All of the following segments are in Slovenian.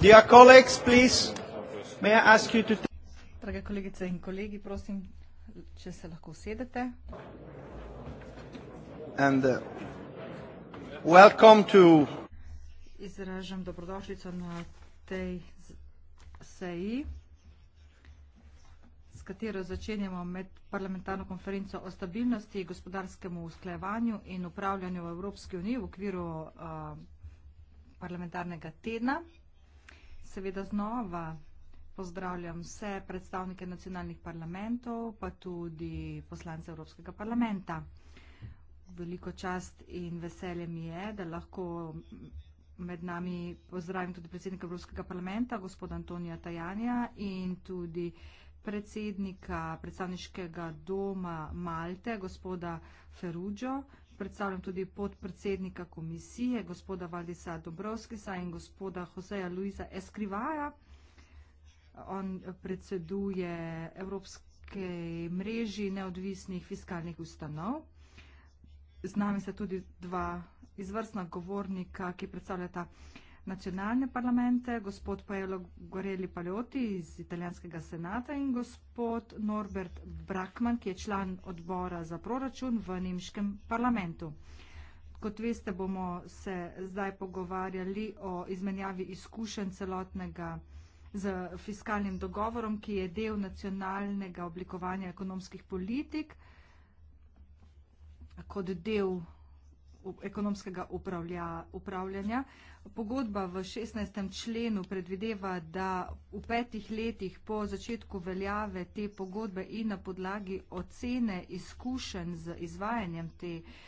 Dear colleagues, please, may I ask you to... Drage kolegice in kolegi, prosim, če se lahko sedete. And uh, welcome to... Izražam dobrodošlico na tej seji katero začenjamo med parlamentarno konferenco o stabilnosti, gospodarskemu usklajevanju in upravljanju v Evropski uniji v okviru uh, parlamentarnega tedna. Seveda znova pozdravljam vse predstavnike nacionalnih parlamentov, pa tudi poslance Evropskega parlamenta. Veliko čast in veselje mi je, da lahko med nami pozdravim tudi predsednika Evropskega parlamenta, gospoda Antonija Tajanja in tudi uh, predsednika predstavniškega doma Malte, gospoda Ferugio. Predstavljam tudi podpredsednika komisije, gospoda Valdisa Dobrovskisa in gospoda Joseja Luisa Eskrivaja. On predseduje Evropske mreži neodvisnih fiskalnih ustanov. Z nami sta tudi dva izvrstna govornika, ki predstavljata uh, nacionalne parlamente, gospod Paolo Goreli Paleoti iz italijanskega senata in gospod Norbert Brackmann, ki je član odbora za proračun v nemškem parlamentu. Kot veste, bomo se zdaj pogovarjali o izmenjavi izkušenj celotnega z fiskalnim dogovorom, ki je del nacionalnega oblikovanja ekonomskih politik kot del ekonomskega upravlja, upravljanja. Pogodba v 16. členu predvideva, da v petih letih po začetku veljave te pogodbe in na podlagi ocene izkušen z izvajanjem te eh,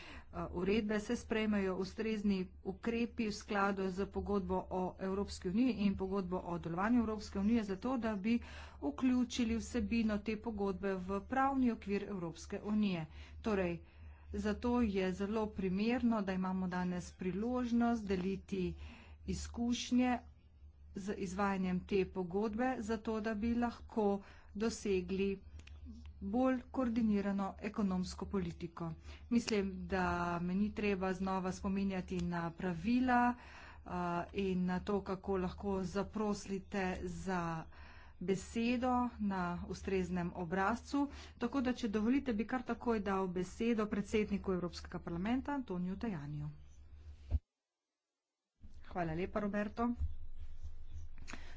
uredbe se sprejmejo ustrezni ukrepi v skladu z pogodbo o Evropski uniji in pogodbo o delovanju Evropske unije, zato da bi vključili vsebino te pogodbe v pravni okvir Evropske unije. Torej, Zato je zelo primerno, da imamo danes priložnost deliti izkušnje z izvajanjem te pogodbe, zato da bi lahko dosegli bolj koordinirano ekonomsko politiko. Mislim, da me ni treba znova spominjati na pravila uh, in na to, kako lahko zaproslite za besedo na ustreznem obrazcu. Tako da, če dovolite, bi kar takoj dal besedo predsedniku Evropskega parlamenta Antoniju Tajanju. Hvala lepa, Roberto.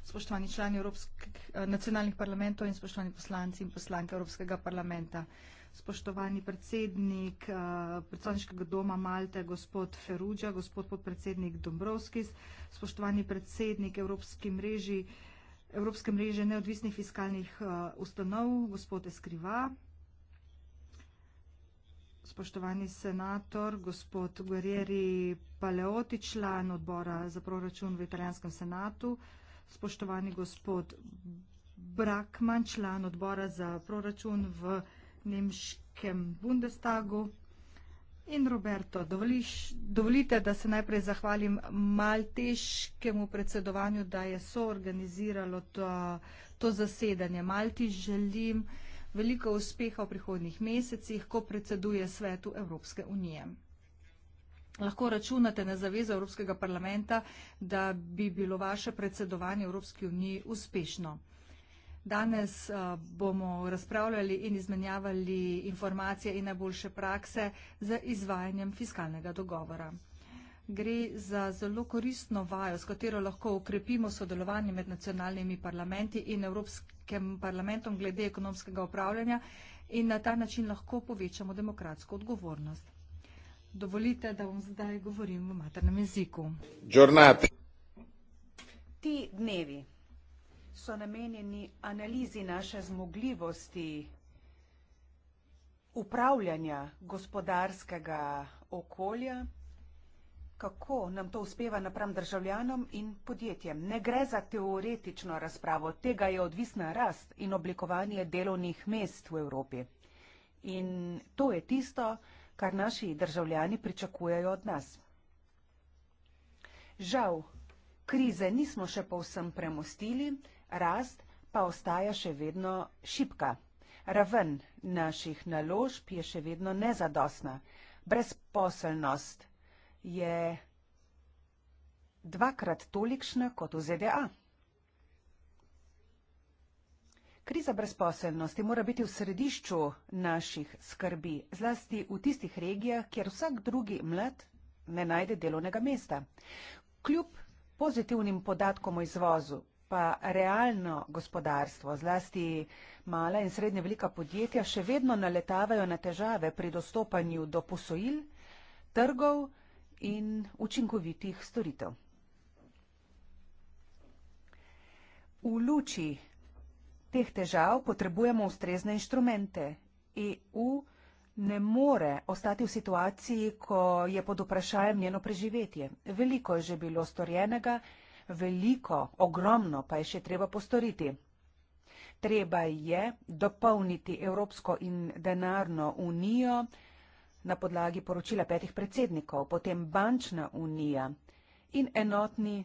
Spoštovani člani Evropskih nacionalnih parlamentov in spoštovani poslanci in poslanke Evropskega parlamenta, spoštovani predsednik eh, predsedniškega doma Malte, gospod Ferudža, gospod podpredsednik Dombrovskis, spoštovani predsednik Evropski mreži, Evropske mreže neodvisnih fiskalnih eh, ustanov, gospod Eskriva, spoštovani senator, gospod Guerrieri Paleoti, član odbora za proračun v italijanskem senatu, spoštovani gospod Brakman, član odbora za proračun v nemškem bundestagu, In Roberto, dovoliš, dovolite, da se najprej zahvalim maltežkemu predsedovanju, da je soorganiziralo to, to zasedanje. Malti želim veliko uspeha v prihodnih mesecih, ko predseduje svetu Evropske unije. Lahko računate na zavezo Evropskega parlamenta, da bi bilo vaše predsedovanje Evropske unije uspešno. Danes eh, bomo razpravljali in izmenjavali informacije in najboljše prakse z izvajanjem fiskalnega dogovora. Gre za zelo koristno vajo, s katero lahko ukrepimo sodelovanje med nacionalnimi parlamenti in Evropskim parlamentom glede ekonomskega upravljanja in na ta način lahko povečamo demokratsko odgovornost. Dovolite, da vam zdaj govorim v maternem jeziku. Giornate. Ti dnevi so namenjeni analizi naše zmogljivosti upravljanja gospodarskega okolja, kako nam to uspeva napram državljanom in podjetjem. Ne gre za teoretično razpravo, tega je odvisna rast in oblikovanje delovnih mest v Evropi. In to je tisto, kar naši državljani pričakujejo od nas. Žal, krize nismo še povsem premostili, rast pa ostaja še vedno šipka. Raven naših naložb je še vedno nezadosna. Brezposelnost je dvakrat tolikšna kot v ZDA. Kriza brezposelnosti mora biti v središču naših skrbi, zlasti v tistih regijah, kjer vsak drugi mlad ne najde delovnega mesta. Kljub pozitivnim podatkom o izvozu, pa realno gospodarstvo, zlasti mala in srednje velika podjetja, še vedno naletavajo na težave pri dostopanju do posojil, trgov in učinkovitih storitev. V luči teh težav potrebujemo ustrezne inštrumente. EU ne more ostati v situaciji, ko je pod vprašanjem njeno preživetje. Veliko je že bilo storjenega in Veliko, ogromno pa je še treba postoriti. Treba je dopolniti Evropsko in denarno unijo na podlagi poročila petih predsednikov, potem bančna unija in enotni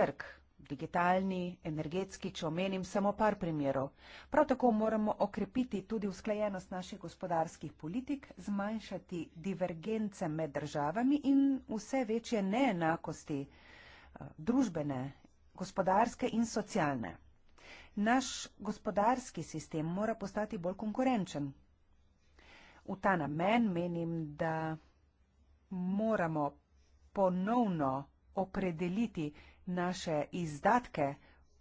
trg, digitalni, energetski, če omenim samo par primerov. Prav tako moramo okrepiti tudi usklajenost naših gospodarskih politik, zmanjšati divergence med državami in vse večje neenakosti družbene, gospodarske in socialne. Naš gospodarski sistem mora postati bolj konkurenčen. V ta namen menim, da moramo ponovno opredeliti naše izdatke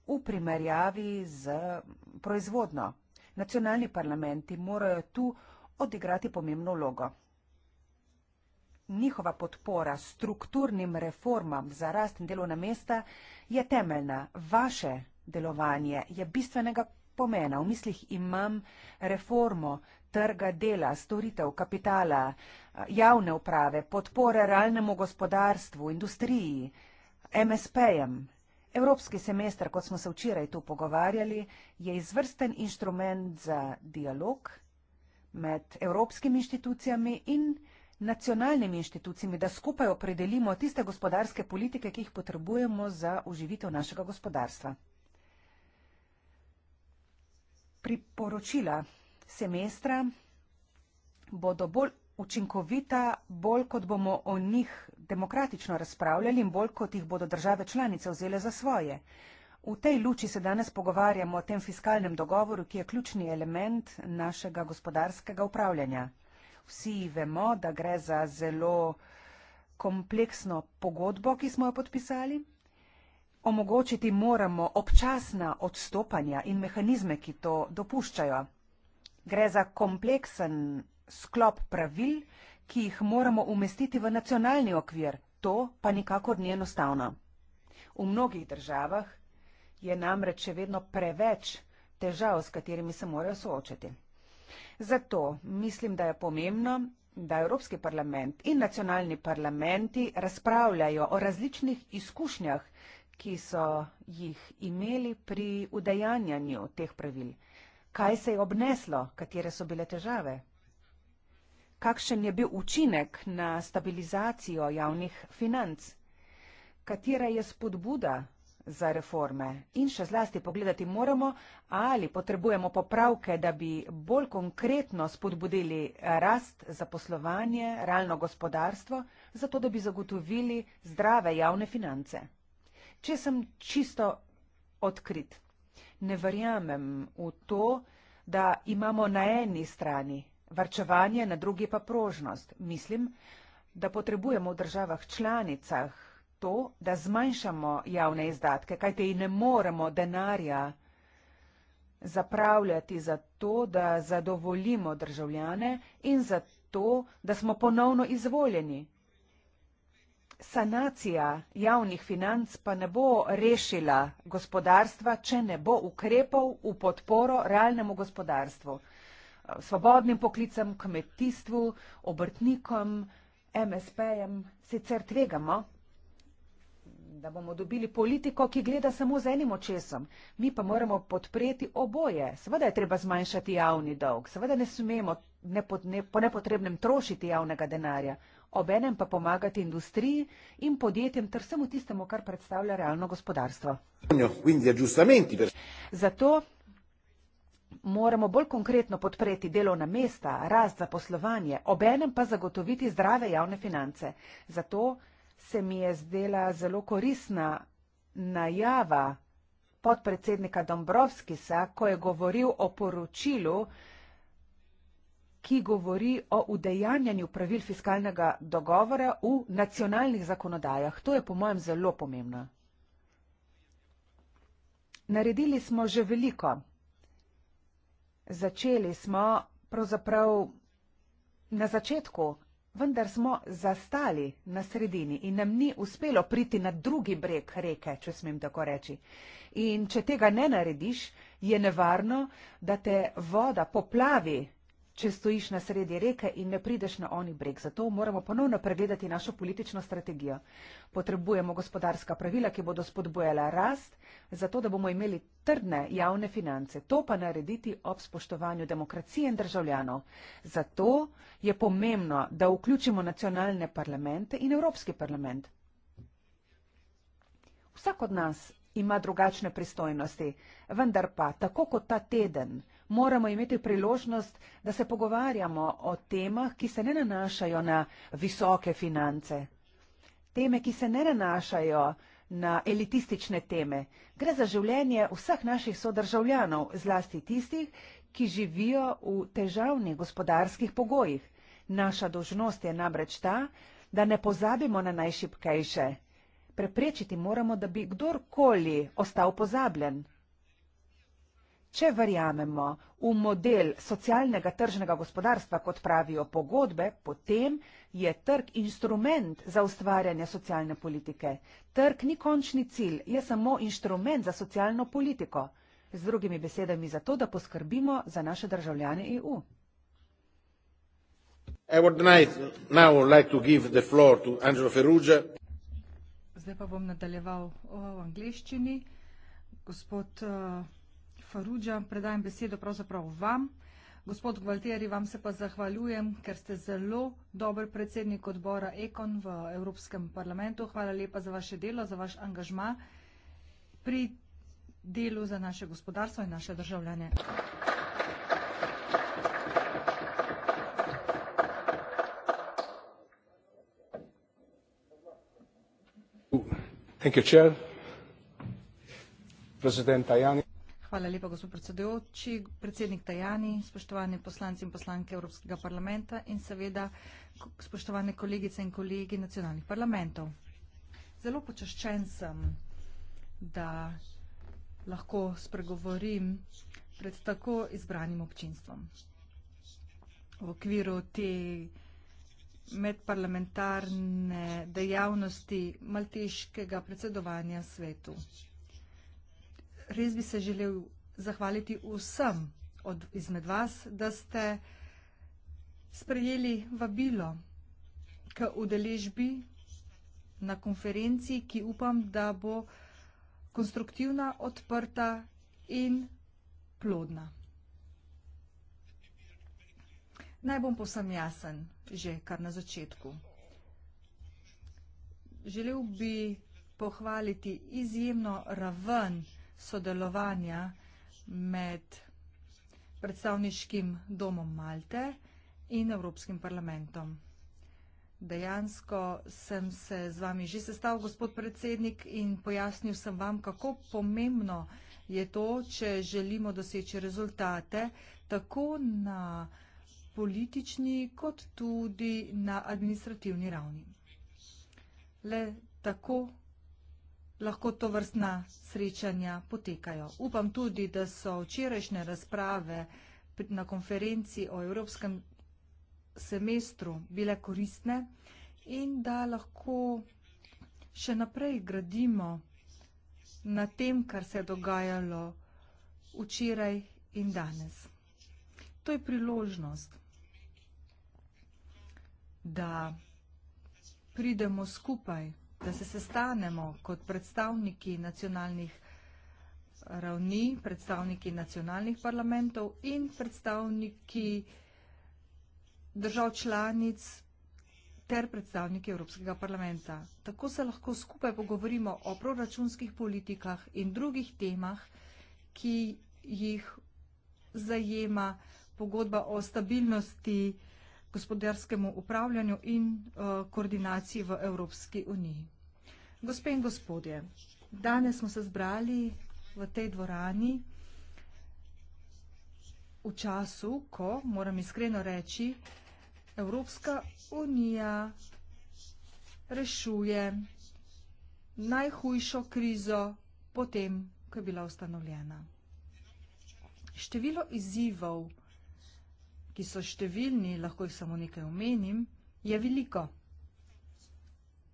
v primerjavi z proizvodno. Nacionalni parlamenti morajo tu odigrati pomembno vlogo njihova podpora strukturnim reformam za rast in delovna mesta je temeljna. Vaše delovanje je bistvenega pomena. V mislih imam reformo trga dela, storitev, kapitala, javne uprave, podpore realnemu gospodarstvu, industriji, MSP-jem. Evropski semester, kot smo se včeraj tu pogovarjali, je izvrsten inštrument za dialog med evropskimi inštitucijami in evropskimi nacionalnimi inštitucijami, da skupaj opredelimo tiste gospodarske politike, ki jih potrebujemo za uživitev našega gospodarstva. Priporočila semestra bodo bolj učinkovita, bolj kot bomo o njih demokratično razpravljali in bolj kot jih bodo države članice vzele za svoje. V tej luči se danes pogovarjamo o tem fiskalnem dogovoru, ki je ključni element našega gospodarskega upravljanja vsi vemo, da gre za zelo kompleksno pogodbo, ki smo jo podpisali. Omogočiti moramo občasna odstopanja in mehanizme, ki to dopuščajo. Gre za kompleksen sklop pravil, ki jih moramo umestiti v nacionalni okvir. To pa nikakor ni enostavno. V mnogih državah je namreč še vedno preveč težav, s katerimi se morajo soočati. Zato mislim, da je pomembno, da Evropski parlament in nacionalni parlamenti razpravljajo o različnih izkušnjah, ki so jih imeli pri udejanjanju teh pravil. Kaj se je obneslo, katere so bile težave? Kakšen je bil učinek na stabilizacijo javnih financ? Katera je spodbuda za reforme in še zlasti pogledati moramo, ali potrebujemo popravke, da bi bolj konkretno spodbudili rast za poslovanje, realno gospodarstvo, zato da bi zagotovili zdrave javne finance. Če sem čisto odkrit, ne verjamem v to, da imamo na eni strani varčevanje, na drugi pa prožnost. Mislim, da potrebujemo v državah članicah to, da zmanjšamo javne izdatke, kajte ji ne moremo denarja zapravljati za to, da zadovoljimo državljane in za to, da smo ponovno izvoljeni. Sanacija javnih financ pa ne bo rešila gospodarstva, če ne bo ukrepov v podporo realnemu gospodarstvu, svobodnim poklicem, kmetijstvu, obrtnikom, MSP-jem, sicer tvegamo, da bomo dobili politiko, ki gleda samo z enim očesom. Mi pa moramo podpreti oboje. Seveda je treba zmanjšati javni dolg, seveda ne smemo nepo, ne, po nepotrebnem trošiti javnega denarja, obenem pa pomagati industriji in podjetjem ter vsemu tistemu, kar predstavlja realno gospodarstvo. Zato moramo bolj konkretno podpreti delovna mesta, rast za poslovanje, obenem pa zagotoviti zdrave javne finance. Zato se mi je zdela zelo korisna najava podpredsednika Dombrovskisa, ko je govoril o poročilu, ki govori o udejanjanju pravil fiskalnega dogovora v nacionalnih zakonodajah. To je po mojem zelo pomembno. Naredili smo že veliko. Začeli smo pravzaprav na začetku, vendar smo zastali na sredini in nam ni uspelo priti na drugi breg reke, če smem tako reči. In če tega ne narediš, je nevarno, da te voda poplavi, če stojiš na sredi reke in ne prideš na oni breg. Zato moramo ponovno pregledati našo politično strategijo. Potrebujemo gospodarska pravila, ki bodo spodbojala rast, zato da bomo imeli trdne javne finance, to pa narediti ob spoštovanju demokracije in državljanov. Zato je pomembno, da vključimo nacionalne parlamente in Evropski parlament. Vsak od nas ima drugačne pristojnosti, vendar pa, tako kot ta teden, moramo imeti priložnost, da se pogovarjamo o temah, ki se ne nanašajo na visoke finance. Teme, ki se ne nanašajo na na elitistične teme. Gre za življenje vseh naših sodržavljanov, zlasti tistih, ki živijo v težavnih gospodarskih pogojih. Naša dožnost je namreč ta, da ne pozabimo na najšipkejše. Preprečiti moramo, da bi kdorkoli ostal pozabljen. Če verjamemo v model socialnega tržnega gospodarstva, kot pravijo pogodbe, potem je trg instrument za ustvarjanje socialne politike. Trg ni končni cilj, je samo instrument za socialno politiko. Z drugimi besedami za to, da poskrbimo za naše državljane EU. Zdaj pa bom nadaljeval v angliščini. Gospod uh, Faruđa, predajem besedo pravzaprav vam. Gospod Gvalteri, vam se pa zahvaljujem, ker ste zelo dober predsednik odbora Ekon v Evropskem parlamentu. Hvala lepa za vaše delo, za vaš angažma pri delu za naše gospodarstvo in naše državljanje. Thank you, Chair. President Tajani. Hvala lepa, gospod predsedujoči, predsednik Tajani, spoštovani poslanci in poslanke Evropskega parlamenta in seveda spoštovane kolegice in kolegi nacionalnih parlamentov. Zelo počaščen sem, da lahko spregovorim pred tako izbranim občinstvom. V okviru te medparlamentarne dejavnosti malteškega predsedovanja svetu res bi se želel zahvaliti vsem od, izmed vas, da ste sprejeli vabilo k udeležbi na konferenci, ki upam, da bo konstruktivna, odprta in plodna. Naj bom povsem jasen že kar na začetku. Želel bi pohvaliti izjemno raven sodelovanja med predstavniškim domom Malte in Evropskim parlamentom. Dejansko sem se z vami že sestal, gospod predsednik, in pojasnil sem vam, kako pomembno je to, če želimo doseči rezultate tako na politični kot tudi na administrativni ravni. Le tako lahko to vrstna srečanja potekajo. Upam tudi, da so včerajšnje razprave na konferenci o evropskem semestru bile koristne in da lahko še naprej gradimo na tem, kar se je dogajalo včeraj in danes. To je priložnost, da pridemo skupaj da se sestanemo kot predstavniki nacionalnih ravni, predstavniki nacionalnih parlamentov in predstavniki držav članic ter predstavniki Evropskega parlamenta. Tako se lahko skupaj pogovorimo o proračunskih politikah in drugih temah, ki jih zajema pogodba o stabilnosti gospodarskemu upravljanju in eh, koordinaciji v Evropski uniji. Gospe in gospodje, danes smo se zbrali v tej dvorani v času, ko, moram iskreno reči, Evropska unija rešuje najhujšo krizo potem, ko je bila ustanovljena. Število izzivov, ki so številni, lahko jih samo nekaj omenim, je veliko.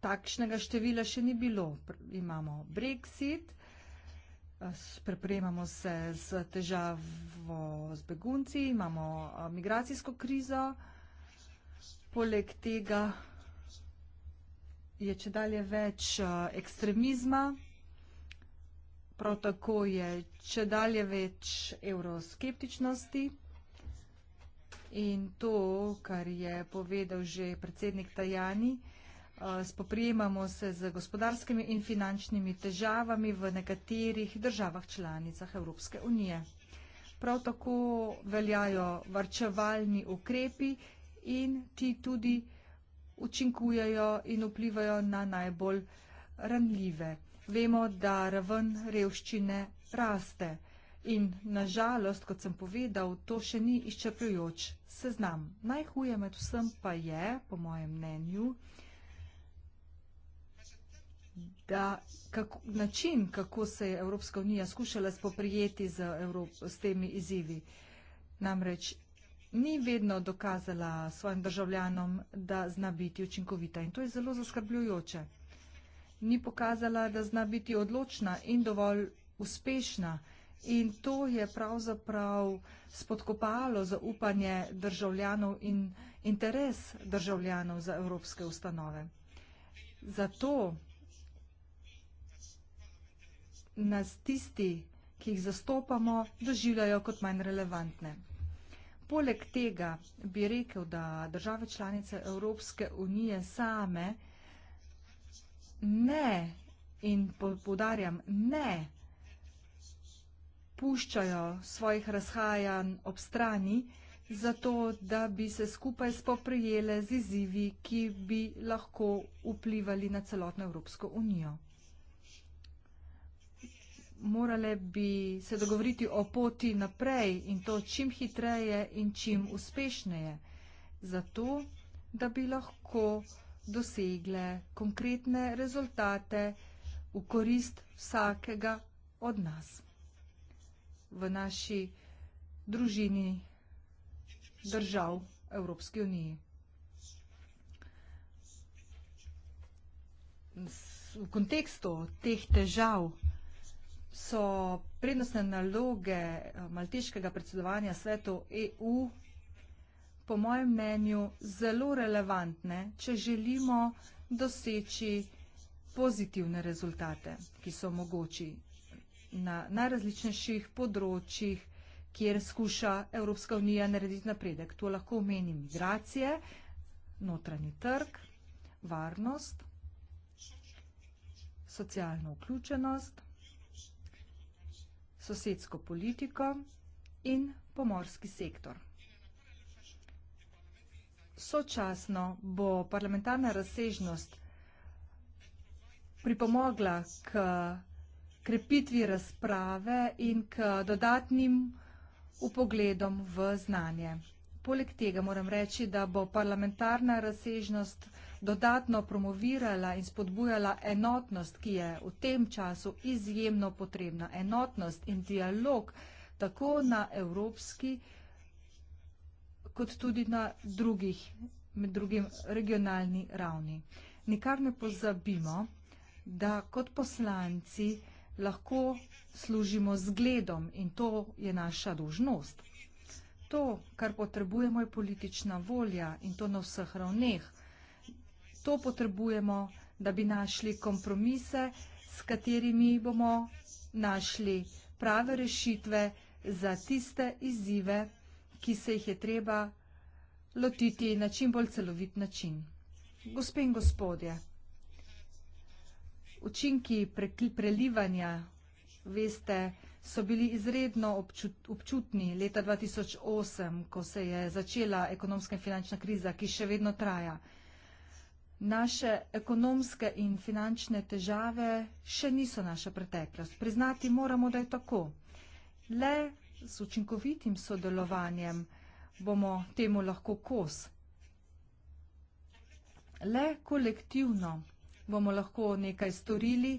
Takšnega števila še ni bilo. Imamo Brexit, eh, prepremamo se z težavo z begunci, imamo eh, migracijsko krizo, poleg tega je če dalje več eh, ekstremizma, prav tako je če dalje več euroskeptičnosti. In to, kar je povedal že predsednik Tajani, eh, spoprijemamo se z gospodarskimi in finančnimi težavami v nekaterih državah članicah Evropske unije. Prav tako veljajo varčevalni ukrepi in ti tudi učinkujejo in vplivajo na najbolj ranljive. Vemo, da raven revščine raste. In nažalost, kot sem povedal, to še ni izčrpljujoč seznam. Najhuje med vsem pa je, po mojem mnenju, da kako, način, kako se je Evropska unija skušala spoprijeti z, Evrop, z temi izzivi, namreč ni vedno dokazala svojim državljanom, da zna biti učinkovita. In to je zelo zaskrbljujoče. Ni pokazala, da zna biti odločna in dovolj uspešna In to je pravzaprav spodkopalo zaupanje državljanov in interes državljanov za evropske ustanove. Zato nas tisti, ki jih zastopamo, doživljajo kot manj relevantne. Poleg tega bi rekel, da države članice Evropske unije same ne, in podarjam ne, puščajo svojih razhajanj ob strani, zato da bi se skupaj spoprijele z izzivi, ki bi lahko vplivali na celotno Evropsko unijo. Morale bi se dogovoriti o poti naprej in to čim hitreje in čim uspešneje, zato da bi lahko dosegle konkretne rezultate v korist vsakega od nas v naši družini držav Evropske unije. V kontekstu teh težav so prednostne naloge eh, malteškega predsedovanja svetu EU po mojem mnenju zelo relevantne, če želimo doseči pozitivne rezultate, ki so mogoči na najrazličnejših področjih, kjer skuša Evropska unija narediti napredek. To lahko omeni migracije, notranji trg, varnost, socialno vključenost, sosedsko politiko in pomorski sektor. Sočasno bo parlamentarna razsežnost pripomogla k krepitvi razprave in k dodatnim upogledom v znanje. Poleg tega moram reči, da bo parlamentarna razsežnost dodatno promovirala in spodbujala enotnost, ki je v tem času izjemno potrebna. Enotnost in dialog tako na evropski, kot tudi na drugih, med drugim regionalni ravni. Nikar ne pozabimo, da kot poslanci lahko služimo zgledom in to je naša dožnost. To, kar potrebujemo, je politična volja in to na vseh ravneh. To potrebujemo, da bi našli kompromise, s katerimi bomo našli prave rešitve za tiste izzive, ki se jih je treba lotiti na čim bolj celovit način. Gospe in gospodje, učinki prelivanja, veste, so bili izredno občutni leta 2008, ko se je začela ekonomska in finančna kriza, ki še vedno traja. Naše ekonomske in finančne težave še niso naša preteklost. Priznati moramo, da je tako. Le z učinkovitim sodelovanjem bomo temu lahko kos. Le kolektivno bomo lahko nekaj storili,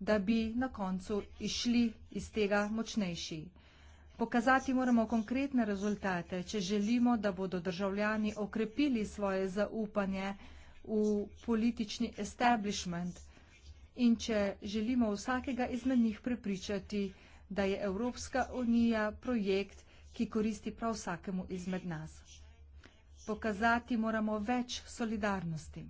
da bi na koncu išli iz tega močnejši. Pokazati moramo konkretne rezultate, če želimo, da bodo državljani okrepili svoje zaupanje v politični establishment in če želimo vsakega izmed njih prepričati, da je Evropska unija projekt, ki koristi prav vsakemu izmed nas. Pokazati moramo več solidarnosti.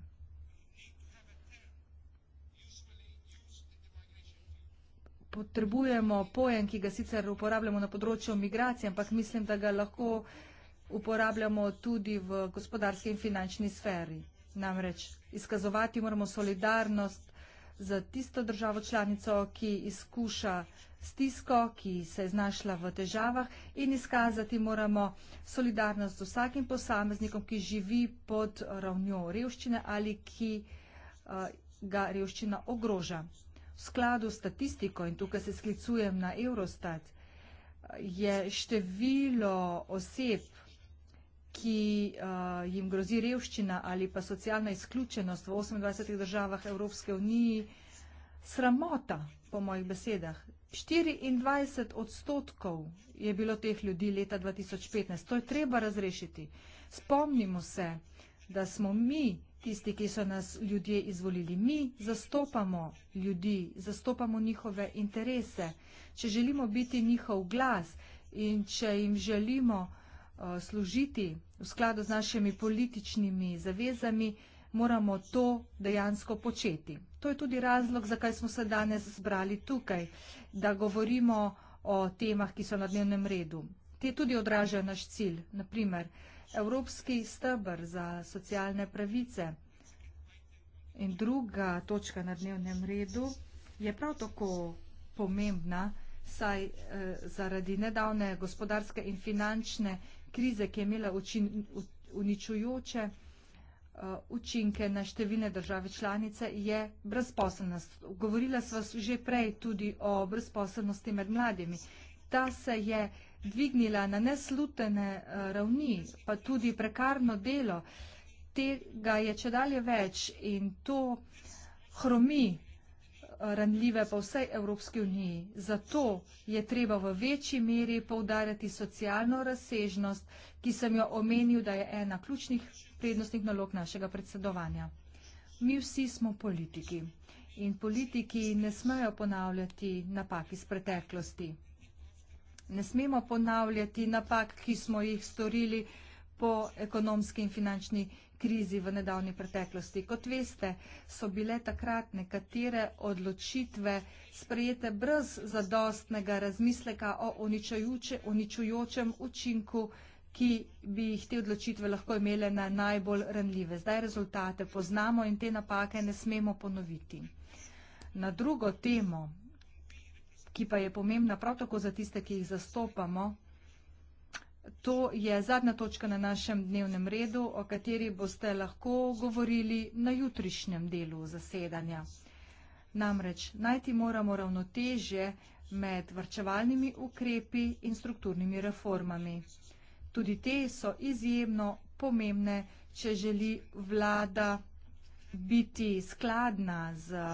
potrebujemo pojem, ki ga sicer uporabljamo na področju migracije, ampak mislim, da ga lahko uporabljamo tudi v gospodarski in finančni sferi. Namreč izkazovati moramo solidarnost za tisto državo članico, ki izkuša stisko, ki se je znašla v težavah in izkazati moramo solidarnost z vsakim posameznikom, ki živi pod ravnjo revščine ali ki uh, ga revščina ogroža v skladu s statistiko in tukaj se sklicujem na Eurostat, je število oseb, ki uh, jim grozi revščina ali pa socialna izključenost v 28 državah Evropske unije, sramota, po mojih besedah. 24 odstotkov je bilo teh ljudi leta 2015. To je treba razrešiti. Spomnimo se, da smo mi tisti, ki so nas ljudje izvolili. Mi zastopamo ljudi, zastopamo njihove interese. Če želimo biti njihov glas in če jim želimo uh, služiti v skladu z našimi političnimi zavezami, moramo to dejansko početi. To je tudi razlog, zakaj smo se danes zbrali tukaj, da govorimo o temah, ki so na dnevnem redu. Te tudi odražajo naš cilj. Naprimer, Evropski stebr za socialne pravice. In druga točka na dnevnem redu je prav tako pomembna, saj eh, zaradi nedavne gospodarske in finančne krize, ki je imela učin, uničujoče eh, učinke na številne države članice, je brezposelnost. Govorila sva že prej tudi o brezposelnosti med mladimi. Ta se je eh, dvignila na neslutene eh, ravni, pa tudi prekarno delo, tega je če dalje več in to hromi eh, ranljive pa vsej Evropski uniji. Zato je treba v večji meri poudarjati socialno razsežnost, ki sem jo omenil, da je ena ključnih prednostnih nalog našega predsedovanja. Mi vsi smo politiki in politiki ne smejo ponavljati napak iz preteklosti ne smemo ponavljati napak, ki smo jih storili po ekonomski in finančni krizi v nedavni preteklosti. Kot veste, so bile takrat nekatere odločitve sprejete brez zadostnega razmisleka o uničujoče, uničujočem učinku, ki bi jih te odločitve lahko imele na najbolj ranljive. Zdaj rezultate poznamo in te napake ne smemo ponoviti. Na drugo temo ki pa je pomembna prav tako za tiste, ki jih zastopamo. To je zadnja točka na našem dnevnem redu, o kateri boste lahko govorili na jutrišnjem delu zasedanja. Namreč najti moramo ravnotežje med vrčevalnimi ukrepi in strukturnimi reformami. Tudi te so izjemno pomembne, če želi vlada biti skladna z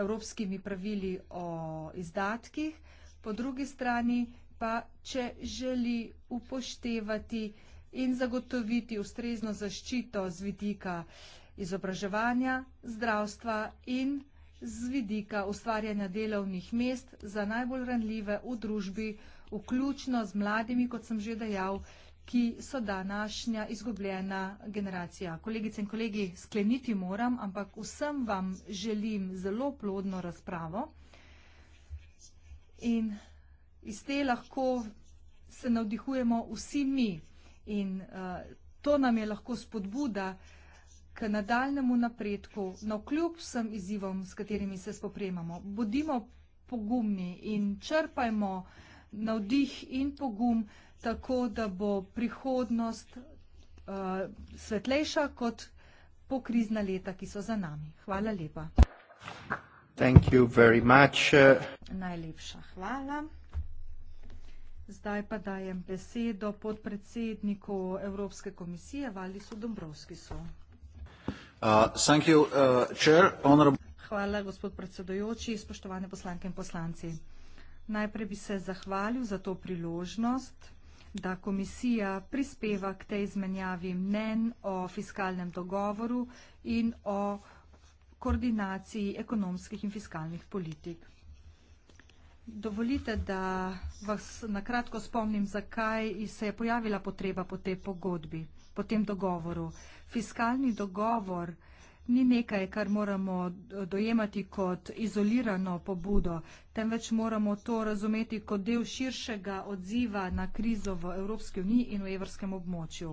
evropskimi pravili o izdatkih, po drugi strani pa, če želi upoštevati in zagotoviti ustrezno zaščito z vidika izobraževanja, zdravstva in z vidika ustvarjanja delovnih mest za najbolj ranljive v družbi, vključno z mladimi, kot sem že dejal, ki so današnja izgubljena generacija. Kolegice in kolegi, skleniti moram, ampak vsem vam želim zelo plodno razpravo. In iz te lahko se navdihujemo vsi mi. In uh, to nam je lahko spodbuda k nadaljnemu napredku, na kljub vsem izzivom, s katerimi se spopremamo. Bodimo pogumni in črpajmo navdih in pogum tako, da bo prihodnost uh, svetlejša kot pokrizna leta, ki so za nami. Hvala lepa. Thank you very much. Eh. Najlepša hvala. Zdaj pa dajem besedo podpredsedniku Evropske komisije Valisu Dombrovskisu. Uh, thank you, uh, chair, hvala, gospod predsedojoči, spoštovane poslanke in poslanci. Najprej bi se zahvalil za to priložnost da komisija prispeva k tej izmenjavi mnen o fiskalnem dogovoru in o koordinaciji ekonomskih in fiskalnih politik. Dovolite, da vas nakratko spomnim, zakaj se je pojavila potreba po tej pogodbi, po tem dogovoru. Fiskalni dogovor ni nekaj, kar moramo dojemati kot izolirano pobudo, temveč moramo to razumeti kot del širšega odziva na krizo v Evropski uniji in v evrskem območju.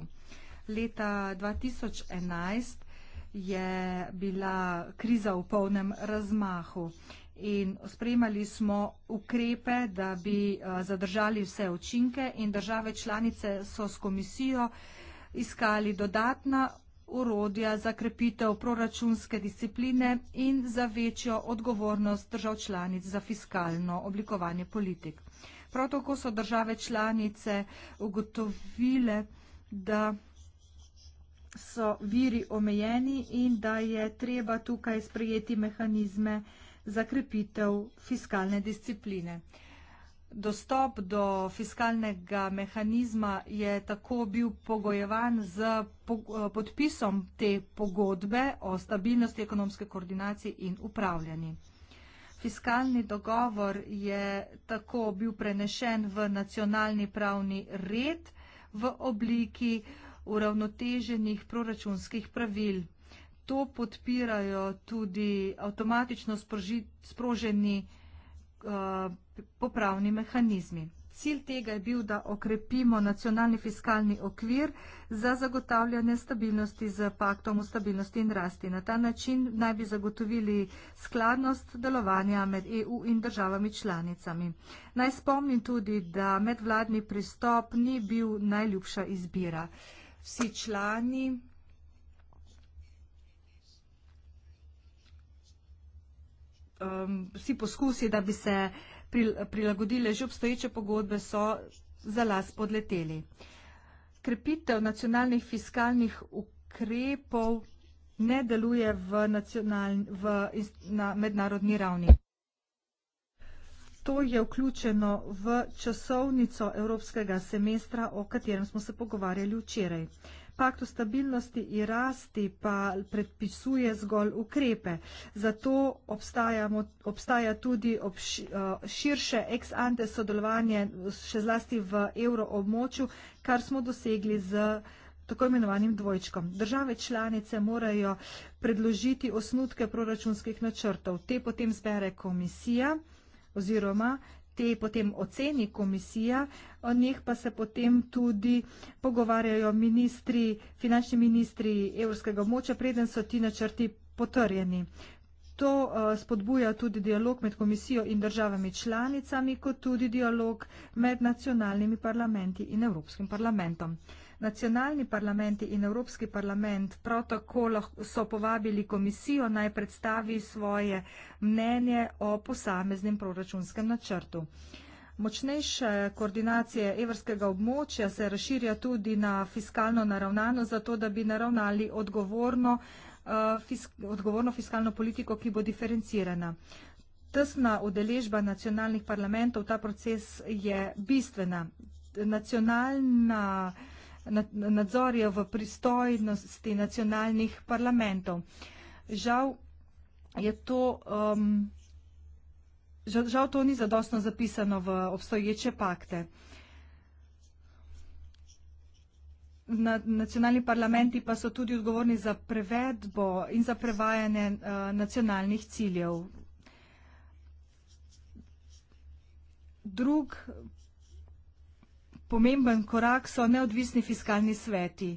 Leta 2011 je bila kriza v polnem razmahu in sprejemali smo ukrepe, da bi eh, zadržali vse učinke in države članice so s komisijo iskali dodatna urodja za krepitev proračunske discipline in za večjo odgovornost držav članic za fiskalno oblikovanje politik. Prav tako so države članice ugotovile, da so viri omejeni in da je treba tukaj sprejeti mehanizme za krepitev fiskalne discipline. Dostop do fiskalnega mehanizma je tako bil pogojevan z eh, podpisom te pogodbe o stabilnosti ekonomske koordinacije in upravljanji. Fiskalni dogovor je tako bil prenešen v nacionalni pravni red v obliki uravnoteženih proračunskih pravil. To podpirajo tudi avtomatično sproženi Eh, popravni mehanizmi. Cilj tega je bil, da okrepimo nacionalni fiskalni okvir za zagotavljanje stabilnosti z paktom o stabilnosti in rasti. Na ta način naj bi zagotovili skladnost delovanja med EU in državami članicami. Naj spomnim tudi, da medvladni pristop ni bil najljubša izbira. Vsi člani um, vsi poskusi, da bi se prilagodile že obstoječe pogodbe, so za las podleteli. Krepitev nacionalnih fiskalnih ukrepov ne deluje v nacional, v, na mednarodni ravni. To je vključeno v časovnico evropskega semestra, o katerem smo se pogovarjali včeraj. Pakt o stabilnosti in rasti pa predpisuje zgolj ukrepe. Zato obstaja tudi eh, širše ex ante sodelovanje, še zlasti v evroobmočju, kar smo dosegli z tako imenovanim dvojčkom. Države članice morajo predložiti osnutke proračunskih načrtov. Te potem zbere komisija oziroma te potem oceni komisija, o njih pa se potem tudi pogovarjajo ministri, finančni ministri evropskega moča, preden so ti načrti potrjeni. To eh, spodbuja tudi dialog med komisijo in državami članicami, kot tudi dialog med nacionalnimi parlamenti in Evropskim parlamentom. Nacionalni parlamenti in Evropski parlament prav tako so povabili komisijo naj predstavi svoje mnenje o posameznem proračunskem načrtu. Močnejše koordinacije evrskega območja se razširja tudi na fiskalno naravnano, zato da bi naravnali odgovorno, eh, fisk, odgovorno fiskalno politiko, ki bo diferencirana. Tesna udeležba nacionalnih parlamentov, ta proces je bistvena. Nacionalna nadzorjev v pristojnosti nacionalnih parlamentov. Žal je to. Um, Žal to ni zadostno zapisano v obstoječe pakte. Na, nacionalni parlamenti pa so tudi odgovorni za prevedbo in za prevajanje uh, nacionalnih ciljev. Drug Pomemben korak so neodvisni fiskalni sveti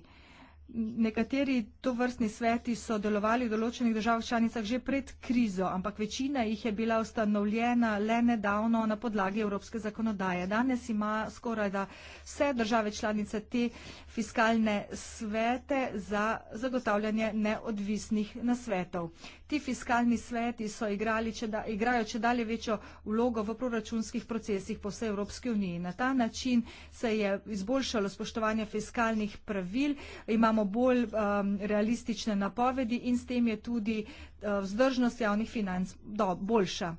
nekateri to vrstni sveti so delovali v določenih državah članicah že pred krizo, ampak večina jih je bila ustanovljena le nedavno na podlagi evropske zakonodaje. Danes ima skoraj da vse države članice te fiskalne svete za zagotavljanje neodvisnih nasvetov. Ti fiskalni sveti so igrali, če da, igrajo če dalje večjo vlogo v proračunskih procesih po vsej Evropski uniji. Na ta način se je izboljšalo spoštovanje fiskalnih pravil. Imamo smo bolj um, realistične napovedi in s tem je tudi uh, vzdržnost javnih financ do, boljša.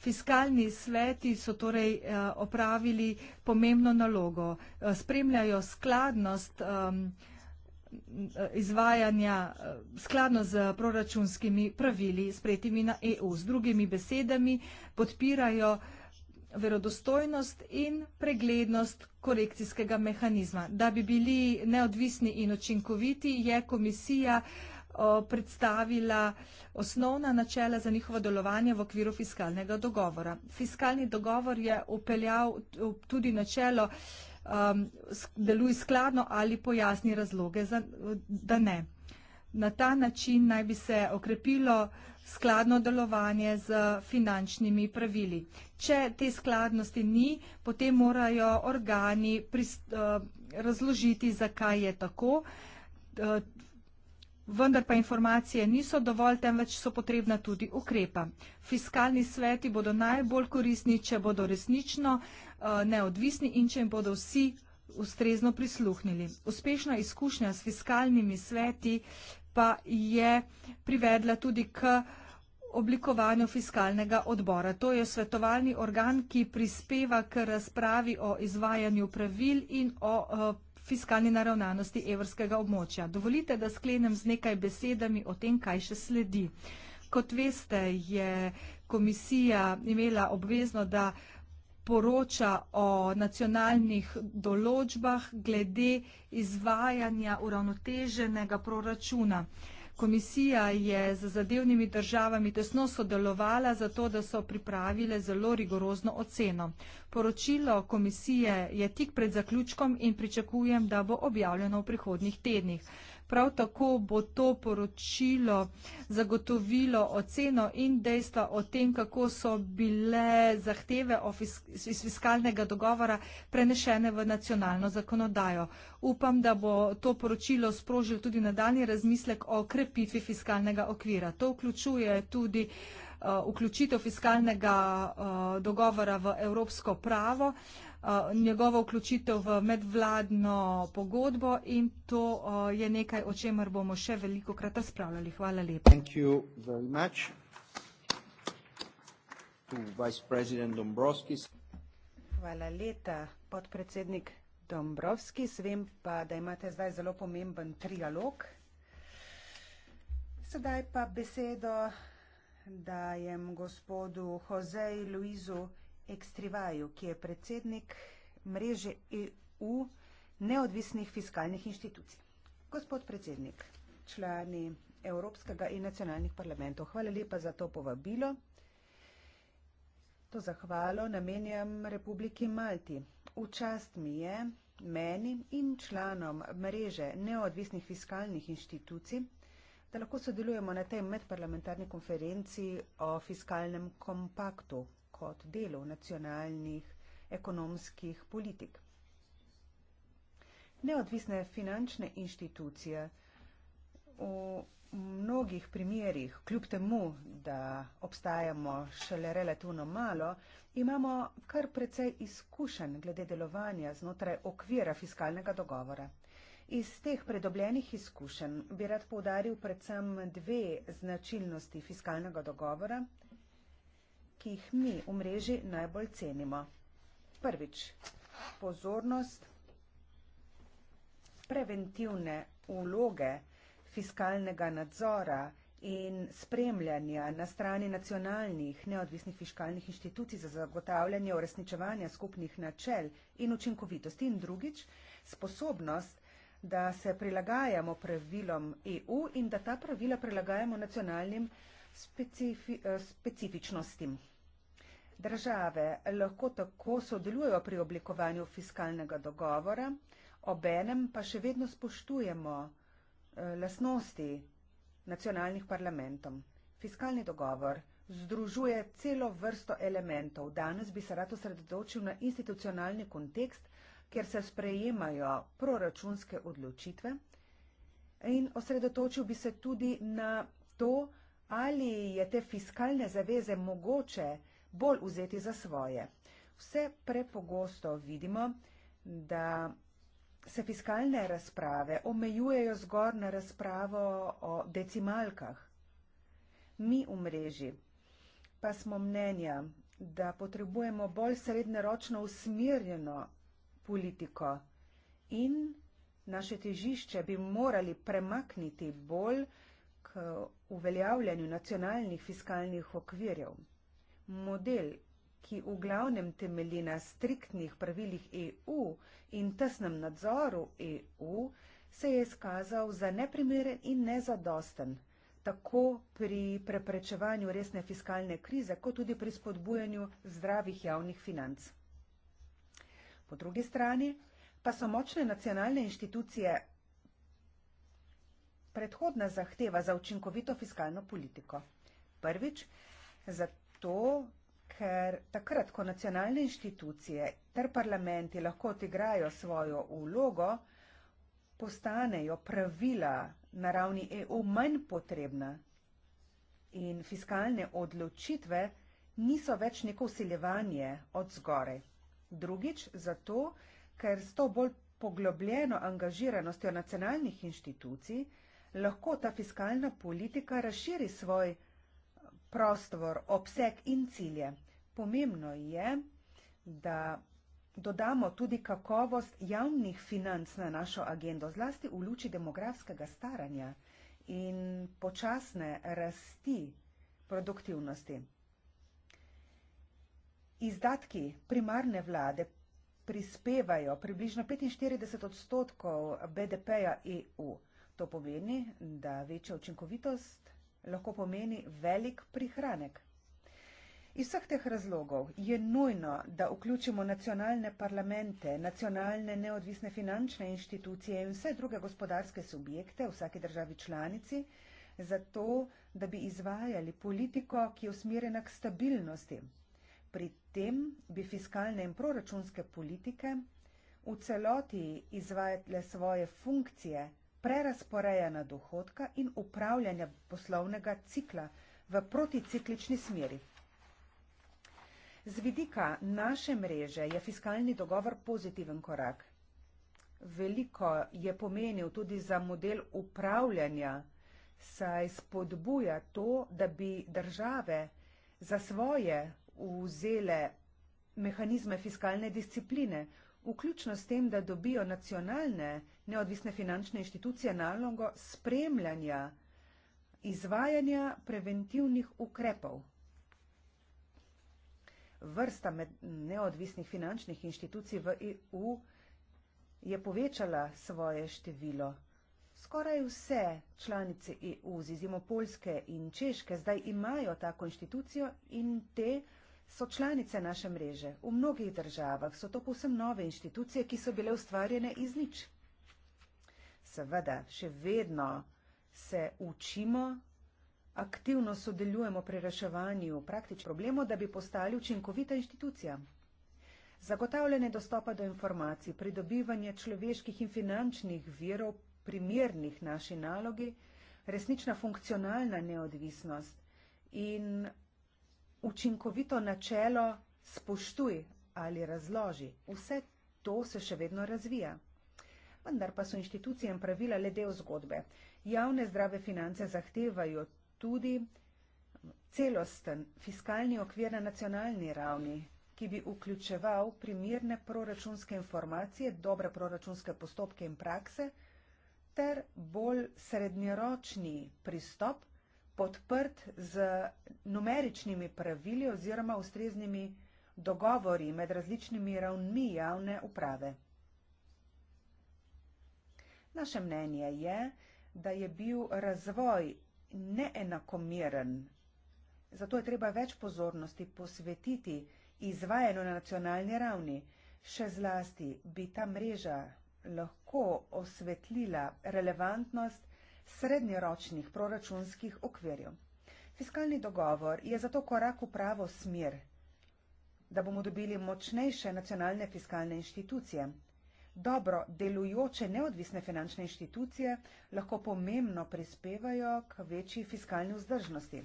Fiskalni sveti so torej uh, opravili pomembno nalogo. Uh, spremljajo skladnost um, izvajanja uh, skladno z proračunskimi pravili, sprejetimi na EU. Z drugimi besedami podpirajo uh, verodostojnost in preglednost korekcijskega mehanizma. Da bi bili neodvisni in učinkoviti, je komisija predstavila osnovna načela za njihovo delovanje v okviru fiskalnega dogovora. Fiskalni dogovor je upeljal tudi načelo um, deluj skladno ali pojasni razloge, za, da ne. Na ta način naj bi se okrepilo uh, skladno delovanje z finančnimi pravili. Če te skladnosti ni, potem morajo organi prist, eh, razložiti, zakaj je tako. Eh, vendar pa informacije niso dovolj, temveč so potrebna tudi ukrepa. Fiskalni sveti bodo najbolj koristni, če bodo resnično eh, neodvisni in če jim bodo vsi ustrezno prisluhnili. Uspešna izkušnja s fiskalnimi sveti uh, pa je privedla tudi k oblikovanju fiskalnega odbora. To je svetovalni organ, ki prispeva k razpravi o izvajanju pravil in o fiskalni naravnanosti evrskega območja. Dovolite, da sklenem z nekaj besedami o tem, kaj še sledi. Kot veste, je komisija imela obvezno, da poroča o nacionalnih določbah glede izvajanja uravnoteženega proračuna. Komisija je z zadevnimi državami tesno sodelovala za to, da so pripravile zelo rigorozno oceno. Poročilo komisije je tik pred zaključkom in pričakujem, da bo objavljeno v prihodnjih tednih. Prav tako bo to poročilo zagotovilo oceno in dejstva o tem, kako so bile zahteve iz fiskalnega dogovora prenešene v nacionalno zakonodajo. Upam, da bo to poročilo sprožilo tudi nadaljni razmislek o krepitvi fiskalnega okvira. To vključuje tudi uh, vključitev fiskalnega uh, dogovora v evropsko pravo. Uh, Eh, njegovo vključitev v medvladno pogodbo in to eh, je nekaj, o čemer bomo še veliko krat razpravljali. Hvala lepa. Thank you very much. To vice Hvala leta, podpredsednik Dombrovski. Svem pa, da imate zdaj zelo pomemben trialog. Sedaj pa besedo dajem gospodu Jose Luizu Ekstrivaju, ki je predsednik mreže EU neodvisnih fiskalnih inštitucij. Gospod predsednik, člani Evropskega in nacionalnih parlamentov, hvala lepa za to povabilo. To zahvalo namenjam Republiki Malti. Včast mi je, meni in članom mreže neodvisnih fiskalnih inštitucij, da lahko sodelujemo na tej medparlamentarni konferenciji o fiskalnem kompaktu, kot delov nacionalnih ekonomskih politik. Neodvisne finančne inštitucije v mnogih primerjih, kljub temu, da obstajamo šele relativno malo, imamo kar precej izkušen glede delovanja znotraj okvira fiskalnega dogovora. Iz teh predobljenih izkušenj bi rad povdaril predvsem dve značilnosti fiskalnega dogovora, ki jih mi v mreži najbolj cenimo. Prvič, pozornost preventivne vloge fiskalnega nadzora in spremljanja na strani nacionalnih neodvisnih fiskalnih inštitucij za zagotavljanje uresničevanja skupnih načel in učinkovitosti in drugič, sposobnost, da se prilagajamo pravilom EU in da ta pravila prilagajamo nacionalnim specifi, eh, specifičnostim. Države lahko tako sodelujo pri oblikovanju fiskalnega dogovora, obenem pa še vedno spoštujemo eh, lasnosti nacionalnih parlamentov. Fiskalni dogovor združuje celo vrsto elementov. Danes bi se rad osredotočil na institucionalni kontekst, kjer se sprejemajo proračunske odločitve in osredotočil bi se tudi na to, ali je te fiskalne zaveze mogoče bolj vzeti za svoje. Vse prepogosto vidimo, da se fiskalne razprave omejujejo zgor na razpravo o decimalkah. Mi v mreži pa smo mnenja, da potrebujemo bolj srednjeročno usmirjeno politiko in naše težišče bi morali premakniti bolj k uveljavljanju nacionalnih fiskalnih okvirjev model, ki v glavnem temelji na striktnih pravilih EU in tesnem nadzoru EU, se je izkazal za neprimeren in nezadosten, tako pri preprečevanju resne fiskalne krize, kot tudi pri spodbujanju zdravih javnih financ. Po drugi strani pa so močne nacionalne inštitucije predhodna zahteva za učinkovito fiskalno politiko. Prvič, zato zato, ker takrat, ko nacionalne inštitucije ter parlamenti lahko odigrajo svojo vlogo, postanejo pravila na ravni EU manj potrebna in fiskalne odločitve niso več neko usiljevanje od zgore. Drugič, zato, ker s to bolj poglobljeno angažiranostjo nacionalnih inštitucij lahko ta fiskalna politika razširi svoj prostor, obseg in cilje. Pomembno je, da dodamo tudi kakovost javnih financ na našo agendo, zlasti v luči demografskega staranja in počasne rasti produktivnosti. Izdatki primarne vlade prispevajo približno 45 odstotkov BDP-ja EU. To pomeni, da večja učinkovitost lahko pomeni velik prihranek. Iz vseh teh razlogov je nujno, da vključimo nacionalne parlamente, nacionalne neodvisne finančne inštitucije in vse druge gospodarske subjekte v vsaki državi članici, zato da bi izvajali politiko, ki je usmerjena k stabilnosti. Pri tem bi fiskalne in proračunske politike v celoti izvajale svoje funkcije prerasporejanja dohodka in upravljanja poslovnega cikla v proticiklični smeri. Z vidika naše mreže je fiskalni dogovor pozitiven korak. Veliko je pomenil tudi za model upravljanja, saj spodbuja to, da bi države za svoje vzele mehanizme fiskalne discipline, vključno s tem, da dobijo nacionalne neodvisne finančne inštitucije nalogo spremljanja izvajanja preventivnih ukrepov. Vrsta med neodvisnih finančnih inštitucij v EU je povečala svoje število. Skoraj vse članice EU, z izjemo Poljske in Češke, zdaj imajo tako inštitucijo in te so članice naše mreže. V mnogih državah so to povsem nove inštitucije, ki so bile ustvarjene iz nič seveda, še vedno se učimo, aktivno sodelujemo pri reševanju praktičnih problemov, da bi postali učinkovita inštitucija. Zagotavljanje dostopa do informacij, pridobivanje človeških in finančnih virov, primernih naši nalogi, resnična funkcionalna neodvisnost in učinkovito načelo spoštuj ali razloži. Vse to se še vedno razvija vendar pa so inštitucijam pravila le del zgodbe. Javne zdrave finance zahtevajo tudi celosten fiskalni okvir na nacionalni ravni, ki bi vključeval primirne proračunske informacije, dobre proračunske postopke in prakse ter bolj srednjeročni pristop podprt z numeričnimi pravili oziroma ustreznimi dogovori med različnimi ravnmi javne uprave. Naše mnenje je, da je bil razvoj neenakomeren. Zato je treba več pozornosti posvetiti izvajanju na nacionalni ravni. Še zlasti bi ta mreža lahko osvetlila relevantnost srednjeročnih proračunskih okvirjev. Fiskalni dogovor je zato korak v pravo smer, da bomo dobili močnejše nacionalne fiskalne inštitucije. Dobro delujoče neodvisne finančne inštitucije lahko pomembno prispevajo k večji fiskalni vzdržnosti.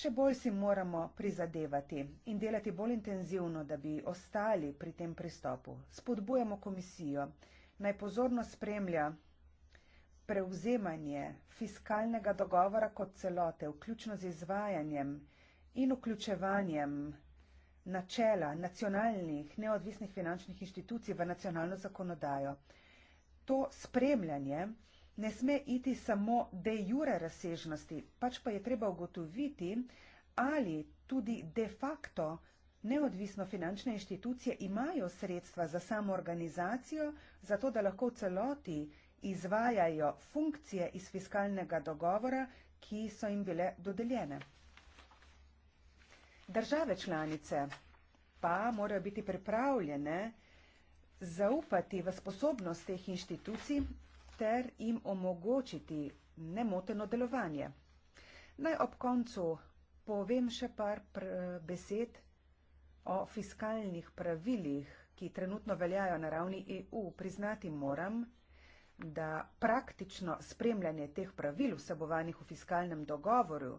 Še bolj si moramo prizadevati in delati bolj intenzivno, da bi ostali pri tem pristopu. Spodbujamo komisijo, naj pozorno spremlja prevzemanje fiskalnega dogovora kot celote, vključno z izvajanjem in vključevanjem načela nacionalnih neodvisnih finančnih inštitucij v nacionalno zakonodajo. To spremljanje ne sme iti samo de jure razsežnosti, pač pa je treba ugotoviti, ali tudi de facto neodvisno finančne inštitucije imajo sredstva za samo organizacijo, zato da lahko v celoti izvajajo funkcije iz fiskalnega dogovora, ki so jim bile dodeljene. Države članice pa morajo biti pripravljene zaupati v sposobnost teh inštitucij ter jim omogočiti nemoteno delovanje. Naj ob koncu povem še par pr besed o fiskalnih pravilih, ki trenutno veljajo na ravni EU. Priznati moram, da praktično spremljanje teh pravil vsebovanih v fiskalnem dogovoru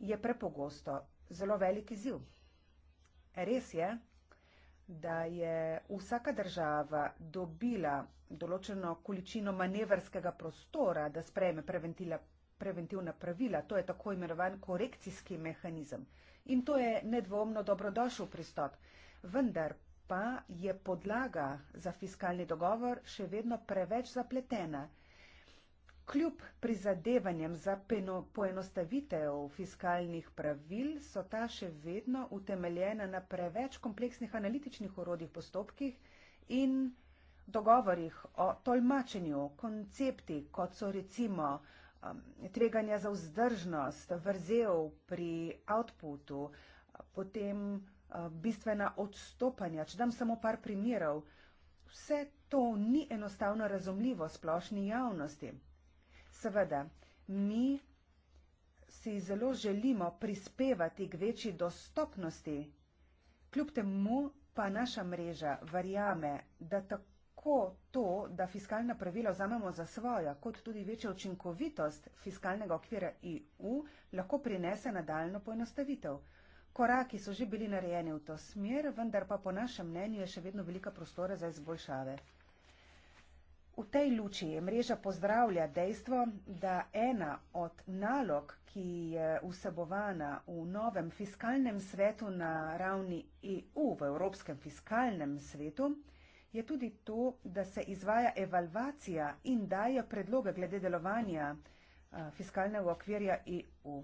je prepogosto zelo velik izziv. Res je, da je vsaka država dobila določeno količino manevrskega prostora, da sprejme preventivna pravila, to je tako imenovan korekcijski mehanizem. In to je nedvomno dobrodošel pristop. Vendar pa je podlaga za fiskalni dogovor še vedno preveč zapletena. Kljub prizadevanjem za poenostavitev fiskalnih pravil so ta še vedno utemeljena na preveč kompleksnih analitičnih orodjih postopkih in dogovorih o tolmačenju koncepti, kot so recimo um, tveganja za vzdržnost, vrzel pri outputu, potem uh, bistvena odstopanja. Če dam samo par primerov, vse to ni enostavno razumljivo splošni javnosti seveda, mi si zelo želimo prispevati k večji dostopnosti, kljub temu pa naša mreža verjame, da tako to, da fiskalna pravila vzamemo za svojo, kot tudi večja učinkovitost fiskalnega okvira EU lahko prinese nadaljno poenostavitev. Koraki so že bili narejeni v to smer, vendar pa po našem mnenju je še vedno velika prostora za izboljšave. V tej luči mreža pozdravlja dejstvo, da ena od nalog, ki je vsebovana v novem fiskalnem svetu na ravni EU v Evropskem fiskalnem svetu, je tudi to, da se izvaja evalvacija in daje predloge glede delovanja fiskalnega okvirja EU.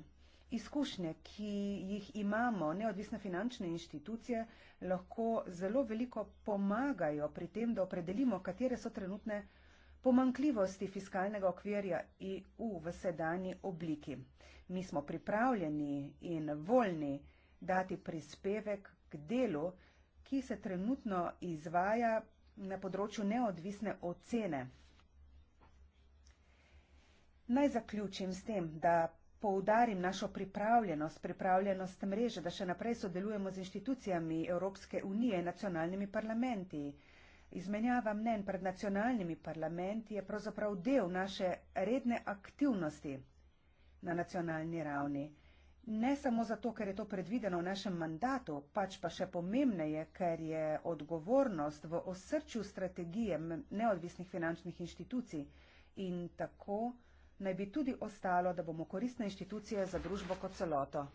Izkušnje, ki jih imamo neodvisne finančne inštitucije, lahko zelo veliko pomagajo pri tem, da opredelimo, katere so trenutne pomankljivosti fiskalnega okvirja EU v sedanji obliki. Mi smo pripravljeni in voljni dati prispevek k delu, ki se trenutno izvaja na področju neodvisne ocene. Naj zaključim s tem, da poudarim našo pripravljenost, pripravljenost mreže, da še naprej sodelujemo z inštitucijami Evropske unije in nacionalnimi parlamenti. Izmenjava mnen pred nacionalnimi parlamenti je pravzaprav del naše redne aktivnosti na nacionalni ravni. Ne samo zato, ker je to predvideno v našem mandatu, pač pa še pomembneje, ker je odgovornost v osrčju strategije neodvisnih finančnih inštitucij in tako naj bi tudi ostalo, da bomo koristne inštitucije za družbo kot celoto.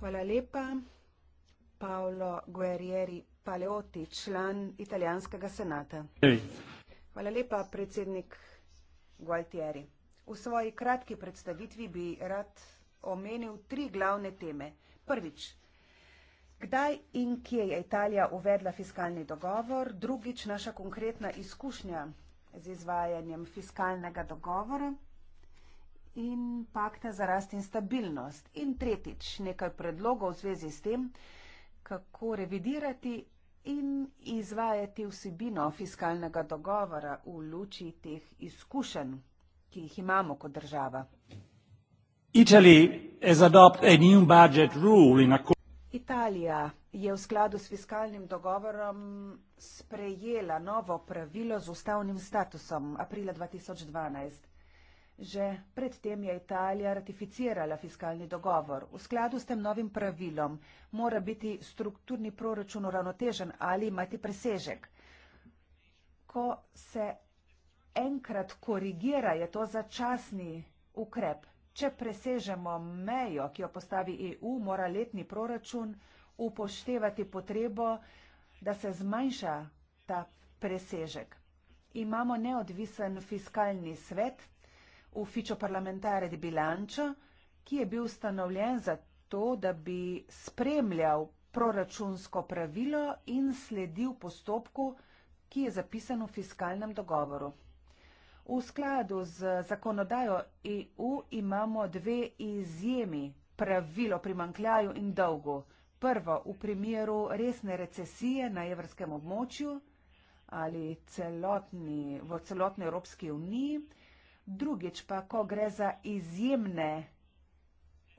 Hvala lepa. Paolo Guerrieri Paleoti, član italijanskega senata. Hvala lepa, predsednik Gualtieri. V svoji kratki predstavitvi bi rad omenil tri glavne teme. Prvič, kdaj in kje je Italija uvedla fiskalni dogovor? Drugič, naša konkretna izkušnja z izvajanjem fiskalnega dogovora in pakta za rast in stabilnost. In tretjič, nekaj predlogov v zvezi s tem, kako revidirati in izvajati vsebino fiskalnega dogovora v luči teh izkušenj, ki jih imamo kot država. Italija je v skladu s fiskalnim dogovorom sprejela novo pravilo z ustavnim statusom aprila 2012. Že predtem je Italija ratificirala fiskalni dogovor. V skladu s tem novim pravilom mora biti strukturni proračun uravnotežen ali imati presežek. Ko se enkrat korigira, je to začasni ukrep. Če presežemo mejo, ki jo postavi EU, mora letni proračun upoštevati potrebo, da se zmanjša ta presežek. Imamo neodvisen fiskalni svet, Ufficio parlamentare di bilancio, ki je bil ustanovljen za to, da bi spremljal proračunsko pravilo in sledil postopku, ki je zapisan v fiskalnem dogovoru. V skladu z zakonodajo EU imamo dve izjemi pravilo pri manjkljaju in dolgu. Prvo, v primeru resne recesije na evrskem območju ali celotni, v celotni Evropski uniji, drugič pa, ko gre za izjemne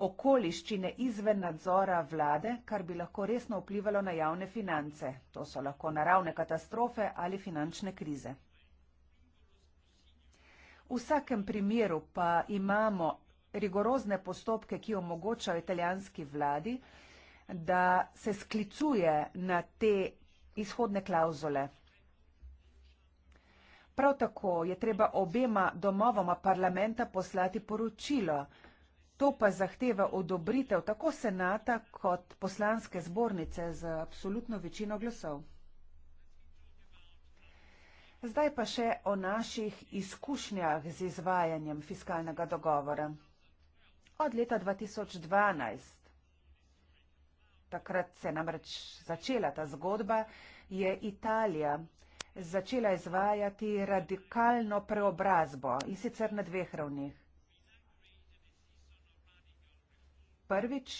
okoliščine izven nadzora vlade, kar bi lahko resno vplivalo na javne finance. To so lahko naravne katastrofe ali finančne krize. V vsakem primeru pa imamo rigorozne postopke, ki omogočajo italijanski vladi, da se sklicuje na te izhodne klauzule. Prav tako je treba obema domovama parlamenta poslati poročilo. To pa zahteva odobritev tako senata kot poslanske zbornice z absolutno večino glasov. Zdaj pa še o naših izkušnjah z izvajanjem fiskalnega dogovora. Od leta 2012, takrat se namreč začela ta zgodba, je Italija začela izvajati radikalno preobrazbo in sicer na dveh ravnih. Prvič,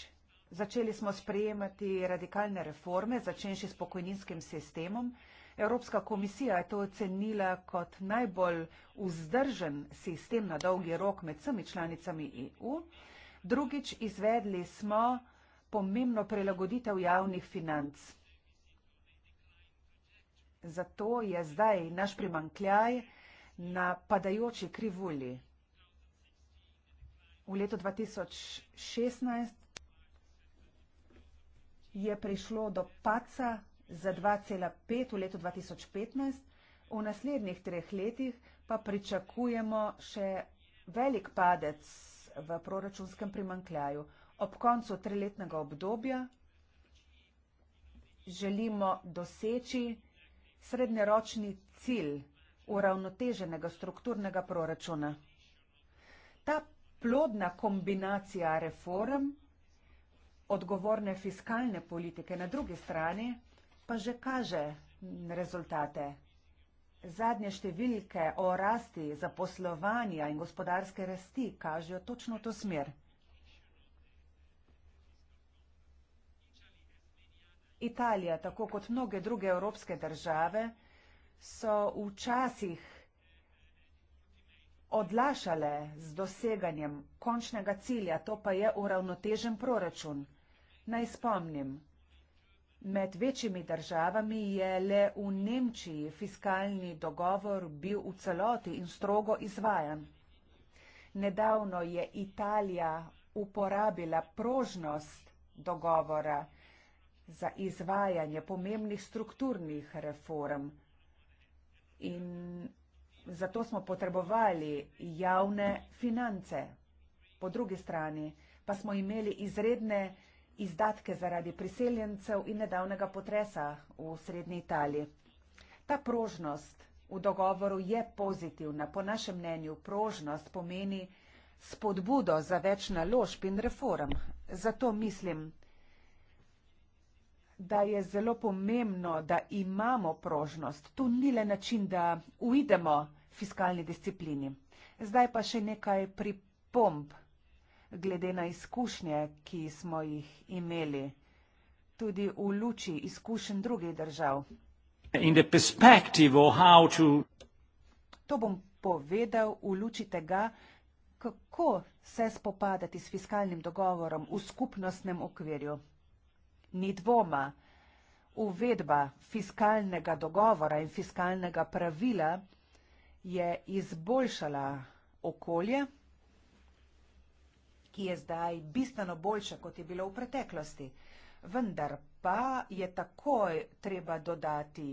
začeli smo sprejemati radikalne reforme, začenši s pokojninskim sistemom. Evropska komisija je to ocenila kot najbolj vzdržen sistem na dolgi rok med vsemi članicami EU. Drugič, izvedli smo pomembno prilagoditev javnih financ. Zato je zdaj naš primankljaj na padajoči krivulji. V letu 2016 je prišlo do paca za 2,5 v letu 2015, v naslednjih treh letih pa pričakujemo še velik padec v proračunskem primankljaju. Ob koncu triletnega obdobja želimo doseči srednjeročni cilj uravnoteženega strukturnega proračuna. Ta plodna kombinacija reform, odgovorne fiskalne politike na drugi strani, pa že kaže rezultate. Zadnje številke o rasti zaposlovanja in gospodarske rasti kažejo točno to smer. Italija, tako kot mnoge druge evropske države, so včasih odlašale z doseganjem končnega cilja, to pa je uravnotežen proračun. Naj spomnim, med večjimi državami je le v Nemčiji fiskalni dogovor bil v celoti in strogo izvajan. Nedavno je Italija uporabila prožnost dogovora za izvajanje pomembnih strukturnih reform. In zato smo potrebovali javne finance. Po drugi strani pa smo imeli izredne izdatke zaradi priseljencev in nedavnega potresa v srednji Italiji. Ta prožnost v dogovoru je pozitivna. Po našem mnenju prožnost pomeni spodbudo za več naložb in reform. Zato mislim, da je zelo pomembno, da imamo prožnost. To ni le način, da uidemo fiskalni disciplini. Zdaj pa še nekaj pripomb, glede na izkušnje, ki smo jih imeli, tudi v luči izkušenj drugih držav. To... to bom povedal v luči tega, kako se spopadati s fiskalnim dogovorom v skupnostnem okvirju ni dvoma. Uvedba fiskalnega dogovora in fiskalnega pravila je izboljšala okolje, ki je zdaj bistveno boljše, kot je bilo v preteklosti. Vendar pa je takoj treba dodati,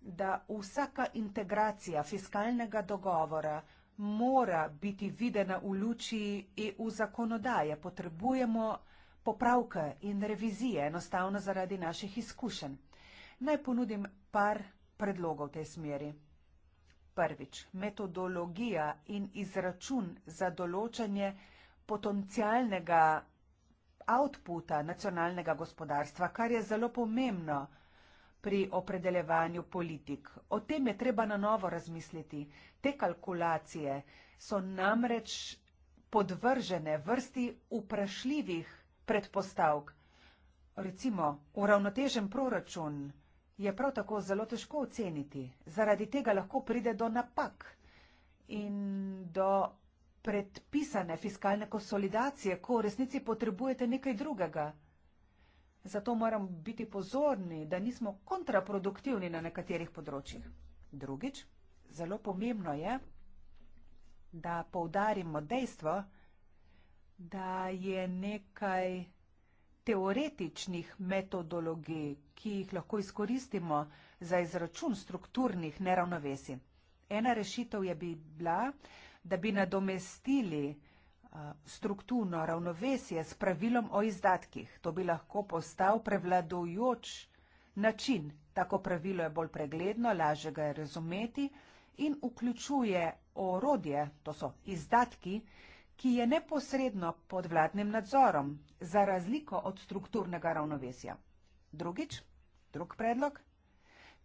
da vsaka integracija fiskalnega dogovora mora biti videna v luči EU zakonodaje. Potrebujemo popravke in revizije, enostavno zaradi naših izkušenj. Naj ponudim par predlogov v tej smeri. Prvič, metodologija in izračun za določanje potencialnega outputa nacionalnega gospodarstva, kar je zelo pomembno pri opredeljevanju politik. O tem je treba na novo razmisliti. Te kalkulacije so namreč podvržene vrsti vprašljivih predpostavk. Recimo, uravnotežen proračun je prav tako zelo težko oceniti. Zaradi tega lahko pride do napak in do predpisane fiskalne konsolidacije, ko v resnici potrebujete nekaj drugega. Zato moramo biti pozorni, da nismo kontraproduktivni na nekaterih področjih. Drugič, zelo pomembno je, da poudarimo dejstvo, da da je nekaj teoretičnih metodologij, ki jih lahko izkoristimo za izračun strukturnih neravnovesij. Ena rešitev je bi bila, da bi nadomestili strukturno ravnovesje s pravilom o izdatkih. To bi lahko postal prevladujoč način. Tako pravilo je bolj pregledno, lažje ga je razumeti in vključuje orodje, to so izdatki, ki je neposredno pod vladnim nadzorom, za razliko od strukturnega ravnovesja. Drugič, drug predlog,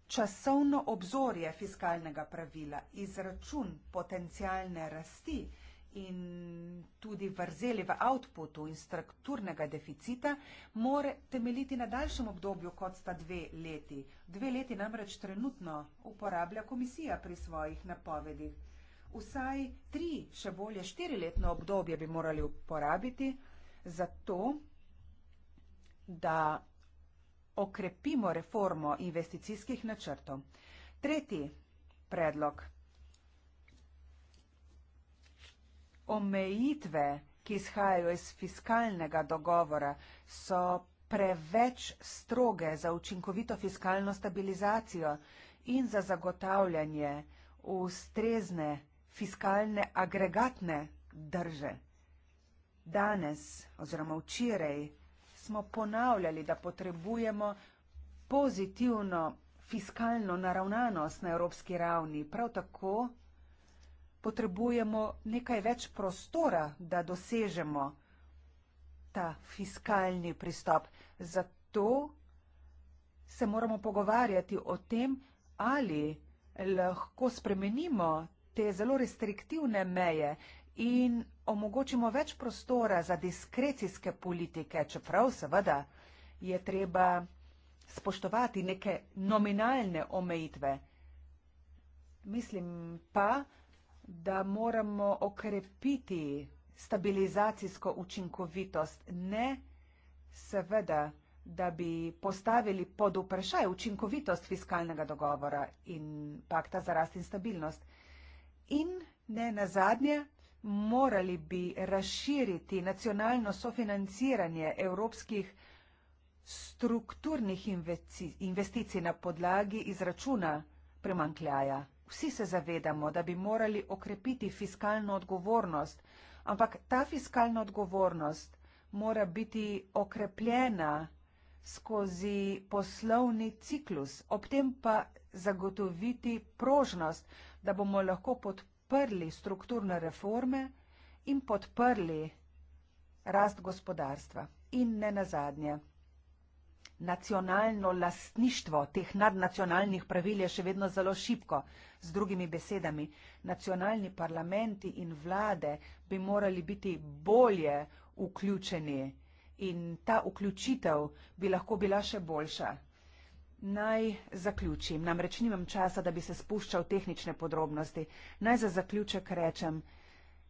časovno obzorje fiskalnega pravila, izračun potencijalne rasti in tudi vrzeli v outputu in strukturnega deficita, more temeljiti na daljšem obdobju kot sta dve leti. Dve leti namreč trenutno uporablja komisija pri svojih napovedih vsaj tri, še bolje štiriletno obdobje bi morali uporabiti za to, da okrepimo reformo investicijskih načrtov. Tretji predlog. Omejitve, ki izhajajo iz fiskalnega dogovora, so preveč stroge za učinkovito fiskalno stabilizacijo in za zagotavljanje ustrezne fiskalne agregatne drže. Danes oziroma včeraj smo ponavljali, da potrebujemo pozitivno fiskalno naravnanost na evropski ravni. Prav tako potrebujemo nekaj več prostora, da dosežemo ta fiskalni pristop. Zato se moramo pogovarjati o tem, ali lahko spremenimo te zelo restriktivne meje in omogočimo več prostora za diskrecijske politike, čeprav seveda je treba spoštovati neke nominalne omejitve. Mislim pa, da moramo okrepiti stabilizacijsko učinkovitost, ne seveda, da bi postavili pod vprašaj učinkovitost fiskalnega dogovora in pakta za rast in stabilnost in ne nazadnje, morali bi razširiti nacionalno sofinanciranje evropskih strukturnih investicij na podlagi izračuna premankljaja. Vsi se zavedamo, da bi morali okrepiti fiskalno odgovornost, ampak ta fiskalna odgovornost mora biti okrepljena skozi poslovni ciklus, ob tem pa zagotoviti prožnost, da bomo lahko podprli strukturne reforme in podprli rast gospodarstva. In ne nazadnje, nacionalno lastništvo teh nadnacionalnih pravil je še vedno zelo šipko. Z drugimi besedami, nacionalni parlamenti in vlade bi morali biti bolje vključeni in ta vključitev bi lahko bila še boljša. Naj zaključim, namreč nimam časa, da bi se spuščal v tehnične podrobnosti. Naj za zaključek rečem,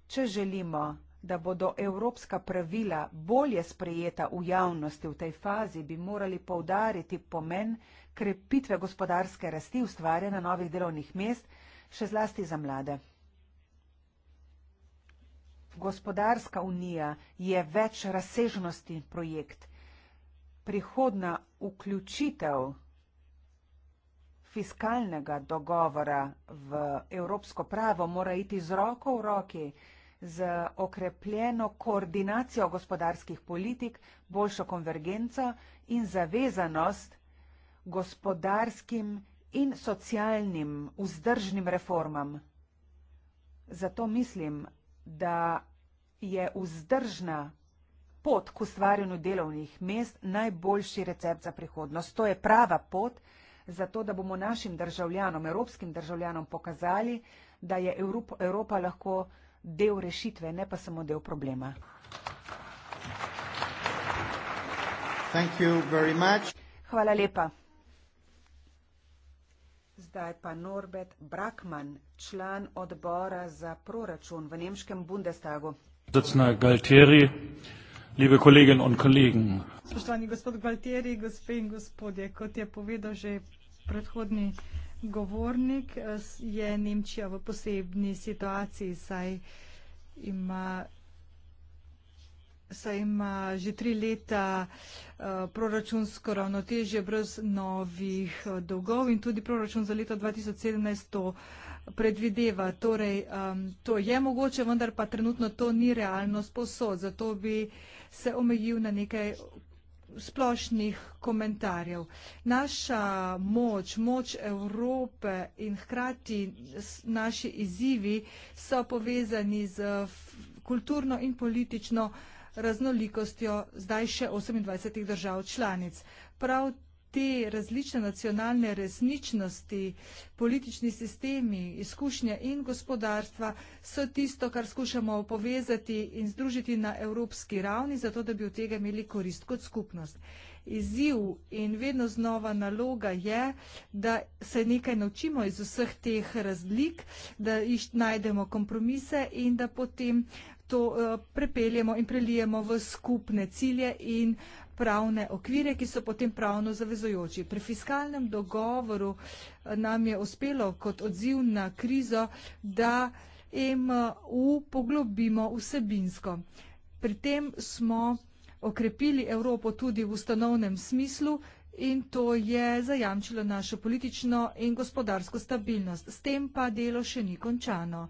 če želimo, da bodo evropska pravila bolje sprejeta v javnosti v tej fazi, bi morali povdariti pomen krepitve gospodarske rasti ustvarjena novih delovnih mest, še zlasti za mlade. Gospodarska unija je več razsežnosti projekt. Prihodna vključitev fiskalnega dogovora v evropsko pravo mora iti z roko v roki z okrepljeno koordinacijo gospodarskih politik, boljšo konvergenco in zavezanost gospodarskim in socialnim vzdržnim reformam. Zato mislim, da je vzdržna pot k ustvarjanju delovnih mest najboljši recept za prihodnost. To je prava pot, zato da bomo našim državljanom, evropskim državljanom pokazali, da je Evropa lahko del rešitve, ne pa samo del problema. Hvala lepa. Zdaj pa Norbert Brackmann, član odbora za proračun v nemškem Bundestagu. Zdaj pa Norbert Brackmann, član odbora za proračun v nemškem Bundestagu liebe Kolleginnen und Kollegen. Spoštovani gospod Gualtieri, gospe in gospodje, kot je povedal že predhodni govornik, je Nemčija v posebni situaciji, saj ima, saj ima že tri leta uh, proračunsko ravnotežje brez novih eh, dolgov in tudi proračun za leto 2017 to predvideva. Torej, um, to je mogoče, vendar pa trenutno to ni realno sposod. Zato bi se omejil na nekaj splošnih komentarjev. Naša moč, moč Evrope in hkrati naši izzivi so povezani z kulturno in politično raznolikostjo zdaj še 28 držav članic. Prav te različne nacionalne resničnosti, politični sistemi, izkušnje in gospodarstva so tisto, kar skušamo povezati in združiti na evropski ravni, zato da bi od tega imeli korist kot skupnost. Izziv in vedno znova naloga je, da se nekaj naučimo iz vseh teh razlik, da išč najdemo kompromise in da potem to uh, prepeljemo in prelijemo v skupne cilje in uh, pravne okvire, ki so potem pravno zavezojoči. Pri fiskalnem dogovoru eh, nam je uspelo kot odziv na krizo, da EMU poglobimo vsebinsko. Pri tem smo okrepili Evropo tudi v ustanovnem smislu in to je zajamčilo našo politično in gospodarsko stabilnost. S tem pa delo še ni končano.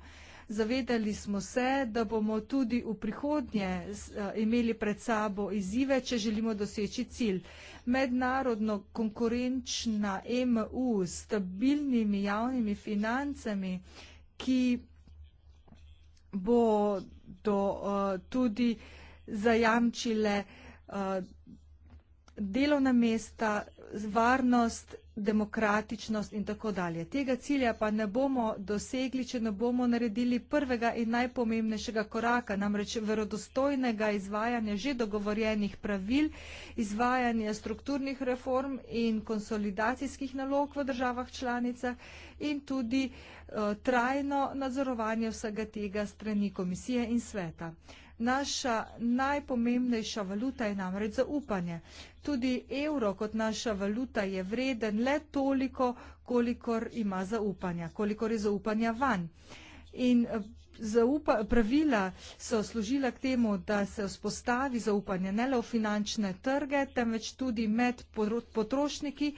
Zavedali smo se, da bomo tudi v prihodnje eh, imeli pred sabo izzive, če želimo doseči cilj. Mednarodno konkurenčna EMU s stabilnimi javnimi financami, ki bo do, uh, eh, tudi zajamčile uh, delovna mesta, varnost demokratičnost in tako dalje. Tega cilja pa ne bomo dosegli, če ne bomo naredili prvega in najpomembnejšega koraka, namreč verodostojnega izvajanja že dogovorjenih pravil, izvajanja strukturnih reform in konsolidacijskih nalog v državah članicah in tudi uh, trajno nadzorovanje vsega tega strani komisije in sveta. Uh, Naša najpomembnejša valuta je namreč zaupanje. Tudi evro kot naša valuta je vreden le toliko, kolikor ima zaupanja, kolikor je zaupanja vanj. In eh, zaupa, pravila so služila k temu, da se vzpostavi zaupanje ne le v finančne trge, temveč tudi med potrošniki,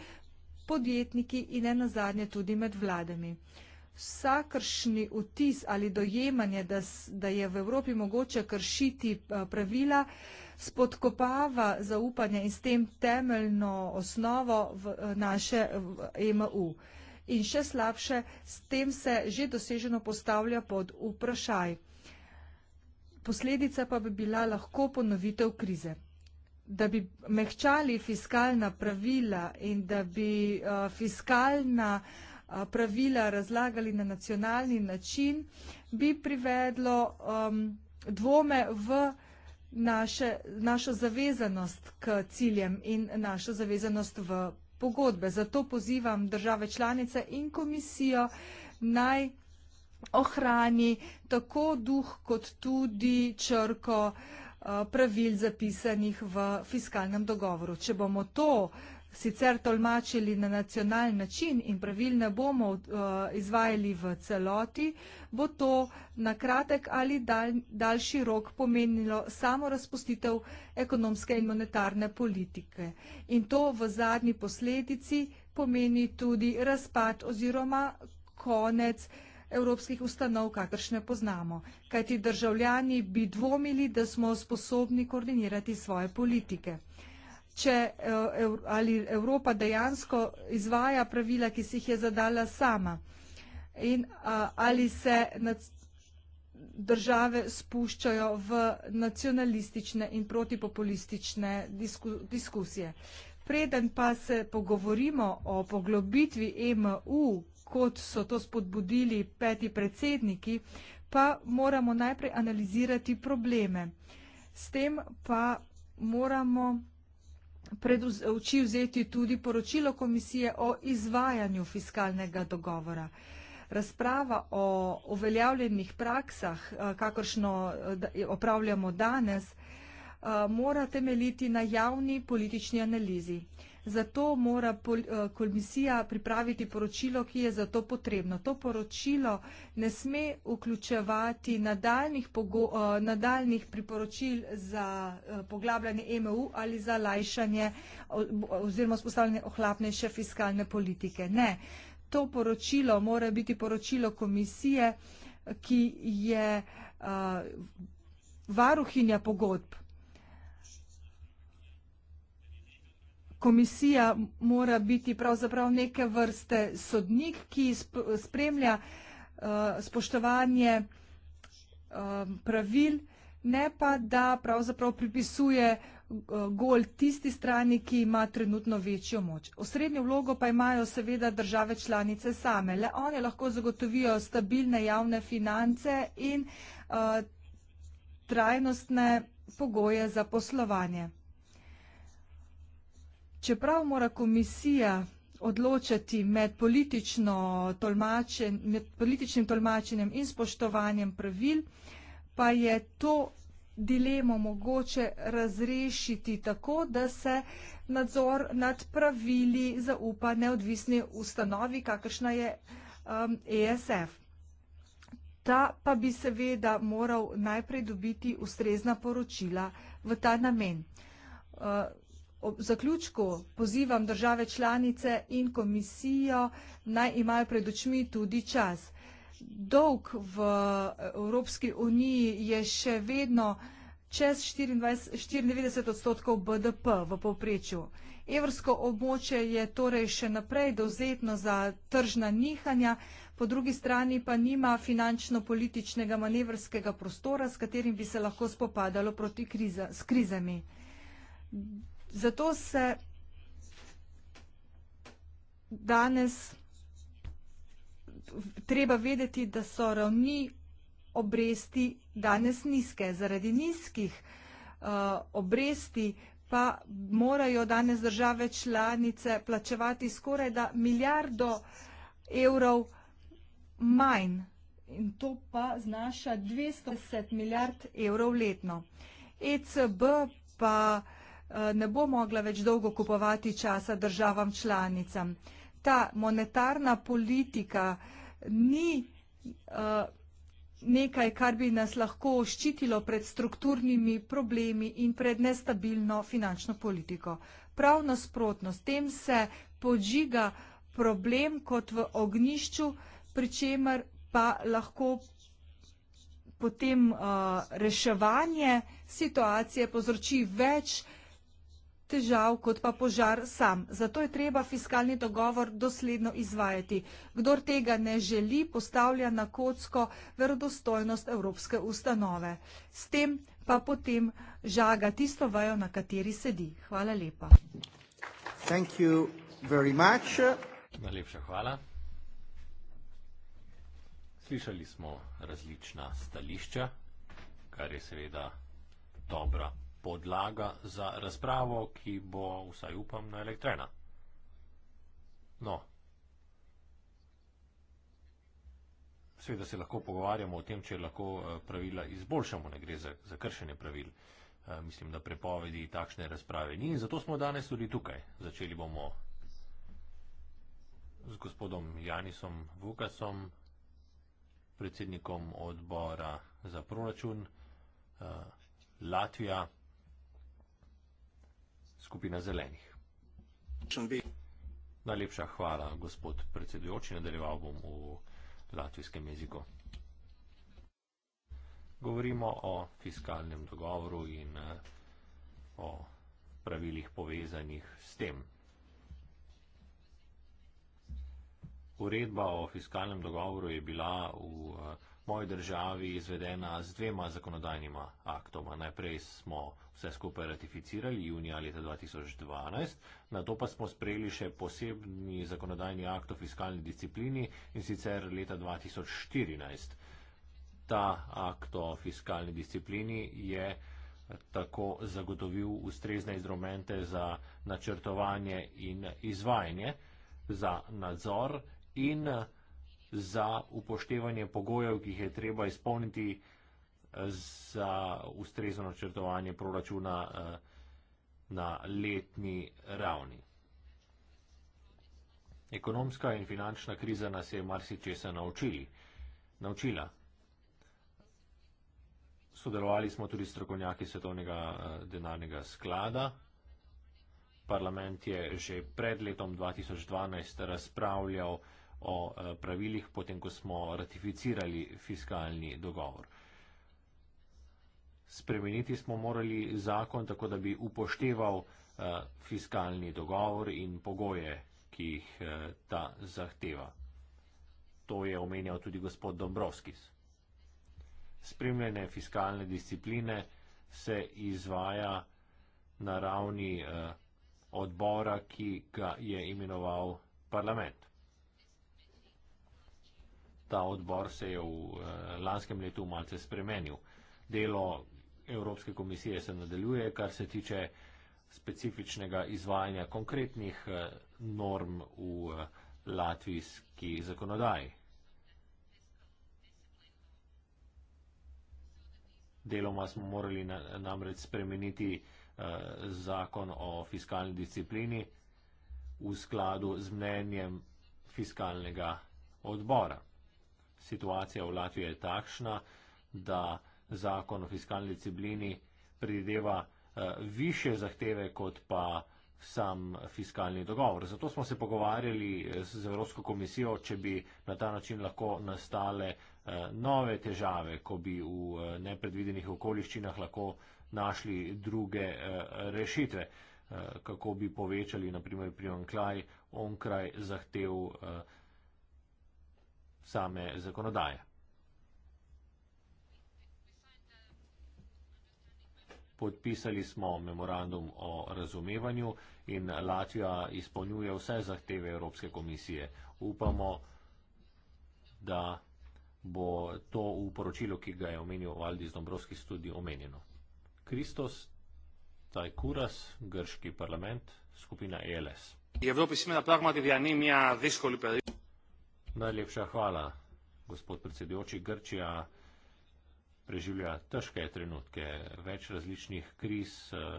podjetniki in ena zadnje tudi med vladami vsakršni vtis ali dojemanje, da, da je v Evropi mogoče kršiti eh, pravila, spodkopava zaupanje in s tem temeljno osnovo v eh, naše EMU. In še slabše, s tem se že doseženo postavlja pod vprašaj. Posledica pa bi bila lahko ponovitev krize. Da bi mehčali fiskalna pravila in da bi uh, fiskalna uh, pravila razlagali na nacionalni način, bi privedlo um, dvome v naše, našo zavezanost k ciljem in našo zavezanost v pogodbe. Zato pozivam države članice in komisijo naj ohrani tako duh kot tudi črko pravil zapisanih v fiskalnem dogovoru. Če bomo to uh, sicer tolmačili na nacionalen način in pravil ne bomo uh, izvajali v celoti, bo to na kratek ali dal, daljši rok pomenilo samo razpustitev ekonomske in monetarne politike. In to v zadnji posledici pomeni tudi razpad oziroma konec evropskih ustanov, kakršne poznamo. Kajti državljani bi dvomili, da smo sposobni koordinirati svoje politike če eh, ali Evropa dejansko izvaja pravila, ki si jih je zadala sama in ali se države spuščajo v nacionalistične in protipopulistične diskusije. Preden pa se pogovorimo o poglobitvi EMU, kot so to spodbudili peti predsedniki, pa moramo najprej analizirati probleme. S tem pa moramo pred oči vzeti tudi poročilo komisije o izvajanju fiskalnega dogovora. Razprava o uveljavljenih praksah, eh, kakršno eh, opravljamo danes, eh, mora temeljiti na javni politični analizi zato mora pol, uh, komisija pripraviti poročilo, ki je za to potrebno. To poročilo ne sme vključevati nadaljnih, pogo, uh, nadaljnih priporočil za uh, poglabljanje EMU ali za lajšanje oziroma spostavljanje ohlapnejše fiskalne politike. Ne. To poročilo mora biti poročilo komisije, ki je uh, varuhinja pogodb komisija mora biti pravzaprav neke vrste sodnik, ki spremlja eh, spoštovanje eh, pravil, ne pa da pravzaprav pripisuje eh, gol tisti strani, ki ima trenutno večjo moč. Osrednjo vlogo pa imajo seveda države članice same. Le one lahko zagotovijo stabilne javne finance in uh, trajnostne pogoje za poslovanje. Čeprav mora komisija odločati med, tolmačen, med političnim tolmačenjem in spoštovanjem pravil, pa je to dilemo mogoče razrešiti tako, da se nadzor nad pravili zaupa neodvisni ustanovi, kakršna je um, ESF. Ta pa bi seveda moral najprej dobiti ustrezna poročila v ta namen. Uh, Ob zaključku pozivam države članice in komisijo naj imajo pred očmi tudi čas. Dolg v Evropski uniji je še vedno čez 24, 94 odstotkov BDP v povprečju. Evrsko območje je torej še naprej dovzetno za tržna nihanja, po drugi strani pa nima finančno-političnega manevrskega prostora, s katerim bi se lahko spopadalo proti kriza, krizami. Zato se danes treba vedeti, da so ravni obresti danes nizke. Zaradi nizkih uh, obresti pa morajo danes države članice plačevati skoraj da milijardo evrov manj. In to pa znaša 210 milijard evrov letno. ECB pa vsega, Eh, ne bo mogla več dolgo kupovati časa državam članicam. Ta monetarna politika ni eh, nekaj, kar bi nas lahko ščitilo pred strukturnimi problemi in pred nestabilno finančno politiko. Prav nasprotno, s tem se podžiga problem kot v ognišču, pri čemer pa lahko potem uh, reševanje situacije povzroči več uh, težav, kot pa požar sam. Zato je treba fiskalni dogovor dosledno izvajati. Kdor tega ne želi, postavlja na kocko verodostojnost Evropske ustanove. S tem pa potem žaga tisto vajo, na kateri sedi. Hvala lepa. Najlepša hvala. Slišali smo različna stališča, kar je seveda dobro podlaga za razpravo, ki bo, vsaj upam, na elektrena. No. Sveda se lahko pogovarjamo o tem, če lahko eh, pravila izboljšamo, ne gre za, za kršenje pravil. Eh, mislim, da prepovedi takšne razprave ni in zato smo danes tudi tukaj. Začeli bomo z gospodom Janisom Vukasom, predsednikom odbora za proračun eh, Latvija skupina zelenih. Najlepša hvala, gospod predsedujoči. Nadaljeval bom v latvijskem jeziku. Govorimo o fiskalnem dogovoru in eh, o pravilih povezanih s tem. Uredba o fiskalnem dogovoru je bila v eh, moji državi izvedena z dvema zakonodajnima aktoma. Najprej smo vse skupaj ratificirali junija leta 2012, na to pa smo sprejeli še posebni zakonodajni akt o fiskalni disciplini in sicer leta 2014. Ta akt o fiskalni disciplini je tako zagotovil ustrezne instrumente za načrtovanje in izvajanje, za nadzor in za upoštevanje pogojev, ki jih je treba izpolniti eh, za ustrezno načrtovanje proračuna eh, na letni ravni. Ekonomska in finančna kriza nas je marsičesa naučila. Sodelovali smo tudi strokovnjaki svetovnega eh, denarnega sklada. Parlament je že pred letom 2012 razpravljal o o e, pravilih, potem ko smo ratificirali fiskalni dogovor. Spremeniti smo morali zakon tako, da bi upošteval uh, fiskalni dogovor in pogoje, ki jih uh, ta zahteva. To je omenjal tudi gospod Dombrovskis. Spremljene fiskalne discipline se izvaja na ravni uh, odbora, ki ga je imenoval parlament ta odbor se je v eh, lanskem letu malce spremenil. Delo Evropske komisije se nadaljuje, kar se tiče specifičnega izvajanja konkretnih eh, norm v eh, latvijski zakonodaji. Deloma smo morali namreč spremeniti zakon o fiskalni disciplini v skladu z mnenjem fiskalnega odbora situacija v Latviji je takšna, da zakon o fiskalni disciplini predideva uh, eh, više zahteve kot pa sam fiskalni dogovor. Zato smo se pogovarjali eh, z Evropsko komisijo, če bi na ta način lahko nastale eh, nove težave, ko bi v nepredvidenih okoliščinah lahko našli druge rešitve, kako bi povečali naprimer primankljaj onkraj zahtev same zakonodaje. Podpisali smo memorandum o razumevanju in Latvija izpolnjuje vse zahteve Evropske komisije. Upamo, da bo to v poročilu, ki ga je omenil Valdis Dombrovski, tudi omenjeno. Kristos Tajkuras, grški parlament, skupina ELS. Evropi se mi na pragmati, da ni mija diskoli predvidevati. Najlepša hvala, gospod predsedujoči. Grčija preživlja težke trenutke, več različnih kriz eh,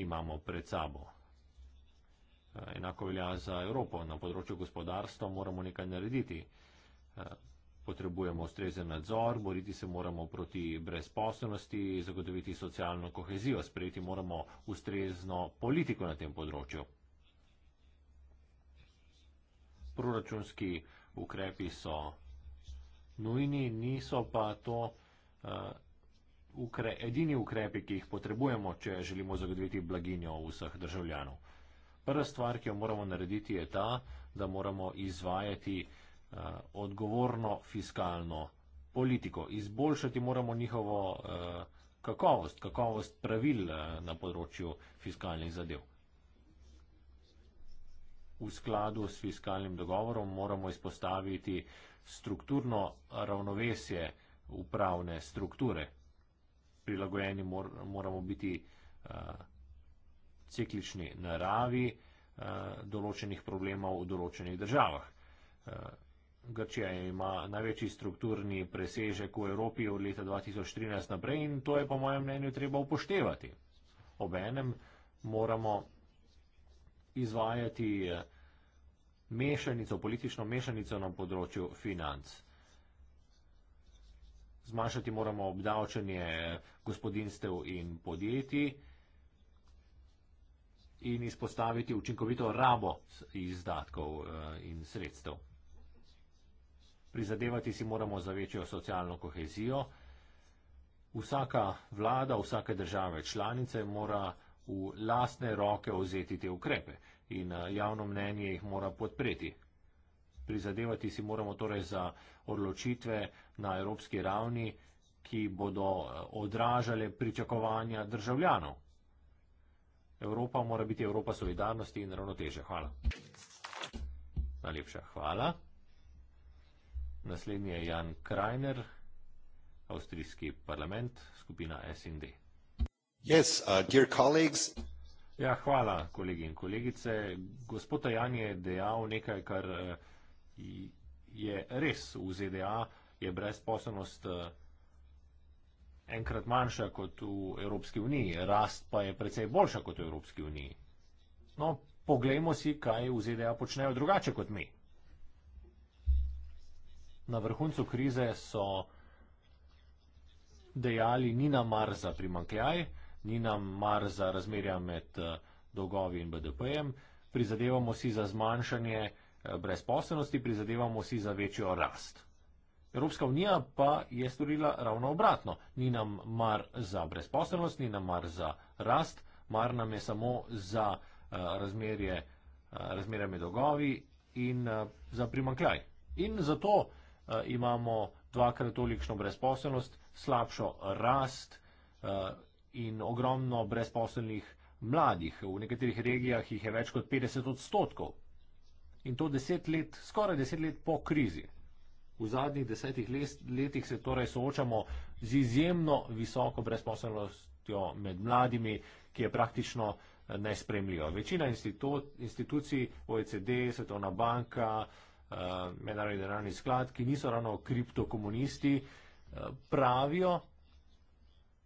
imamo pred sabo. Eh, enako velja za Evropo. Na področju gospodarstva moramo nekaj narediti. Eh, potrebujemo ustrezen nadzor, boriti se moramo proti brezposobnosti, zagotoviti socialno kohezijo, sprejeti moramo ustrezno politiko na tem področju proračunski ukrepi so nujni, niso pa to uh, ukre, edini ukrepi, ki jih potrebujemo, če želimo zagotoviti blaginjo vseh državljanov. Prva stvar, ki jo moramo narediti, je ta, da moramo izvajati uh, odgovorno fiskalno politiko. Izboljšati moramo njihovo uh, kakovost, kakovost pravil uh, na področju fiskalnih zadev v skladu s fiskalnim dogovorom moramo izpostaviti strukturno ravnovesje upravne strukture. Prilagojeni mor, moramo biti uh, ciklični naravi uh, določenih problemov v določenih državah. Uh, Grčija ima največji strukturni presežek v Evropi od leta 2013 naprej in to je po mojem mnenju treba upoštevati. Obenem moramo izvajati eh, mešanico, politično mešanico na področju financ. Zmanjšati moramo obdavčanje eh, gospodinstev in podjetij in izpostaviti učinkovito rabo izdatkov eh, in sredstev. Prizadevati si moramo za večjo socialno kohezijo. Vsaka vlada, vsake države članice mora v lastne roke vzeti te ukrepe in eh, javno mnenje jih mora podpreti. Prizadevati si moramo torej za odločitve na evropski ravni, ki bodo eh, odražale pričakovanja državljanov. Evropa mora biti Evropa solidarnosti in ravnoteže. Hvala. Najlepša hvala. Naslednji je Jan Krajner, avstrijski parlament, skupina SND. Uh, ja, hvala, kolegi in kolegice. Gospod Tajan je dejal nekaj, kar eh, je res v ZDA, je brezposobnost eh, enkrat manjša kot v Evropski uniji, rast pa je precej boljša kot v Evropski uniji. No, poglejmo si, kaj v ZDA počnejo drugače kot mi. Na vrhuncu krize so dejali, ni namar za primankljaj, ni nam mar za razmerja med eh, dolgovi in BDP-jem, prizadevamo si za zmanjšanje eh, brezposobnosti, prizadevamo si za večjo rast. Evropska unija pa je storila ravno obratno. Ni nam mar za brezposobnost, ni nam mar za rast, mar nam je samo za eh, razmerje, razmerje med dolgovi in za primankljaj. In zato imamo dvakrat tolikšno brezposobnost, slabšo rast in ogromno brezposelnih mladih. V nekaterih regijah jih je več kot 50 odstotkov. In to deset let, skoraj deset let po krizi. V zadnjih desetih letih se torej soočamo z izjemno visoko brezposelnostjo med mladimi, ki je praktično eh, nespremljiva. Večina institut, institucij OECD, Svetovna banka, eh, Mednarodni denarni sklad, ki niso ravno kriptokomunisti, eh, pravijo,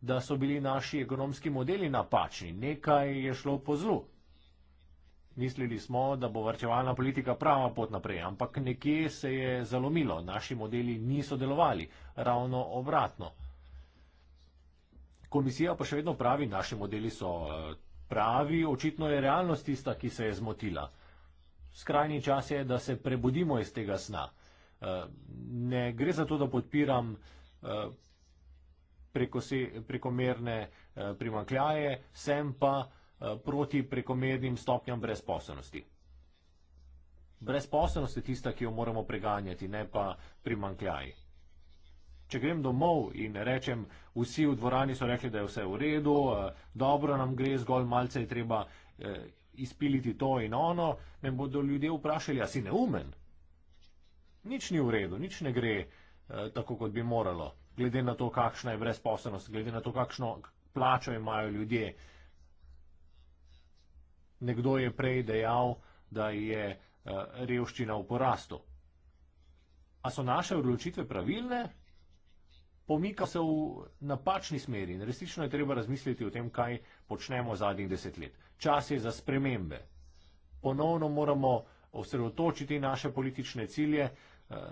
da so bili naši ekonomski modeli napačni, nekaj je šlo po zlu. Mislili smo, da bo varčevalna politika prava pot naprej, ampak nekje se je zalomilo, naši modeli niso delovali, ravno obratno. Komisija pa še vedno pravi, naši modeli so eh, pravi, očitno je realnost tista, ki se je zmotila. Skrajni čas je, da se prebudimo iz tega sna. Eh, ne gre za to, da podpiram eh, prekomerne eh, primankljaje, sem pa eh, proti prekomernim stopnjam brezposobnosti. Brezposobnost je tista, ki jo moramo preganjati, ne pa primankljaj. Če grem domov in rečem, vsi v dvorani so rekli, da je vse v redu, eh, dobro nam gre, zgolj malce je treba izpiliti to in ono, me bodo ljudje vprašali, a si neumen? Nič ni v redu, nič ne gre tako, kot bi moralo glede na to, kakšna je brezposobnost, glede na to, kakšno plačo imajo ljudje. Nekdo je prej dejal, da je eh, revščina v porastu. A so naše odločitve pravilne? Pomika se v napačni smeri in resnično je treba razmisliti o tem, kaj počnemo zadnjih deset let. Čas je za spremembe. Ponovno moramo osredotočiti naše politične cilje.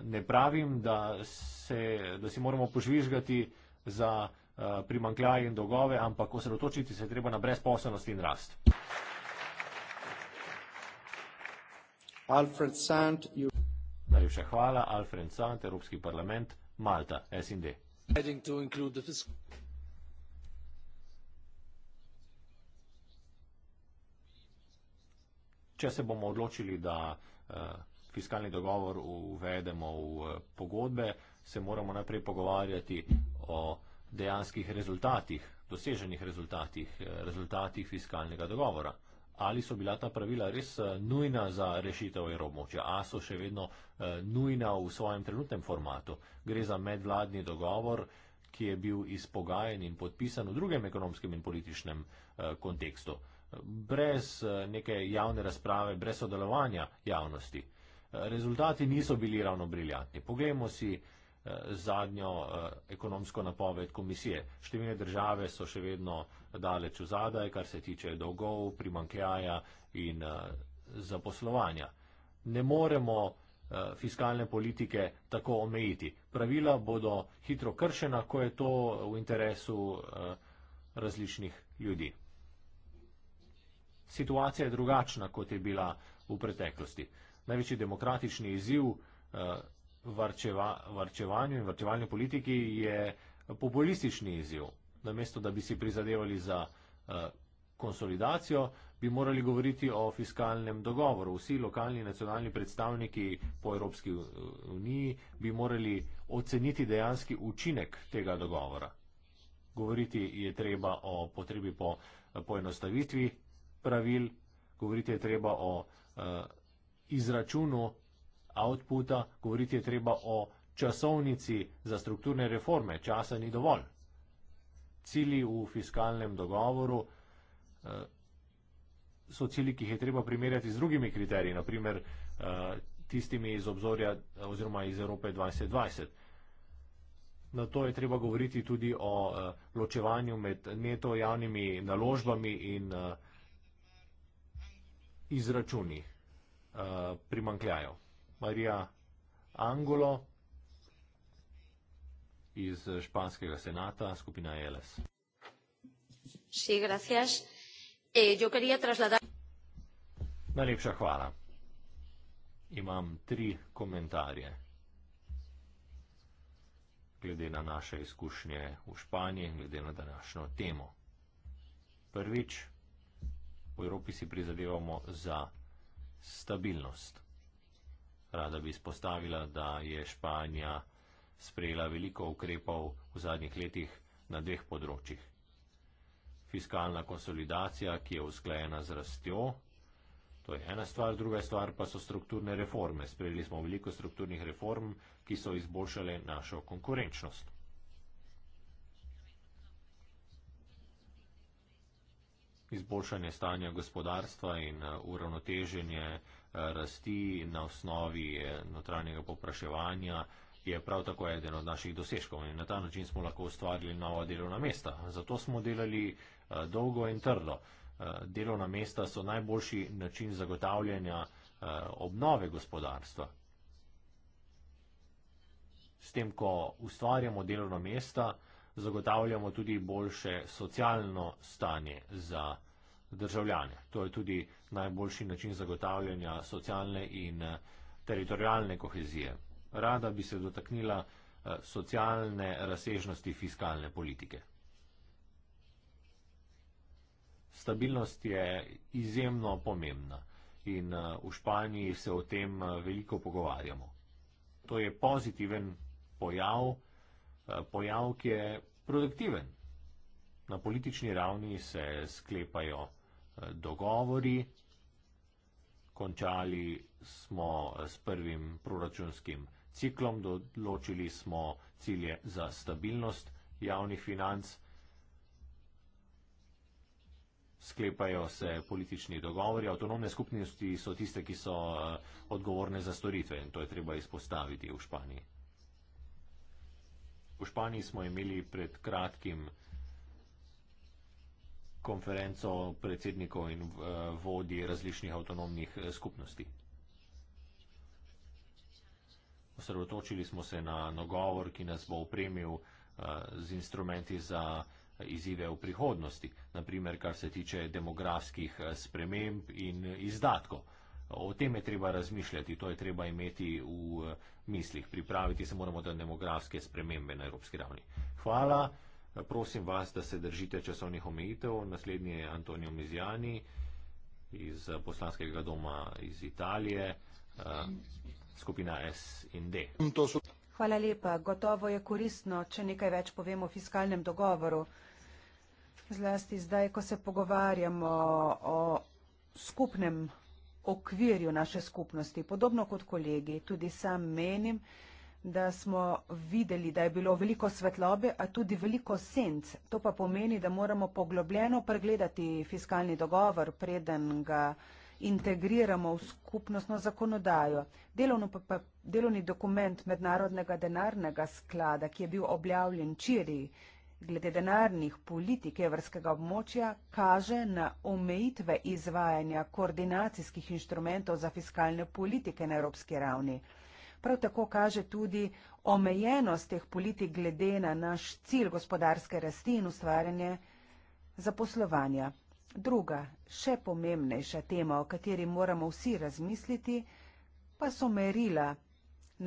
Ne pravim, da, se, da si moramo požvižgati za eh, primankljaj in dolgove, ampak osredotočiti se treba na brezposobnost in rast. Alfred Sant, you... Najlepša hvala, Alfred Sant, Evropski parlament, Malta, SND. Če se bomo odločili, da uh, fiskalni dogovor uvedemo v eh, pogodbe, se moramo najprej pogovarjati o dejanskih rezultatih, doseženih rezultatih, eh, rezultatih fiskalnega dogovora. Ali so bila ta pravila res eh, nujna za rešitev evroobmočja, a so še vedno nujna v svojem trenutnem formatu? Gre za medvladni dogovor, ki je bil izpogajen in podpisan v drugem ekonomskem in političnem kontekstu, brez neke javne razprave, brez sodelovanja javnosti rezultati niso bili ravno briljantni. Poglejmo si eh, zadnjo eh, ekonomsko napoved komisije. Številne države so še vedno daleč v zadaj, kar se tiče dolgov, primankljaja in eh, zaposlovanja. Ne moremo fiskalne politike tako omejiti. Pravila bodo hitro kršena, ko je to v interesu različnih ljudi. Situacija je drugačna, kot je bila v preteklosti največji demokratični izziv eh, varčeva, varčevanju in varčevalni politiki je populistični izziv. Namesto, da bi si prizadevali za eh, konsolidacijo, bi morali govoriti o fiskalnem dogovoru. Vsi lokalni in nacionalni predstavniki po Evropski uniji bi morali oceniti dejanski učinek tega dogovora. Govoriti je treba o potrebi po eh, poenostavitvi pravil, govoriti je treba o uh, izračunu outputa govoriti je treba o časovnici za strukturne reforme. Časa ni dovolj. Cili v fiskalnem dogovoru eh, so cili, ki jih je treba primerjati z drugimi kriteriji, naprimer eh, tistimi iz obzorja eh, oziroma iz Evrope 2020. Na to je treba govoriti tudi o ločevanju med neto javnimi naložbami in izračunih. Eh, primankljajo. Marija Angulo iz Španskega senata, skupina LS. Sí, gracias. Eh, yo quería trasladar. Najlepša hvala. Imam tri komentarje glede na naše izkušnje v Španiji in glede na današnjo temo. Prvič, v Evropi si prizadevamo za stabilnost. Rada bi izpostavila, da je Španija sprejela veliko ukrepov v zadnjih letih na dveh področjih. Fiskalna konsolidacija, ki je usklajena z rastjo, to je ena stvar, druga stvar pa so strukturne reforme. Sprejeli smo veliko strukturnih reform, ki so izboljšale našo konkurenčnost. izboljšanje stanja gospodarstva in eh, uravnoteženje eh, rasti na osnovi eh, notranjega popraševanja je prav tako eden od naših dosežkov in na ta način smo lahko ustvarili nova delovna mesta. Zato smo delali dolgo in trdo. Delovna mesta so najboljši način zagotavljanja obnove gospodarstva. S tem, ko ustvarjamo delovna mesta, zagotavljamo tudi boljše socialno stanje za gospodarstvo državljane. To je tudi najboljši način zagotavljanja socialne in eh, teritorijalne kohezije. Rada bi se dotaknila eh, socialne razsežnosti fiskalne politike. Stabilnost je izjemno pomembna in eh, v Španiji se o tem veliko pogovarjamo. To je pozitiven pojav, pojav, ki je produktiven. Na politični ravni se sklepajo Eh, dogovori. Končali smo s prvim proračunskim ciklom, določili smo cilje za stabilnost javnih financ. Sklepajo se politični dogovori. Avtonomne skupnosti so tiste, ki so eh, odgovorne za storitve in to je treba izpostaviti v Španiji. V Španiji smo imeli pred kratkim konferenco predsednikov in eh, vodij različnih avtonomnih eh, skupnosti. Osredotočili smo se na nagovor, ki nas bo opremil eh, z instrumenti za izzive v prihodnosti, naprimer kar se tiče demografskih sprememb in izdatkov. O tem je treba razmišljati, to je treba imeti v mislih. Pripraviti se moramo na demografske spremembe na evropski ravni. Hvala. Prosim vas, da se držite časovnih omejitev. Naslednji je Antonijo Mizjani iz eh, poslanskega doma iz Italije, eh, skupina S in D. Hvala lepa. Gotovo je koristno, če nekaj več povemo o fiskalnem dogovoru. Zlasti zdaj, ko se pogovarjamo o skupnem okvirju naše skupnosti, podobno kot kolegi, tudi sam menim, da smo videli, da je bilo veliko svetlobe, a tudi veliko senc. To pa pomeni, da moramo poglobljeno pregledati fiskalni dogovor, preden ga integriramo v skupnostno zakonodajo. Pa, pa, delovni dokument Mednarodnega denarnega sklada, ki je bil objavljen včeraj glede denarnih politik evrskega območja, kaže na omejitve izvajanja koordinacijskih inštrumentov za fiskalne politike na evropski ravni. Prav tako kaže tudi omejenost teh politik glede na naš cilj gospodarske rasti in ustvarjanje zaposlovanja. Druga, še pomembnejša tema, o kateri moramo vsi razmisliti, pa so merila,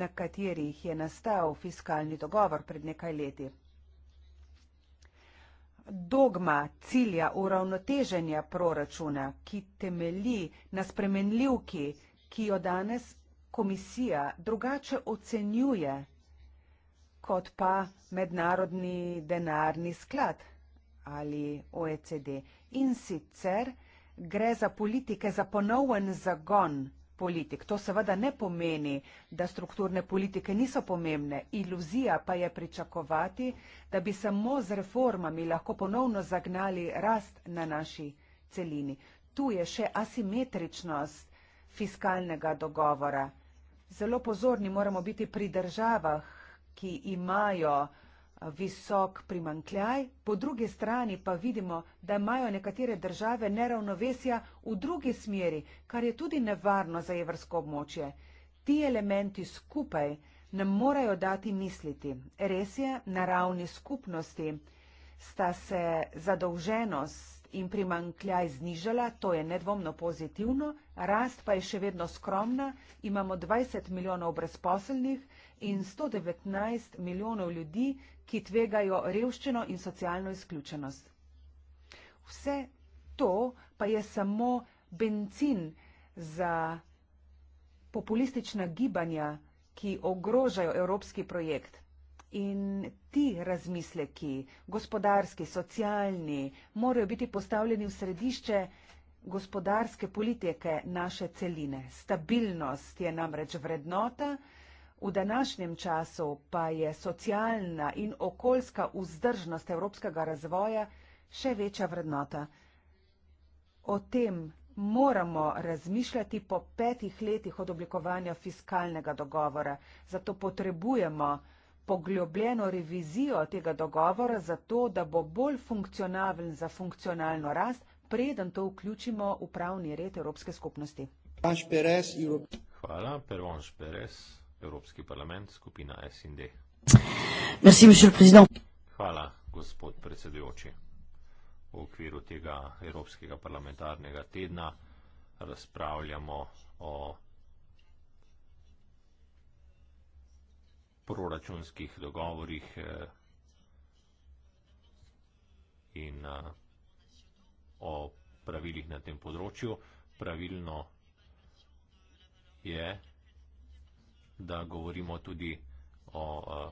na katerih je nastal fiskalni dogovor pred nekaj leti. Dogma cilja uravnoteženja proračuna, ki temelji na spremenljivki, ki jo danes komisija drugače ocenjuje kot pa mednarodni denarni sklad ali OECD. In sicer gre za politike za ponoven zagon politik. To seveda ne pomeni, da strukturne politike niso pomembne. Iluzija pa je pričakovati, da bi samo z reformami lahko ponovno zagnali rast na naši celini. Tu je še asimetričnost fiskalnega dogovora zelo pozorni moramo biti pri državah, ki imajo eh, visok primankljaj, po drugi strani pa vidimo, da imajo nekatere države neravnovesja v drugi smeri, kar je tudi nevarno za evrsko območje. Ti elementi skupaj nam morajo dati misliti. Res je, na ravni skupnosti sta se zadolženost in primankljaj znižala, to je nedvomno pozitivno, rast pa je še vedno skromna, imamo 20 milijonov brezposelnih in 119 milijonov ljudi, ki tvegajo revščino in socialno izključenost. Vse to pa je samo bencin za populistična gibanja, ki ogrožajo evropski projekt in ti razmisleki, gospodarski, socialni, morajo biti postavljeni v središče gospodarske politike naše celine. Stabilnost je namreč vrednota, v današnjem času pa je socialna in okoljska vzdržnost evropskega razvoja še večja vrednota. O tem moramo razmišljati po petih letih od oblikovanja fiskalnega dogovora, zato potrebujemo, poglobljeno revizijo tega dogovora, zato da bo bolj funkcionalen za funkcionalno rast, preden to vključimo v pravni red Evropske skupnosti. Hvala, Pervon Šperes, Evropski parlament, skupina SND. Hvala, gospod predsedujoči. V okviru tega Evropskega parlamentarnega tedna razpravljamo o proračunskih dogovorih eh, in eh, o pravilih na tem področju. Pravilno je, da govorimo tudi o eh,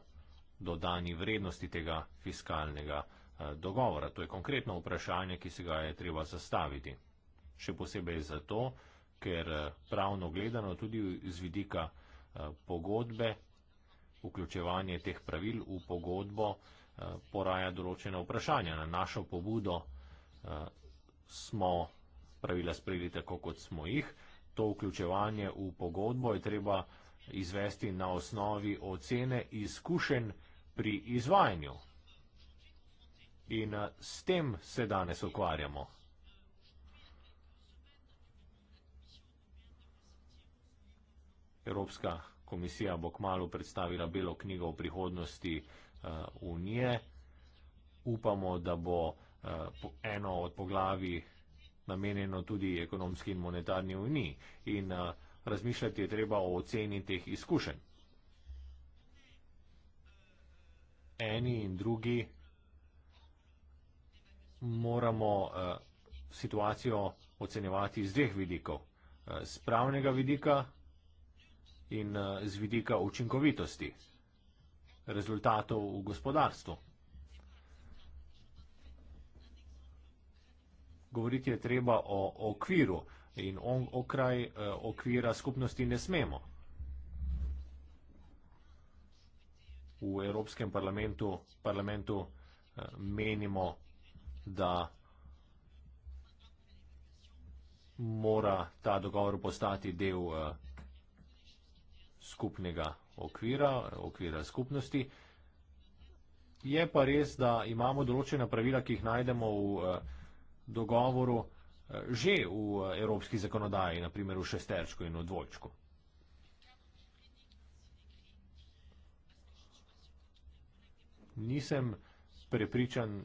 dodani vrednosti tega fiskalnega dogovora. To je konkretno vprašanje, ki se ga je treba zastaviti. Še posebej zato, ker pravno gledano tudi z vidika pogodbe vključevanje teh pravil v pogodbo eh, poraja določene vprašanja. Na našo pobudo eh, smo pravila sprejeli tako, kot smo jih. To vključevanje v pogodbo je treba izvesti na osnovi ocene izkušenj pri izvajanju. In eh, s tem se danes ukvarjamo. Evropska komisija bo kmalo predstavila belo knjigo o prihodnosti eh, Unije. Upamo, da bo eh, eno od poglavi namenjeno tudi ekonomski in monetarni uniji in eh, razmišljati je treba o oceni teh izkušenj. Eni in drugi moramo situacijo ocenjevati iz dveh vidikov. Z pravnega vidika in eh, z vidika učinkovitosti rezultatov v gospodarstvu. Govoriti je treba o okviru in on, okraj eh, okvira skupnosti ne smemo. V Evropskem parlamentu, parlamentu eh, menimo, da mora ta dogovor postati del skupnega okvira, okvira skupnosti. Je pa res, da imamo določena pravila, ki jih najdemo v eh, dogovoru eh, že v eh, evropski zakonodaji, naprimer v šesterčku in v dvojčku. Nisem prepričan,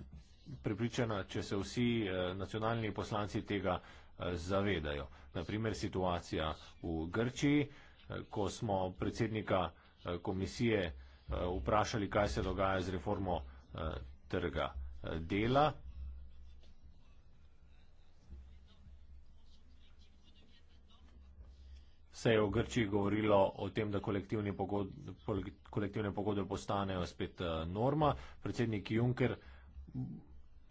prepričana, če se vsi nacionalni poslanci tega zavedajo. Naprimer situacija v Grčiji, Eh, ko smo predsednika eh, komisije eh, vprašali, kaj se dogaja z reformo trga dela. Se je v Grčiji govorilo o tem, da kolektivne pogodbe, kolektivne pogodbe postanejo spet norma. Predsednik Juncker,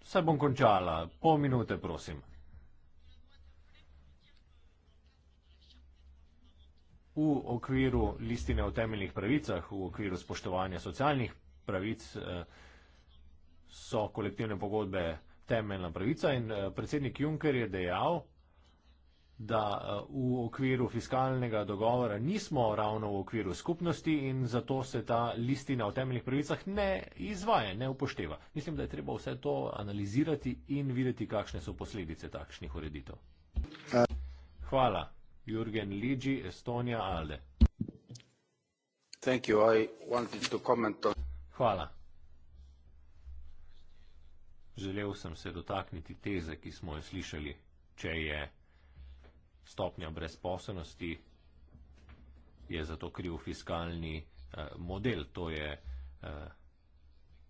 se bom končala, pol minute prosim. v okviru listine o temeljnih pravicah, v okviru spoštovanja socialnih pravic eh, so kolektivne pogodbe temeljna pravica in eh, predsednik Juncker je dejal, da eh, v okviru fiskalnega dogovora nismo ravno v okviru skupnosti in zato se ta listina o temeljnih pravicah ne izvaja, ne upošteva. Mislim, da je treba vse to analizirati in videti, kakšne so posledice takšnih ureditev. Hvala. Jürgen Ligi, Estonia ALDE. Thank you. I wanted to comment on- Hvala. Želel sem se dotakniti teze, ki smo jo slišali, če je stopnja brezposobnosti, je za to kriv fiskalni eh, model. To je eh,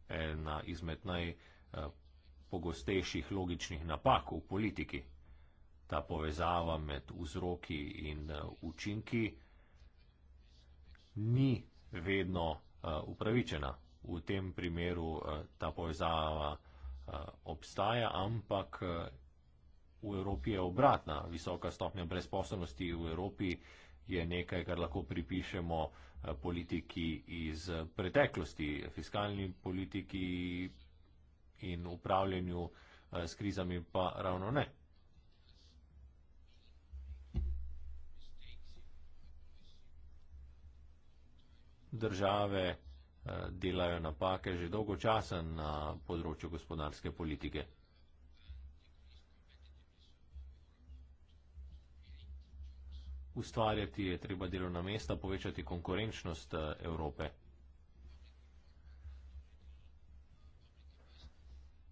ena izmed najpogostejših eh, logičnih napak v politiki ta povezava med vzroki in eh, učinki ni vedno eh, upravičena. V tem primeru eh, ta povezava obstaja, ampak v Evropi je obratna. Visoka stopnja brezposobnosti v Evropi je nekaj, kar lahko pripišemo politiki iz preteklosti, fiskalni politiki in upravljanju s krizami pa ravno ne. države eh, delajo napake že dolgo časa na področju gospodarske politike. Ustvarjati je treba delovna mesta, povečati konkurenčnost eh, Evrope.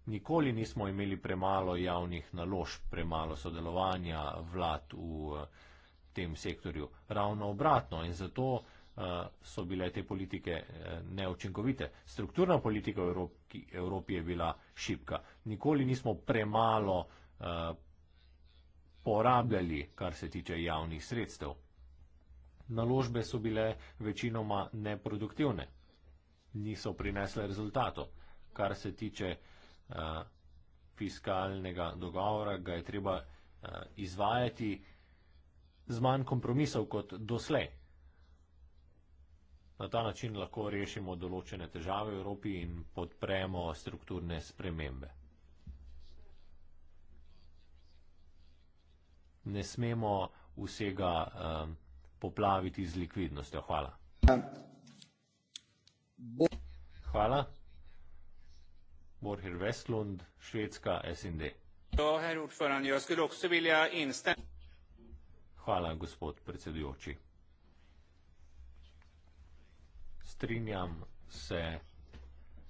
Nikoli nismo imeli premalo javnih naložb, premalo sodelovanja vlad v eh, tem sektorju. Ravno obratno in zato so bile te politike e, neočinkovite. Strukturna politika v Evropi, Evropi je bila šipka. Nikoli nismo premalo uh, porabljali, kar se tiče javnih sredstev. Naložbe so bile večinoma neproduktivne, niso prinesle rezultatov. Kar se tiče uh, fiskalnega dogovora, ga je treba uh, izvajati z manj kompromisov kot doslej. Na ta način lahko rešimo določene težave v Evropi in podpremo strukturne spremembe. Ne smemo vsega um, poplaviti z likvidnostjo. Hvala. Hvala. Morhir Vestlund, Švedska, SND. Ja, Hvala, gospod predsedujoči. strinjam se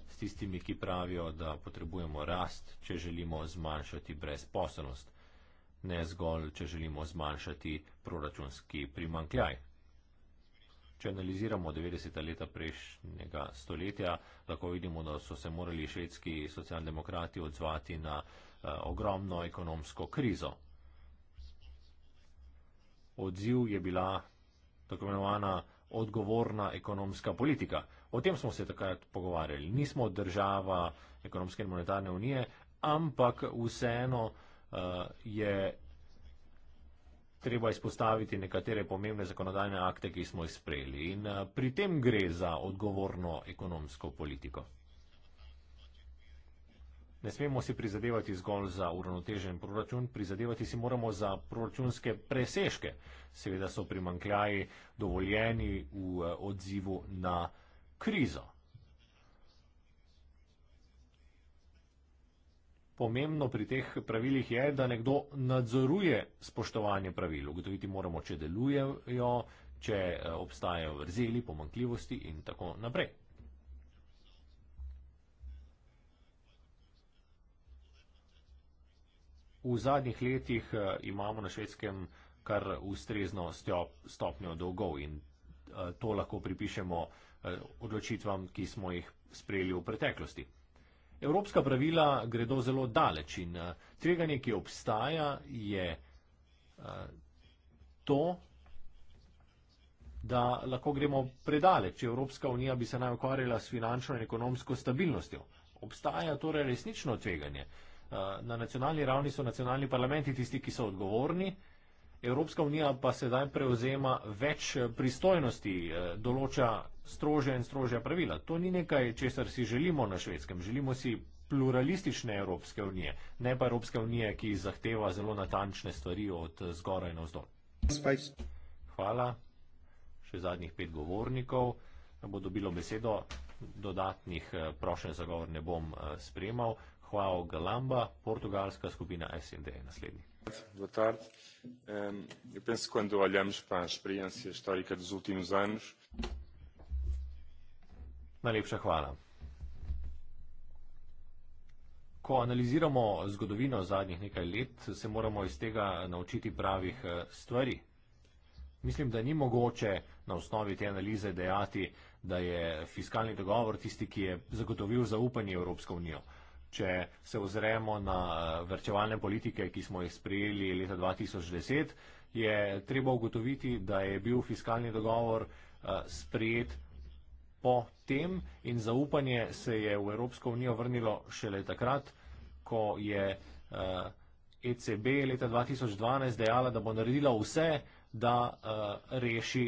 s tistimi, ki pravijo, da potrebujemo rast, če želimo zmanjšati brezposelnost, ne zgolj, če želimo zmanjšati proračunski primankljaj. Če analiziramo 90. leta prejšnjega stoletja, lahko vidimo, da so se morali švedski socialdemokrati odzvati na eh, ogromno ekonomsko krizo. Odziv je bila tako imenovana odgovorna ekonomska politika. O tem smo se takrat pogovarjali. Nismo država ekonomske in monetarne unije, ampak vseeno uh, je treba izpostaviti nekatere pomembne zakonodajne akte, ki smo jih sprejeli. In uh, pri tem gre za odgovorno ekonomsko politiko. Ne smemo si prizadevati zgolj za uravnotežen proračun, prizadevati si moramo za proračunske preseške. Seveda so primankljaji dovoljeni v eh, odzivu na krizo. Pomembno pri teh pravilih je, da nekdo nadzoruje spoštovanje pravil. Ugotoviti moramo, če delujejo, če eh, obstajajo vrzeli, pomankljivosti in tako naprej. V zadnjih letih eh, imamo na švedskem kar ustrezno stopnjo dolgov in eh, to lahko pripišemo eh, odločitvam, ki smo jih sprejeli v preteklosti. Evropska pravila gredo zelo daleč in tveganje, ki obstaja, je to, da lahko gremo predaleč. Evropska unija bi se naj ukvarjala s finančno in ekonomsko stabilnostjo. Obstaja torej resnično tveganje. Eh, na nacionalni ravni so nacionalni parlamenti tisti, ki so odgovorni, Evropska unija pa sedaj prevzema več eh, pristojnosti, eh, določa strožja in strožja pravila. To ni nekaj, česar si želimo na švedskem. Želimo si pluralistične Evropske unije, ne pa Evropske unije, ki zahteva zelo natančne stvari od zgoraj na vzdolj. Hvala. Še zadnjih pet govornikov bo dobilo besedo. Dodatnih prošenj zagovor ne bom spremal. Joao Galamba, portugalska skupina SND je naslednji. Boa tarde. Um, eu penso que quando olhamos para a experiência histórica dos últimos anos. Najlepša hvala. Ko analiziramo zgodovino zadnjih nekaj let, se moramo iz tega naučiti pravih eh, stvari. Mislim, da ni mogoče na osnovi te analize dejati, da je fiskalni dogovor tisti, ki je zagotovil zaupanje Evropsko unijo če se ozremo na eh, vrčevalne politike, ki smo jih sprejeli leta 2010, je treba ugotoviti, da je bil fiskalni dogovor eh, sprejet po tem in zaupanje se je v Evropsko unijo vrnilo šele takrat, ko je ECB eh, e leta 2012 dejala, da bo naredila vse, da reši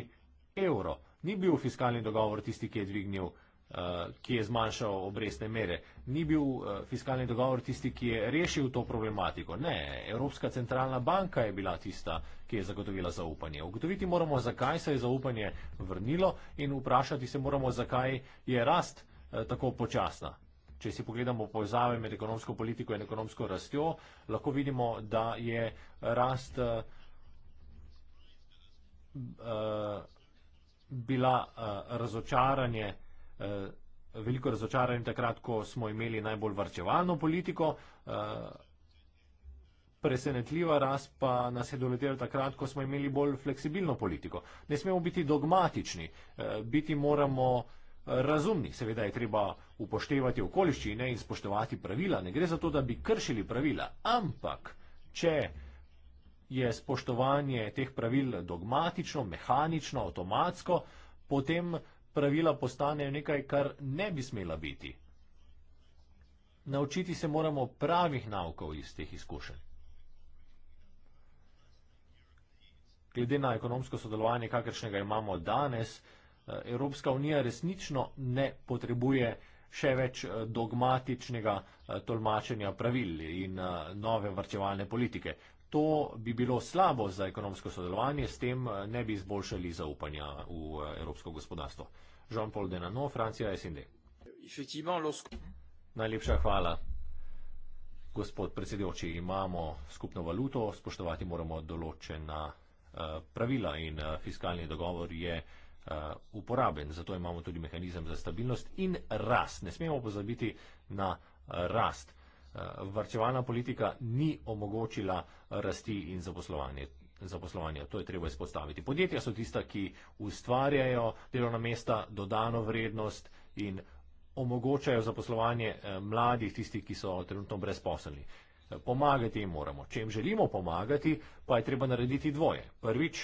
evro. Ni bil fiskalni dogovor tisti, ki je dvignil Eh, ki je zmanjšal obrestne mere. Ni bil eh, fiskalni dogovor tisti, ki je rešil to problematiko. Ne, Evropska centralna banka je bila tista, ki je zagotovila zaupanje. Ugotoviti moramo, zakaj se je zaupanje vrnilo in vprašati se moramo, zakaj je rast eh, tako počasna. Če si pogledamo povezave med ekonomsko politiko in ekonomsko rastjo, lahko vidimo, da je rast uh, bila uh, razočaranje uh, Eh, veliko razočarani takrat, ko smo imeli najbolj varčevalno politiko. Eh, presenetljiva rast pa nas je doletela takrat, ko smo imeli bolj fleksibilno politiko. Ne smemo biti dogmatični, eh, biti moramo razumni. Seveda je treba upoštevati okoliščine in spoštovati pravila. Ne gre za to, da bi kršili pravila. Ampak, če je spoštovanje teh pravil dogmatično, mehanično, avtomatsko, potem pravila postanejo nekaj, kar ne bi smela biti. Naučiti se moramo pravih naukov iz teh izkušenj. Glede na ekonomsko sodelovanje, kakršnega imamo danes, eh, Evropska unija resnično ne potrebuje še več eh, dogmatičnega eh, tolmačenja pravil in nove vrčevalne politike. To bi bilo slabo za ekonomsko sodelovanje, s tem eh, ne bi izboljšali zaupanja v eh, evropsko gospodarstvo. Jean-Paul Denano, Francija, SND. Najlepša hvala. Gospod predsedoči, imamo skupno valuto, spoštovati moramo določena eh, pravila in fiskalni dogovor je uporaben, zato imamo tudi mehanizem za stabilnost in rast. Ne smemo pozabiti na rast. Eh, varčevalna politika ni omogočila rasti in zaposlovanje. Zaposlovanja. To je treba izpostaviti. Podjetja so tista, ki ustvarjajo delovna mesta, dodano vrednost in omogočajo zaposlovanje eh, mladih, tistih, ki so trenutno brezposelni. Eh, pomagati jim moramo. Če jim želimo pomagati, pa je treba narediti dvoje. Prvič,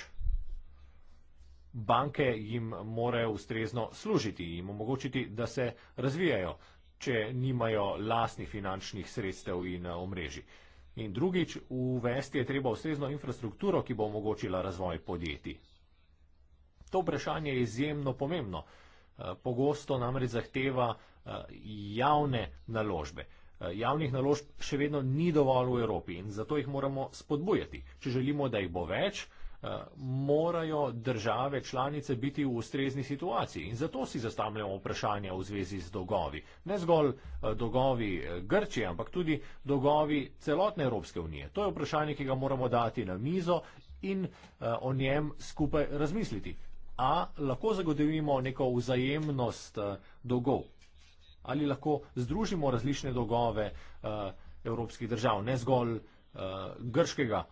banke jim morajo ustrezno služiti, jim omogočiti, da se razvijajo če nimajo lastnih finančnih sredstev in eh, omrežij. In drugič, uvesti je treba ustrezno infrastrukturo, ki bo omogočila razvoj podjetij. To vprašanje je izjemno pomembno. Eh, pogosto namreč zahteva eh, javne naložbe. Javnih naložb še vedno ni dovolj v Evropi in zato jih moramo spodbujati. Če želimo, da jih bo več, Eh, morajo države članice biti v ustrezni situaciji. In zato si zastavljamo vprašanje v zvezi z dolgovi. Ne zgolj eh, dolgovi eh, Grčije, ampak tudi dolgovi celotne Evropske unije. To je vprašanje, ki ga moramo dati na mizo in o njem skupaj razmisliti. A lahko zagotovimo neko vzajemnost dolgov? Ali lahko združimo različne dolgove evropskih držav, ne zgolj grškega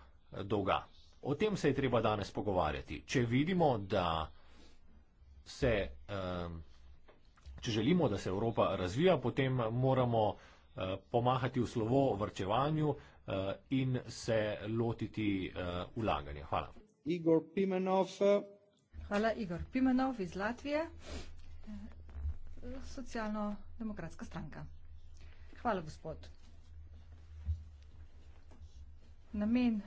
dolga? O tem se je treba danes pogovarjati. Če vidimo, da se, če želimo, da se Evropa razvija, potem moramo eh, pomahati v slovo vrčevanju eh, in se lotiti ulaganja. Eh, Hvala. Igor Pimenov. Hvala, Igor Pimenov iz Latvije, socialno-demokratska stranka. Hvala, gospod. Namen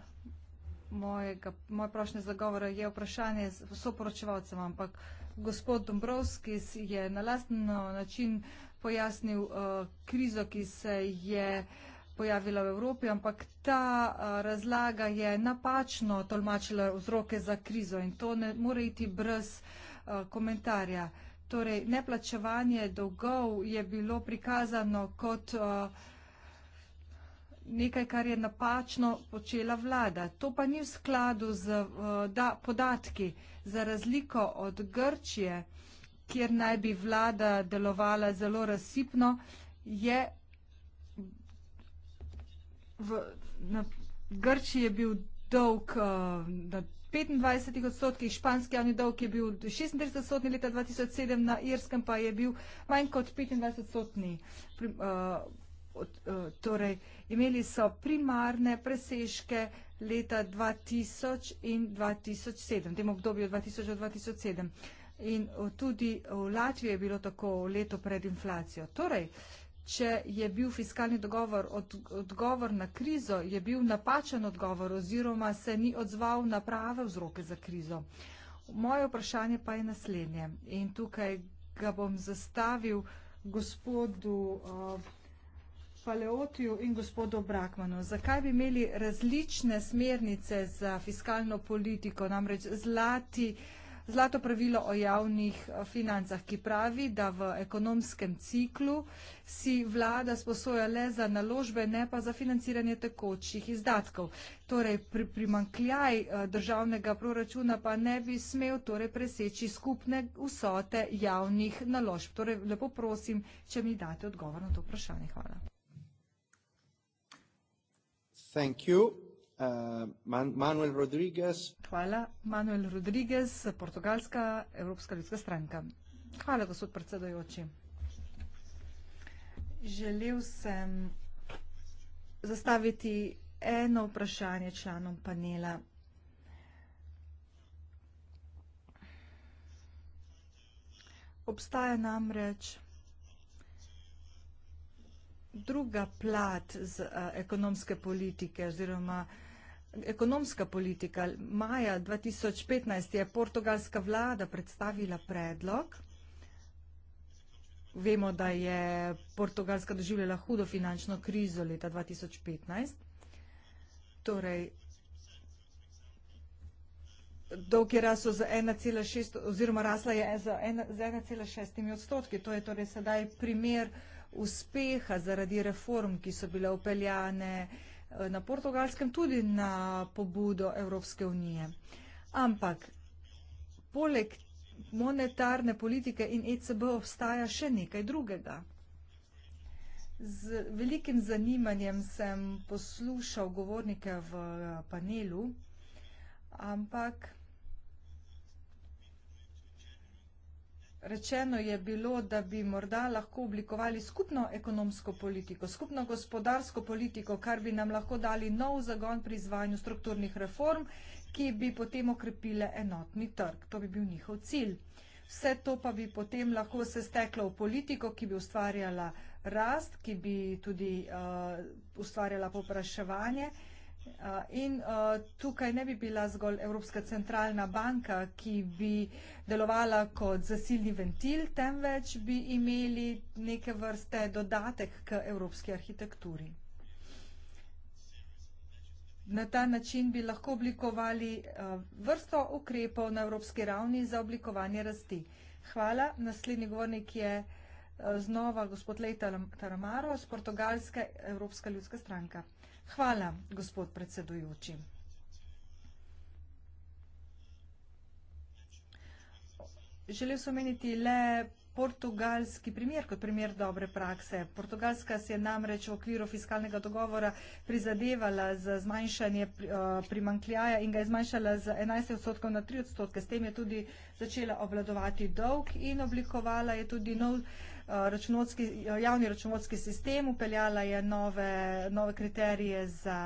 mojega, moje prošnje zagovora je vprašanje soporočevalcem, ampak gospod Dombrovski je na lasten način pojasnil uh, krizo, ki se je pojavila v Evropi, ampak ta uh, razlaga je napačno tolmačila vzroke za krizo in to ne more iti brez uh, komentarja. Torej, neplačevanje dolgov je bilo prikazano kot uh, nekaj, kar je napačno počela vlada. To pa ni v skladu z eh, da, podatki, za razliko od Grčije, kjer naj bi vlada delovala zelo razsipno, je v na, Grčiji je bil dolg eh, na 25 odstotkih, španski javni dolg je bil 36 odstotni leta 2007, na Irskem pa je bil manj kot 25 odstotni. Pri, uh, Eh, torej, imeli so primarne presežke leta 2000 in 2007, v tem obdobju 2000 in 2007. Eh, in tudi v Latviji je bilo tako leto pred inflacijo. Torej, če je bil fiskalni dogovor od, odgovor na krizo, je bil napačen odgovor oziroma se ni odzval na prave vzroke za krizo. Moje vprašanje pa je naslednje in tukaj ga bom zastavil gospodu. Uh, Paleotiju in gospodu Brakmanu, zakaj bi imeli različne smernice za fiskalno politiko, namreč zlati, zlato pravilo o javnih eh, financah, ki pravi, da v ekonomskem ciklu si vlada sposoja le za naložbe, ne pa za financiranje tekočih izdatkov. Torej, pri, primankljaj eh, državnega proračuna pa ne bi smel torej, preseči skupne vsote javnih naložb. Torej, lepo prosim, če mi date odgovor na to vprašanje. Hvala. Thank you. Uh, Manuel Rodriguez. Hvala. Manuel Rodriguez, portugalska Evropska ljudska stranka. Hvala, gospod predsedojoči. Želel sem zastaviti eno vprašanje članom panela. Obstaja namreč vprašanje, druga plat z uh, ekonomske politike oziroma ekonomska politika. Maja 2015 je portugalska vlada predstavila predlog. Vemo, da je portugalska doživljala hudo finančno krizo leta 2015. Torej, dolg je rasel za 1,6 oziroma rasla je za 1,6 odstotki. To je torej sedaj primer uh, uspeha zaradi reform, ki so bile upeljane eh, na portugalskem tudi na pobudo Evropske unije. Ampak poleg monetarne politike in ECB obstaja še nekaj drugega. Z velikim zanimanjem sem poslušal govornike v eh, panelu, ampak rečeno je bilo, da bi morda lahko oblikovali skupno ekonomsko politiko, skupno gospodarsko politiko, kar bi nam lahko dali nov zagon pri izvajanju strukturnih reform, ki bi potem okrepile enotni trg. To bi bil njihov cilj. Vse to pa bi potem lahko se steklo v politiko, ki bi ustvarjala rast, ki bi tudi uh, ustvarjala popraševanje. Uh, Eh, in eh, tukaj ne bi bila zgolj Evropska centralna banka, ki bi delovala kot zasilni ventil, temveč bi imeli neke vrste dodatek k evropski arhitekturi. Na ta način bi lahko oblikovali eh, vrsto ukrepov na evropski ravni za oblikovanje rasti. Hvala. Naslednji govornik je znova gospod Lej Taramaro z Portugalske Evropska ljudska stranka. Hvala, gospod predsedujoči. Želel so omeniti le portugalski primer kot primer dobre prakse. Portugalska se je namreč v okviru fiskalnega dogovora prizadevala za zmanjšanje eh, primankljaja in ga je zmanjšala z 11 odstotkov na 3 odstotke. S tem je tudi začela obladovati dolg in oblikovala je tudi nov eh, računovodski, eh, javni računovodski sistem, upeljala je nove, nove kriterije za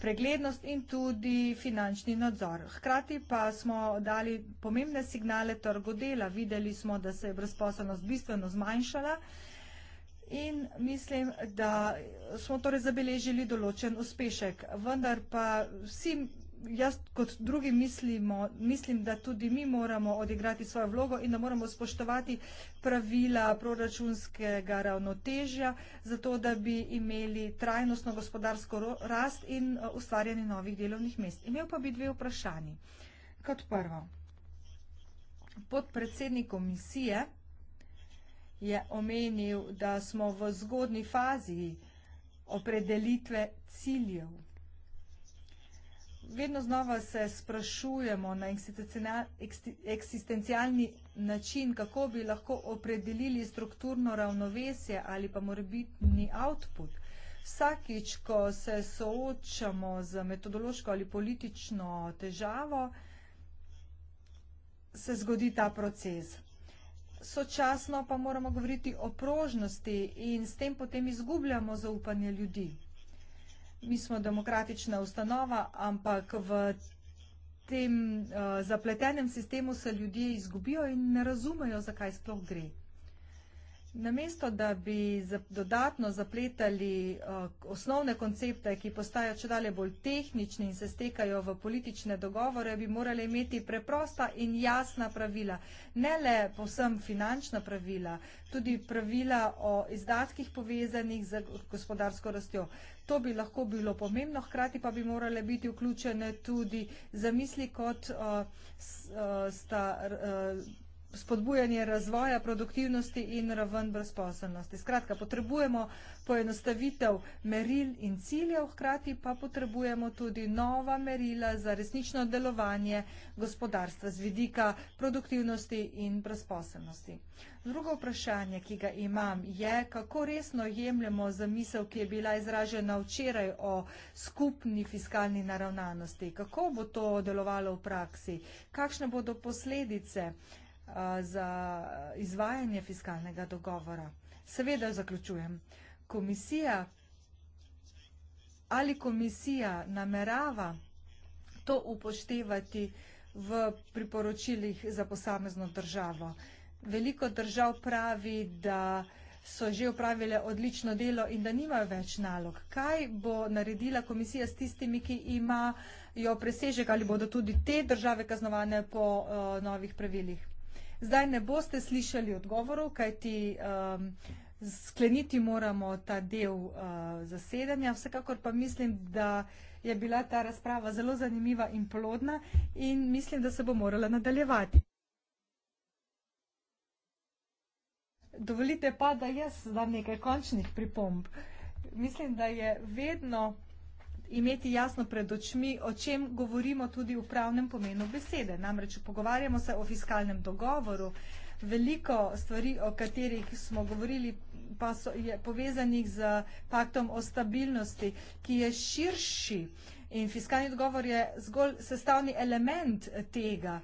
preglednost in tudi finančni nadzor. Hkrati pa smo dali pomembne signale trgu dela. Videli smo, da se je brezposobnost bistveno zmanjšala in mislim, da smo torej zabeležili določen uspešek. Vendar pa vsi jaz kot drugi mislimo, mislim, da tudi mi moramo odigrati svojo vlogo in da moramo spoštovati pravila proračunskega ravnotežja, zato da bi imeli trajnostno gospodarsko rast in eh, ustvarjanje novih delovnih mest. Imel pa bi dve vprašanji. Kot prvo, podpredsednik komisije je omenil, da smo v zgodni fazi opredelitve ciljev vedno znova se sprašujemo na eksistencialni način, kako bi lahko opredelili strukturno ravnovesje ali pa morebitni output. Vsakič, ko se soočamo z metodološko ali politično težavo, se zgodi ta proces. Sočasno pa moramo govoriti o prožnosti in s tem potem izgubljamo zaupanje ljudi mi smo demokratična ustanova, ampak v tem uh, zapletenem sistemu se ljudje izgubijo in ne razumejo, zakaj sploh gre. Namesto, da bi dodatno zapletali uh, osnovne koncepte, ki postajajo če dalje bolj tehnični in se stekajo v politične dogovore, bi morali imeti preprosta in jasna pravila. Ne le povsem finančna pravila, tudi pravila o izdatkih povezanih z gospodarsko rastjo. To bi lahko bilo pomembno, hkrati pa bi morale biti vključene tudi zamisli kot uh, uh, sta spodbujanje razvoja produktivnosti in raven brezposobnosti. Skratka, potrebujemo poenostavitev meril in ciljev, hkrati pa potrebujemo tudi nova merila za resnično delovanje gospodarstva z vidika produktivnosti in brezposobnosti. Drugo vprašanje, ki ga imam, je, kako resno jemljemo zamisel, ki je bila izražena včeraj o skupni fiskalni naravnanosti. Kako bo to delovalo v praksi? Kakšne bodo posledice? za izvajanje fiskalnega dogovora. Seveda zaključujem. Komisija ali komisija namerava to upoštevati v priporočilih za posamezno državo. Veliko držav pravi, da so že upravile odlično delo in da nimajo več nalog. Kaj bo naredila komisija s tistimi, ki imajo presežek ali bodo tudi te države kaznovane po uh, novih pravilih? Zdaj ne boste slišali odgovorov, kajti um, skleniti moramo ta del uh, zasedanja. Vsekakor pa mislim, da je bila ta razprava zelo zanimiva in plodna in mislim, da se bo morala nadaljevati. Dovolite pa, da jaz dam nekaj končnih pripomb. Mislim, da je vedno imeti jasno pred očmi, o čem govorimo tudi v pravnem pomenu besede. Namreč pogovarjamo se o fiskalnem dogovoru, veliko stvari, o katerih smo govorili, pa so je povezanih z paktom o stabilnosti, ki je širši in fiskalni dogovor je zgolj sestavni element tega.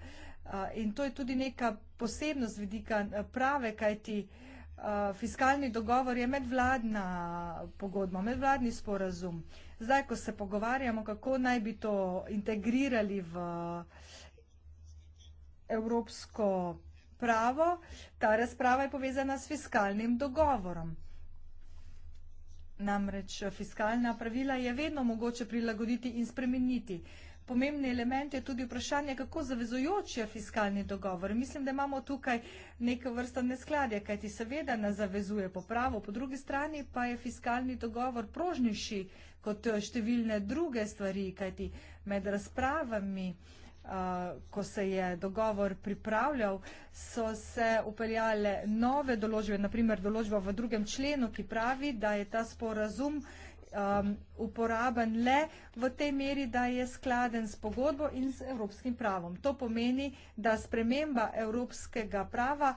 In to je tudi neka posebnost vidika prave, kajti uh, Eh, fiskalni dogovor je medvladna pogodba, medvladni sporazum. Zdaj, ko se pogovarjamo, kako naj bi to integrirali v evropsko pravo, ta razprava je povezana s fiskalnim dogovorom. Namreč fiskalna pravila je vedno mogoče prilagoditi in spremeniti pomembni element je tudi vprašanje, kako zavezujoč je fiskalni dogovor. Mislim, da imamo tukaj neke vrste neskladja, kajti seveda nas zavezuje po pravu, po drugi strani pa je fiskalni dogovor prožnejši kot številne druge stvari, kajti med razpravami. Uh, ko se je dogovor pripravljal, so se upeljale nove določbe, naprimer določba v drugem členu, ki pravi, da je ta sporazum uh, um, uporaben le v tej meri, da je skladen s pogodbo in s evropskim pravom. To pomeni, da sprememba evropskega prava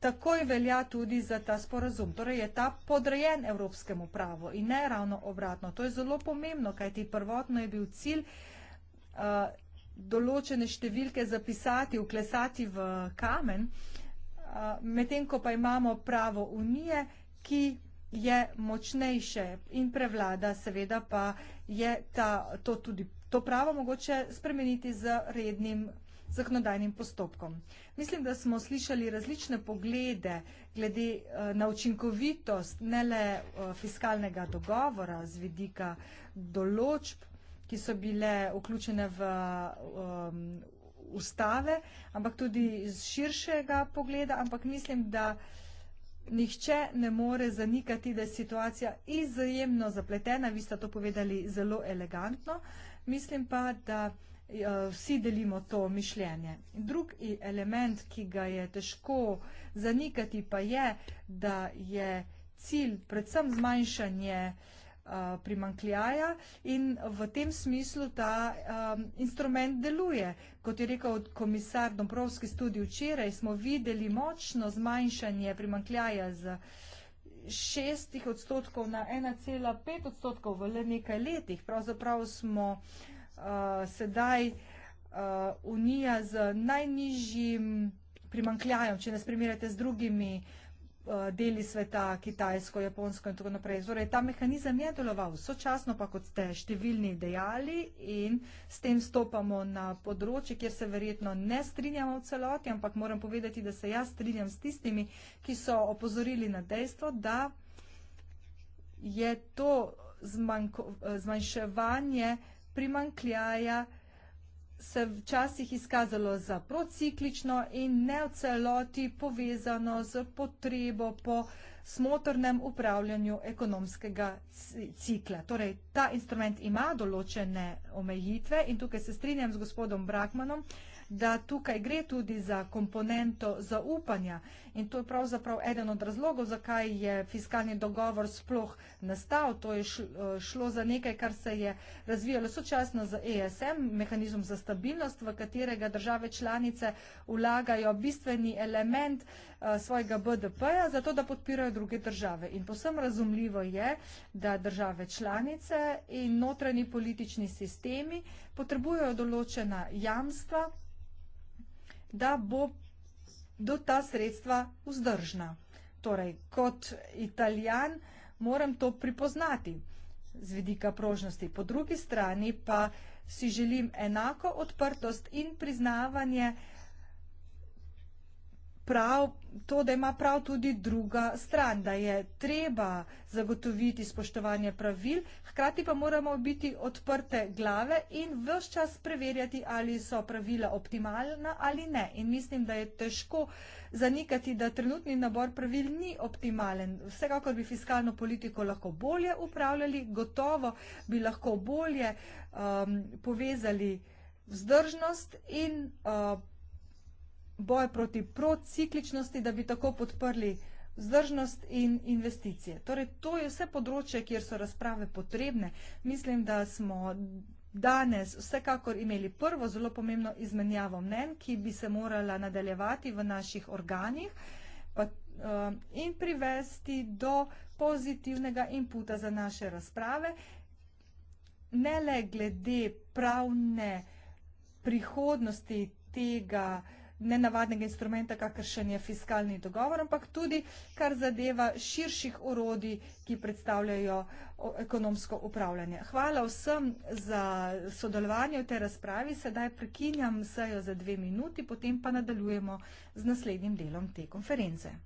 takoj velja tudi za ta sporazum. Torej je ta podrejen evropskemu pravu in ne ravno obratno. To je zelo pomembno, kajti prvotno je bil cilj uh, določene številke zapisati, uklesati v kamen, uh, medtem ko pa imamo pravo unije, ki je močnejše in prevlada, seveda pa je ta, to, tudi, to pravo mogoče spremeniti z rednim zakonodajnim postopkom. Mislim, da smo slišali različne poglede glede eh, na učinkovitost ne le eh, fiskalnega dogovora z vidika določb, ki so bile vključene v um, ustave, ampak tudi iz širšega pogleda, ampak mislim, da uh, Nihče ne more zanikati, da je situacija izjemno zapletena, vi ste to povedali zelo elegantno, mislim pa, da eh, vsi delimo to mišljenje. Drugi element, ki ga je težko zanikati, pa je, da je cilj predvsem zmanjšanje uh, Eh, primankljaja in v tem smislu ta um, instrument deluje. Kot je rekel komisar Dombrovski studij včeraj, smo videli močno zmanjšanje primankljaja z 6 odstotkov na 1,5 odstotkov v le nekaj letih. Pravzaprav smo uh, sedaj uh, unija z najnižjim primankljajem, če nas primerjate z drugimi uh, Eh, deli sveta, Kitajsko, Japonsko in tako naprej. Zdaj, torej, ta mehanizem je deloval, sočasno pa kot ste številni dejali in s tem stopamo na področje, kjer se verjetno ne strinjamo v celoti, ampak moram povedati, da se jaz strinjam s tistimi, ki so opozorili na dejstvo, da je to zmanjko, eh, zmanjševanje primankljaja se včasih izkazalo za prociklično in ne v celoti povezano z potrebo po smotrnem upravljanju ekonomskega cikla. Torej, ta instrument ima določene omejitve in tukaj se strinjam z gospodom Brakmanom, uh, da tukaj gre tudi za komponento zaupanja in to je pravzaprav eden od razlogov, zakaj je fiskalni dogovor sploh nastal. To je eh, šlo za nekaj, kar se je razvijalo sočasno za ESM, mehanizem za stabilnost, v katerega države članice vlagajo bistveni element eh, svojega BDP-ja, zato da podpirajo druge države. In posem razumljivo je, da države članice in notranji politični sistemi potrebujejo določena jamstva, da bo do ta sredstva vzdržna. Torej, kot italijan moram to pripoznati z vidika prožnosti. Po drugi strani pa si želim enako odprtost in priznavanje, uh, prav, to, da ima prav tudi druga stran, da je treba zagotoviti spoštovanje pravil, hkrati pa moramo biti odprte glave in vse čas preverjati, ali so pravila optimalna ali ne. In mislim, da je težko zanikati, da trenutni nabor pravil ni optimalen. Vsekakor bi fiskalno politiko lahko bolje upravljali, gotovo bi lahko bolje um, povezali vzdržnost in uh, boj proti procikličnosti, da bi tako podprli vzdržnost in investicije. Torej, to je vse področje, kjer so razprave potrebne. Mislim, da smo danes vsekakor imeli prvo zelo pomembno izmenjavo mnen, ki bi se morala nadaljevati v naših organih pa, um, in privesti do pozitivnega inputa za naše razprave, ne le glede pravne prihodnosti tega, nenavadnega instrumenta, kakršen je fiskalni dogovor, ampak tudi kar zadeva širših orodij, ki predstavljajo ekonomsko upravljanje. Hvala vsem za sodelovanje v tej razpravi. Sedaj prekinjam sejo za dve minuti, potem pa nadaljujemo z naslednjim delom te konference.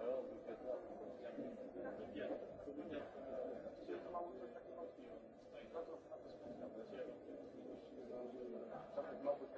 Thank you.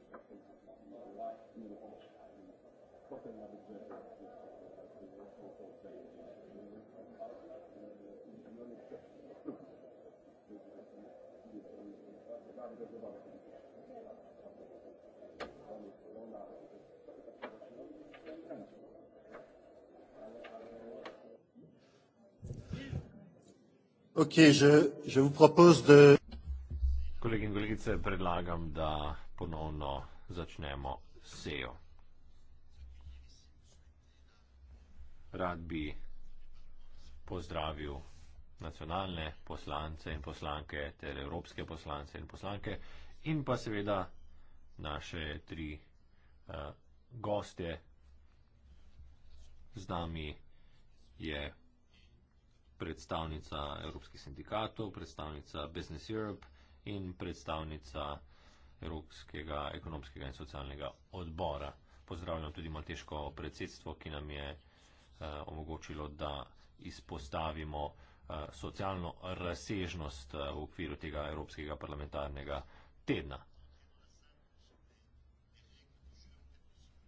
Kolegi in kolegice, predlagam, da ponovno začnemo sejo. Rad bi pozdravil nacionalne poslance in poslanke ter evropske poslance in poslanke in pa seveda naše tri uh, eh, goste. Z nami je predstavnica Evropskih sindikatov, predstavnica Business Europe in predstavnica Evropskega ekonomskega in socialnega odbora. Pozdravljam tudi malteško predsedstvo, ki nam je eh, omogočilo, da izpostavimo eh, socialno razsežnost eh, v okviru tega Evropskega parlamentarnega tedna.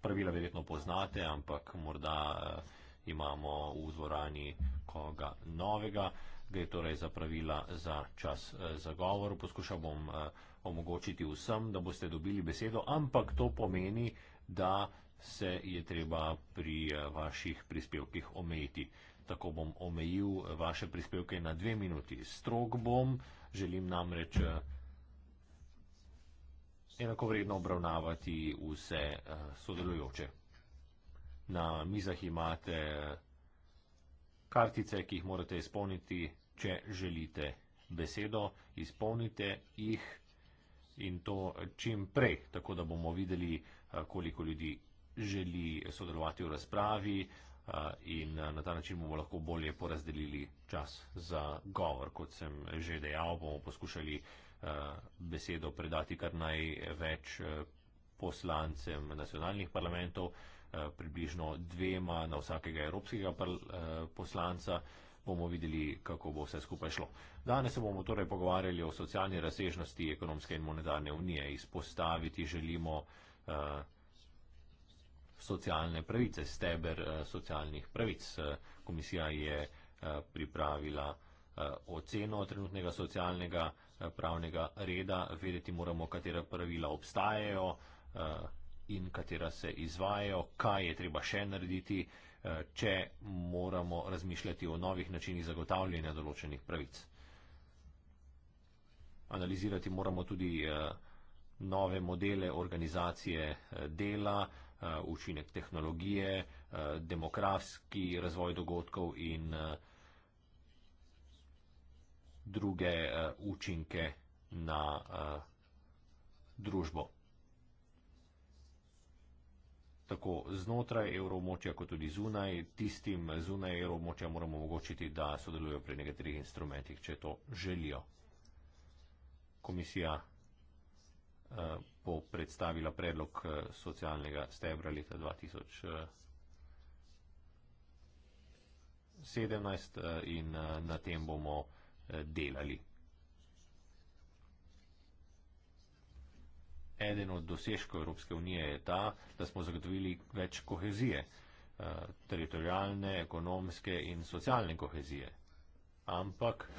Pravila verjetno poznate, ampak morda eh, imamo v dvorani eh, nekoga novega. Gre torej za pravila za čas eh, zagovor. Poskušal bom eh, omogočiti vsem, da boste dobili besedo, ampak to pomeni, da se je treba pri eh, vaših prispevkih omejiti. Tako bom omejil vaše prispevke na dve minuti. Strog bom, želim namreč enako vredno obravnavati vse sodelujoče. Na mizah imate kartice, ki jih morate izpolniti, če želite besedo, izpolnite jih in to čim prej, tako da bomo videli, eh, koliko ljudi želi sodelovati v razpravi eh, in eh, na ta način bomo lahko bolje porazdelili čas za govor. Kot sem že dejal, bomo poskušali besedo predati kar največ poslancem nacionalnih parlamentov, Eh, približno dvema na vsakega evropskega eh, poslanca, bomo videli, kako bo vse skupaj šlo. Danes se bomo torej pogovarjali o socialni razsežnosti ekonomske in monetarne unije. Izpostaviti želimo eh, socialne pravice, steber socialnih pravic. Komisija je pripravila oceno trenutnega socialnega pravnega reda. Vedeti moramo, katera pravila obstajajo, in katera se izvajajo, kaj je treba še narediti, eh, če moramo razmišljati o novih načinih zagotavljanja določenih pravic. Analizirati moramo tudi eh, nove modele organizacije eh, dela, učinek tehnologije, demografski razvoj dogodkov in druge učinke na družbo tako znotraj evromočja, kot tudi zunaj. Tistim zunaj evromočja moramo omogočiti, da sodelujo pri nekaterih instrumentih, če to želijo. Komisija eh, bo eh, predstavila predlog eh, socialnega stebra leta 2017 eh, eh, in eh, na tem bomo eh, delali. eden od dosežkov Evropske unije je ta, da smo zagotovili več kohezije, eh, teritorijalne, ekonomske in socialne kohezije. Ampak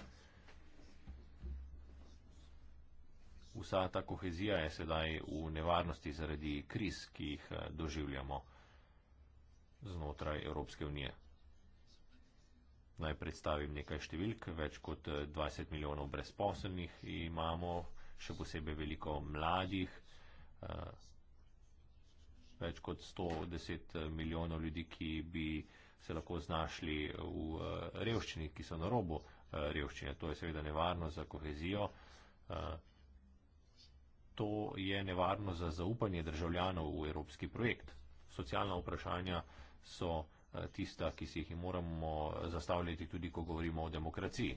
vsa ta kohezija je sedaj v nevarnosti zaradi kriz, ki jih eh, doživljamo znotraj Evropske unije. Naj predstavim nekaj številk, več kot 20 eh, milijonov brezposobnih imamo, še posebej veliko mladih, Eh, več kot 110 eh, milijonov ljudi, ki bi se lahko znašli v eh, revščini, ki so na robu revščine. To je seveda nevarno za kohezijo. To je nevarno za zaupanje državljanov v evropski projekt. Socialna vprašanja so tista, ki si jih moramo zastavljati tudi, ko govorimo o demokraciji.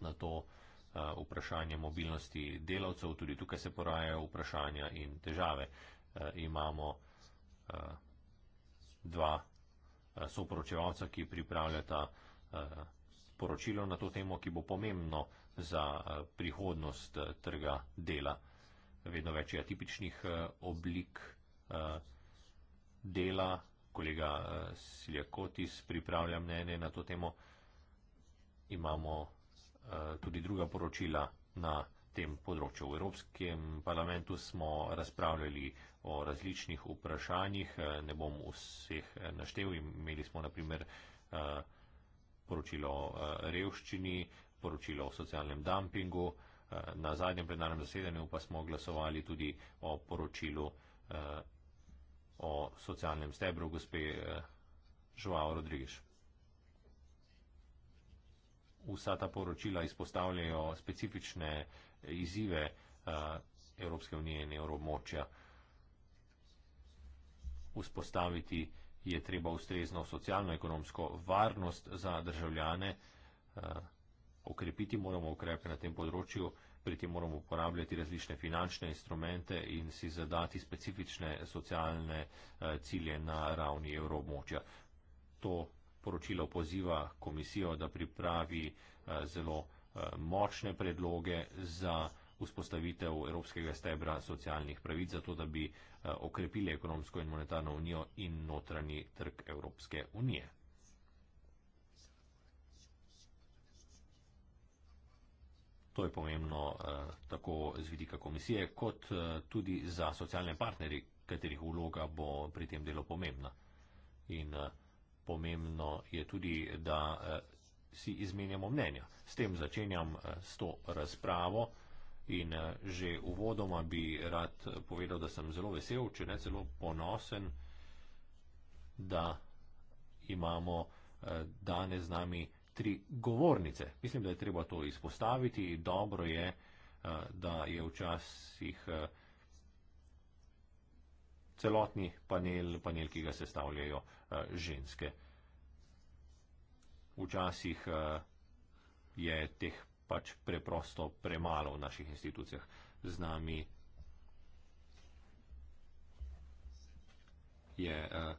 Na to uh, vprašanje mobilnosti delavcev, tudi tukaj se porajajo vprašanja in težave. Imamo dva soporočevalca, ki pripravljata poročilo na to temo, ki bo pomembno za prihodnost trga dela. Vedno več je atipičnih oblik dela. Kolega Siljakotis pripravlja mnenje na to temo. Imamo Eh, tudi druga poročila na tem področju. V Evropskem parlamentu smo razpravljali o različnih vprašanjih, eh, ne bom vseh eh, naštel, imeli smo naprimer poročilo o revščini, poročilo o socialnem dumpingu, na zadnjem plenarnem zasedanju pa smo glasovali tudi o poročilu o socialnem stebru gospe Žuao Rodrigeš vsa ta poročila izpostavljajo specifične izzive eh, Evropske unije in evromočja. Vzpostaviti je treba ustrezno socialno-ekonomsko varnost za državljane, eh, okrepiti moramo ukrepe na tem področju, pri tem moramo uporabljati različne finančne instrumente in si zadati specifične socialne eh, cilje na ravni evromočja. To poročilo poziva komisijo, da pripravi eh, zelo eh, močne predloge za vzpostavitev evropskega stebra socialnih pravic, zato da bi eh, okrepili ekonomsko in monetarno unijo in notranji trg Evropske unije. To je pomembno tako z vidika komisije, kot tudi za socialne partnerje, katerih vloga bo pri tem delu pomembna. In, uh, pomembno je tudi, da eh, si izmenjamo mnenja. S tem začenjam eh, s to razpravo in eh, že uvodoma bi rad povedal, da sem zelo vesel, če ne celo ponosen, da imamo danes z nami tri govornice. Mislim, da je treba to izpostaviti. Dobro je, da je včasih celotni panel, panel, ki ga sestavljajo eh, ženske. Včasih eh, je teh pač preprosto premalo v naših institucijah z nami. Je uh,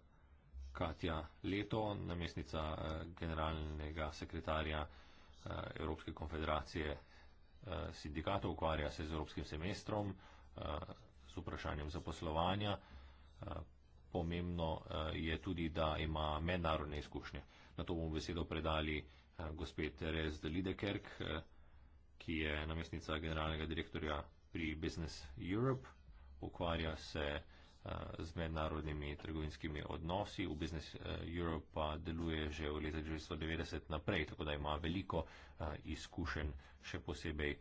Katja Leto, namestnica uh, generalnega sekretarja uh, Evropske konfederacije uh, sindikatov, ukvarja se z evropskim semestrom, uh, z vprašanjem zaposlovanja. Uh, pomembno eh, je tudi, da ima mednarodne izkušnje. Na to bomo besedo predali eh, gospod Teres de Lidekerk, eh, ki je namestnica generalnega direktorja pri Business Europe, ukvarja se z mednarodnimi trgovinskimi odnosi. V Business Europe pa deluje že v letu 1990 naprej, tako da ima veliko izkušenj, še posebej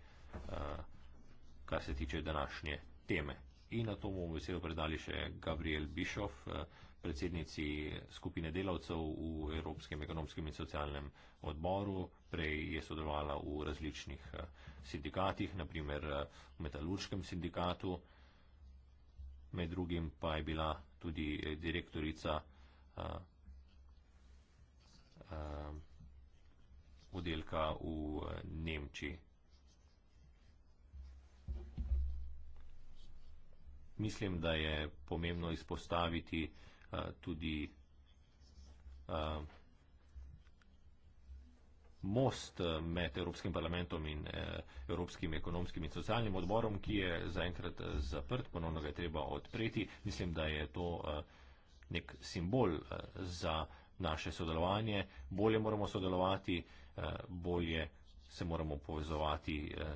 kar se tiče današnje teme in na to bomo besedo predali še Gabriel Bišov, eh, predsednici skupine delavcev v Evropskem ekonomskem in socialnem odboru. Prej je sodelovala v različnih eh, sindikatih, naprimer eh, v metalurškem sindikatu, med drugim pa je bila tudi direktorica oddelka v Nemčiji. Mislim, da je pomembno izpostaviti uh, tudi uh, most eh, med Evropskim parlamentom in eh, Evropskim ekonomskim in socialnim odborom, ki je zaenkrat zaprt, ponovno ga je treba odpreti. Mislim, da je to eh, nek simbol eh, za naše sodelovanje. Bolje moramo sodelovati, eh, bolje se moramo povezovati eh,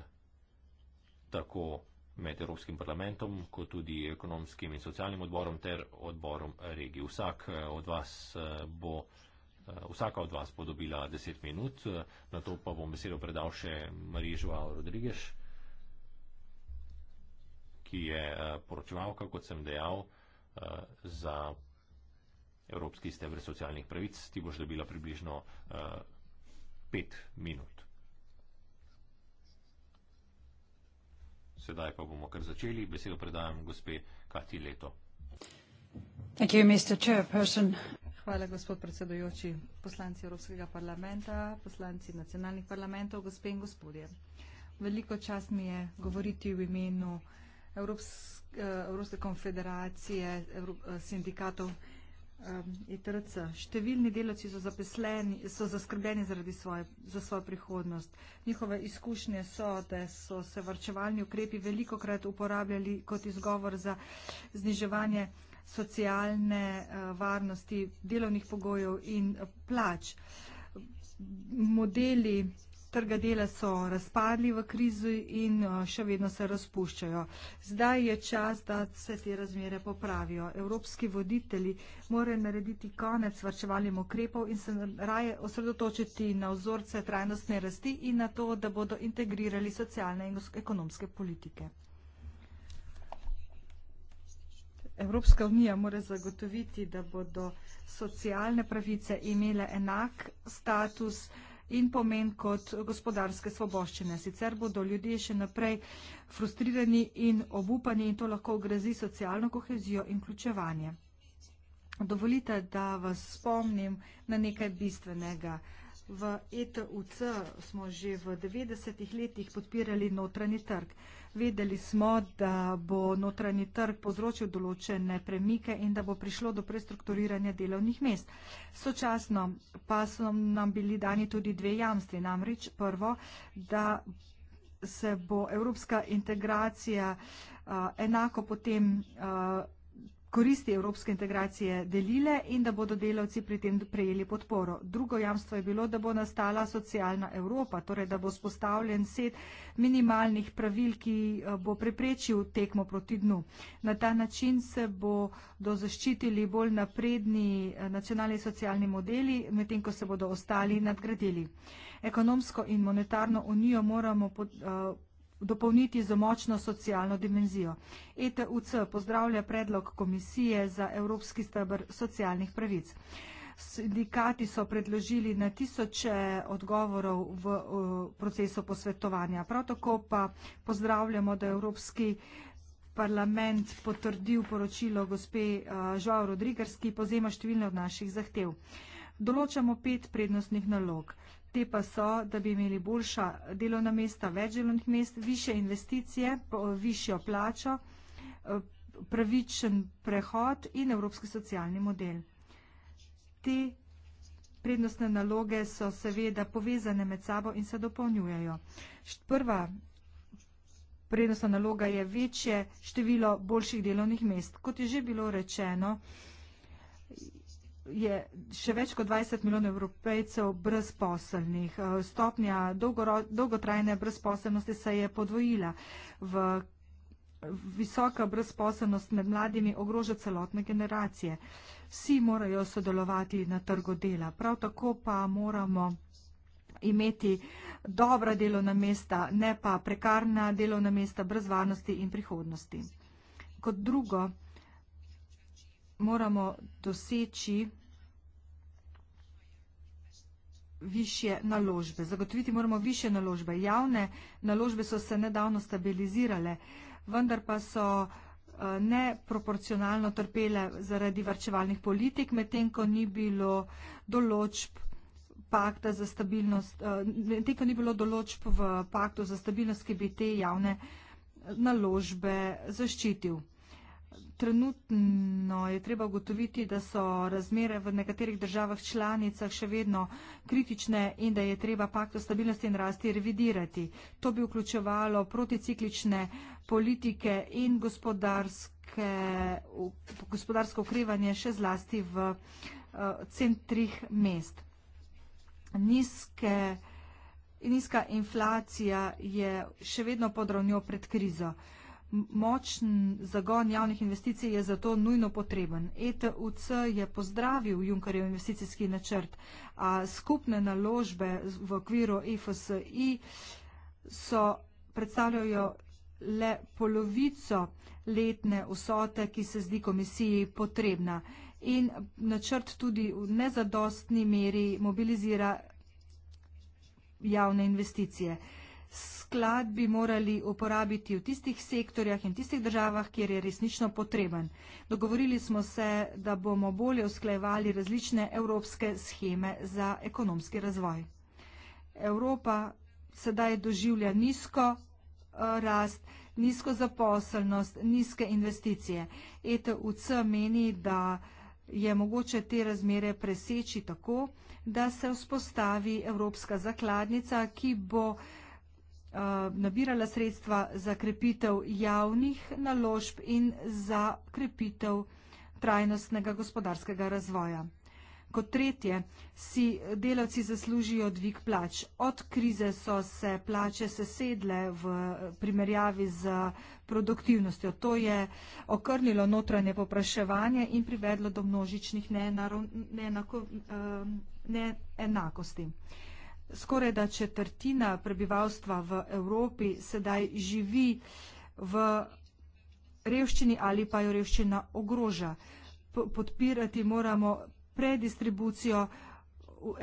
tako med Evropskim parlamentom, kot tudi ekonomskim in socialnim odborom ter odborom regij. Vsak eh, od vas eh, bo. Eh, vsaka od vas bo dobila 10 minut, na to pa bom besedo predal še Mariji Žuvalo Rodrigež, ki je poročevalka, kot sem dejal, za Evropski stebr socialnih pravic. Ti boš dobila približno 5 minut. Sedaj pa bomo kar začeli. Besedo predajam gospe Kati Leto. Hvala, gospod predsedujoči, poslanci Evropskega parlamenta, poslanci nacionalnih parlamentov, gospe in gospodje. Veliko čast mi je govoriti v imenu eh, Evropske konfederacije Evrop, eh, sindikatov um, ITRC. E Številni delavci so, zapisleni, so zaskrbljeni zaradi svoje, za svojo prihodnost. Njihove izkušnje so, da so se varčevalni ukrepi veliko krat uporabljali kot izgovor za zniževanje socialne uh, varnosti, delovnih pogojev in plač. Modeli trga dela so razpadli v krizi in eh, še vedno se razpuščajo. Zdaj je čas, da se te razmere popravijo. Evropski voditelji morajo narediti konec vrčevalnim ukrepov in se raje osredotočiti na vzorce trajnostne rasti in na to, da bodo integrirali socialne in ekonomske politike. Evropska unija mora zagotoviti, da bodo socialne pravice imele enak status, in pomen kot gospodarske svoboščine. Sicer bodo ljudje še naprej frustrirani in obupani in to lahko grezi socialno kohezijo in vključevanje. Dovolite, da vas spomnim na nekaj bistvenega. V ETUC smo že v 90-ih letih podpirali notranji trg. Videli smo, da bo notranji trg povzročil določene premike in da bo prišlo do prestrukturiranja delovnih mest. Sočasno pa so nam bili dani tudi dve jamstvi. Namreč prvo, da se bo evropska integracija uh, enako potem uh, koristi evropske integracije delile in da bodo delavci pri tem prejeli podporo. Drugo jamstvo je bilo, da bo nastala socialna Evropa, torej da bo spostavljen set minimalnih pravil, ki eh, bo preprečil tekmo proti dnu. Na ta način se bodo zaščitili bolj napredni eh, nacionalni socialni modeli, medtem ko se bodo ostali nadgradili. Ekonomsko in monetarno unijo moramo pod, uh, dopolniti z močno socialno dimenzijo. ETUC pozdravlja predlog komisije za Evropski stebr socialnih pravic. Sindikati so predložili na tisoče odgovorov v procesu posvetovanja. Prav tako pa pozdravljamo, da Evropski parlament potrdil poročilo gospe Žao Rodrigerski, pozema številne od naših zahtev. Določamo pet prednostnih nalog. Te pa so, da bi imeli boljša delovna mesta, več delovnih mest, više investicije, višjo plačo, eh, pravičen prehod in evropski socialni model. Te prednostne naloge so seveda povezane med sabo in se dopolnjujejo. Prva prednostna naloga je večje število boljših delovnih mest. Kot je že bilo rečeno, je še več kot 20 milijonov evropejcev brezposelnih. Eh, stopnja dolgotrajne brezposelnosti se je podvojila. V visoka brezposelnost med mladimi ogroža celotne generacije. Vsi morajo sodelovati na trgu dela. Prav tako pa moramo imeti dobra delovna mesta, ne pa prekarna delovna mesta brez varnosti in prihodnosti. Kot drugo, moramo doseči više naložbe. Zagotoviti moramo više naložbe. Javne naložbe so se nedavno stabilizirale, vendar pa so eh, neproporcionalno trpele zaradi varčevalnih politik, medtem ko ni bilo določb pakta za stabilnost, eh, medtem ko ni bilo določb v paktu za stabilnost, ki bi te javne naložbe zaščitil. Trenutno je treba ugotoviti, da so razmere v nekaterih državah članicah še vedno kritične in da je treba pakt o stabilnosti in rasti revidirati. To bi vključevalo proticiklične politike in gospodarsko ukrivanje še zlasti v eh, centrih mest. Nizke Nizka inflacija je še vedno pod ravnjo pred krizo močen zagon javnih investicij je zato nujno potreben. ETUC je pozdravil Junkarjev investicijski načrt, a skupne naložbe v okviru EFSI so predstavljajo le polovico letne vsote, ki se zdi komisiji potrebna. In načrt tudi v nezadostni meri mobilizira javne investicije skladbi morali uporabiti v tistih sektorjah in tistih državah, kjer je resnično potreben. Dogovorili smo se, da bomo bolje usklajevali različne evropske scheme za ekonomski razvoj. Evropa sedaj doživlja nizko eh, rast, nizko zaposlenost, nizke investicije. ETUC meni, da je mogoče te razmere preseči tako, da se vzpostavi evropska zakladnica, ki bo Eh, nabirala sredstva za krepitev javnih naložb in za krepitev trajnostnega gospodarskega razvoja. Kot tretje, si delavci zaslužijo dvig plač. Od krize so se plače sesedle v primerjavi z produktivnostjo. To je okrnilo notranje popraševanje in privedlo do množičnih eh, neenakosti. Neenako, neenako, neenako skoraj da četrtina prebivalstva v Evropi sedaj živi v revščini ali pa jo revščina ogroža. Podpirati moramo predistribucijo,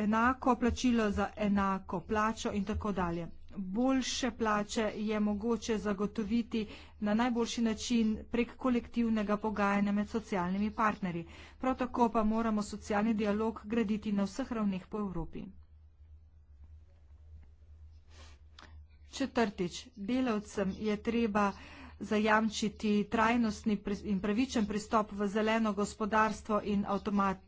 enako plačilo za enako plačo in tako dalje. Boljše plače je mogoče zagotoviti na najboljši način prek kolektivnega pogajanja med socialnimi partnerji. Prav tako pa moramo socialni dialog graditi na vseh ravneh po Evropi. Četrtič, delavcem je treba zajamčiti trajnostni in pravičen pristop v zeleno gospodarstvo in avtomat,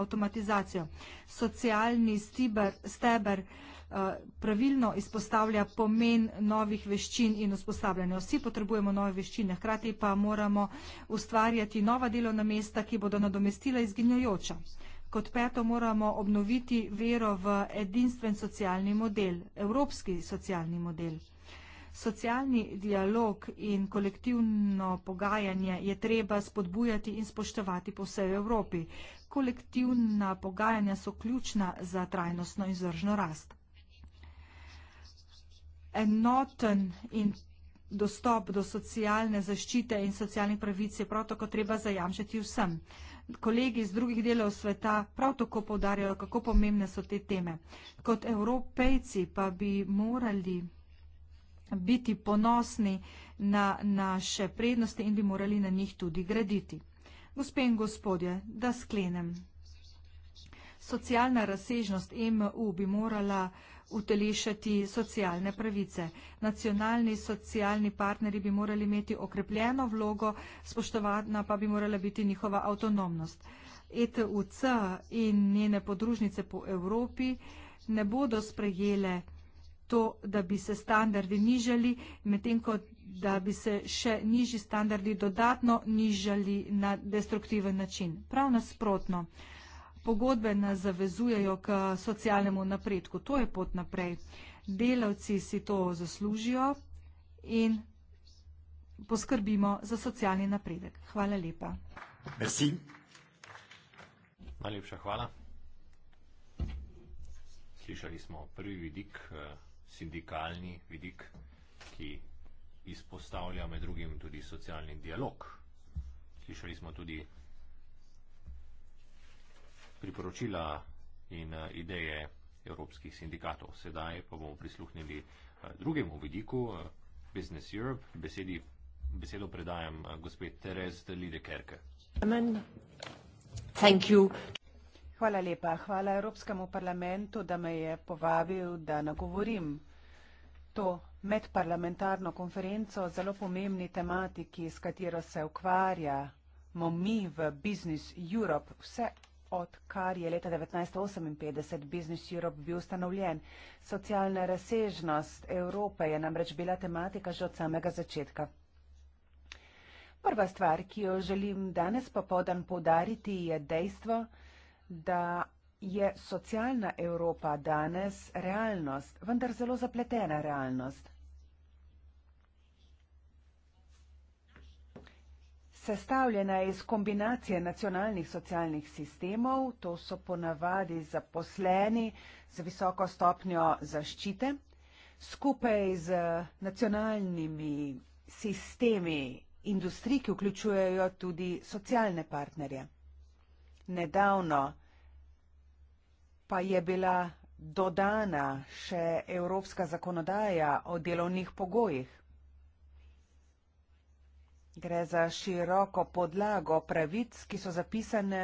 avtomatizacijo. Socialni stiber, steber eh, pravilno izpostavlja pomen novih veščin in usposabljanja. Vsi potrebujemo nove veščine, hkrati pa moramo ustvarjati nova delovna mesta, ki bodo nadomestila izginjajoča. Kot peto moramo obnoviti vero v edinstven socialni model, evropski socialni model. Socialni dialog in kolektivno pogajanje je treba spodbujati in spoštovati po vsej Evropi. Kolektivna pogajanja so ključna za trajnostno in zržno rast. Enoten in dostop do socialne zaščite in socialnih pravic je prav tako treba zajamčiti vsem kolegi iz drugih delov sveta prav tako povdarjajo, kako pomembne so te teme. Kot evropejci pa bi morali biti ponosni na naše prednosti in bi morali na njih tudi graditi. Gospe in gospodje, da sklenem. Socialna razsežnost EMU bi morala uh, utelešati socialne pravice. Nacionalni socialni partneri bi morali imeti okrepljeno vlogo, spoštovana pa bi morala biti njihova avtonomnost. ETUC in njene podružnice po Evropi ne bodo sprejele to, da bi se standardi nižali, medtem ko da bi se še nižji standardi dodatno nižali na destruktiven način. Prav nasprotno. Pogodbe nas zavezujejo k socialnemu napredku. To je pot naprej. Delavci si to zaslužijo in poskrbimo za socialni napredek. Hvala lepa. Merci. Najlepša hvala. Slišali smo prvi vidik, eh, sindikalni vidik, ki izpostavlja med drugim tudi socialni dialog. Slišali smo tudi priporočila in eh, ideje evropskih sindikatov. Sedaj pa bomo prisluhnili eh, drugemu vidiku, eh, Business Europe. Besedi, besedo predajam gospe Terez Lidekerke. Hvala lepa. Hvala Evropskemu parlamentu, da me je povabil, da nagovorim to medparlamentarno konferenco o zelo pomembni tematiki, s katero se ukvarjamo mi v Business Europe, vse odkar je leta 1958 Business Europe bil ustanovljen. Socialna razsežnost Evrope je namreč bila tematika že od samega začetka. Prva stvar, ki jo želim danes popodan poudariti, je dejstvo, da je socialna Evropa danes realnost, vendar zelo zapletena realnost. Sestavljena je iz kombinacije nacionalnih socialnih sistemov, to so ponavadi zaposleni z visoko stopnjo zaščite, skupaj z nacionalnimi sistemi industrij, ki vključujejo tudi socialne partnerje. Nedavno pa je bila dodana še evropska zakonodaja o delovnih pogojih. Gre za široko podlago pravic, ki so zapisane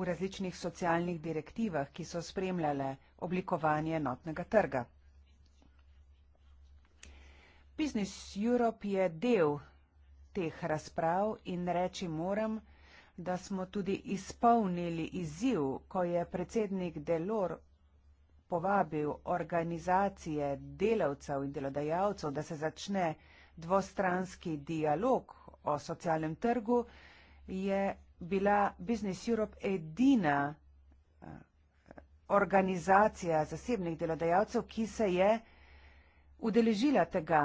v različnih socialnih direktivah, ki so spremljale oblikovanje enotnega trga. Business Europe je del teh razprav in reči moram, da smo tudi izpolnili izziv, ko je predsednik Delor povabil organizacije delavcev in delodajalcev, da se začne dvostranski dialog o socialnem trgu, je bila Business Europe edina eh, organizacija zasebnih delodajalcev, ki se je udeležila tega.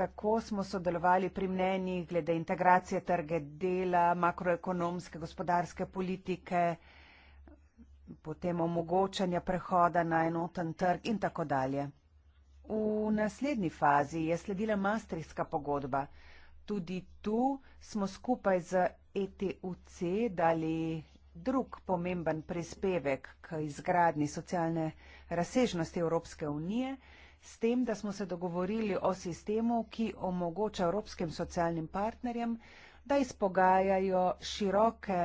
Tako smo sodelovali pri mnenji glede integracije trge dela, makroekonomske, gospodarske politike, potem omogočanja prehoda na enoten trg in tako dalje. V naslednji fazi je sledila Maastrichtska pogodba. Tudi tu smo skupaj z ETUC dali drug pomemben prispevek k izgradni socialne razsežnosti Evropske unije, s tem, da smo se dogovorili o sistemu, ki omogoča evropskim socialnim partnerjem, da izpogajajo široke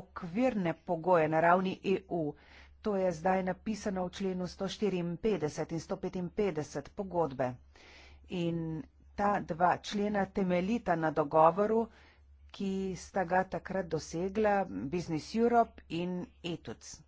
okvirne pogoje na ravni EU. To je zdaj napisano v členu 154 in 155 pogodbe. In ta dva člena temeljita na dogovoru, ki sta ga takrat dosegla Business Europe in ETUC.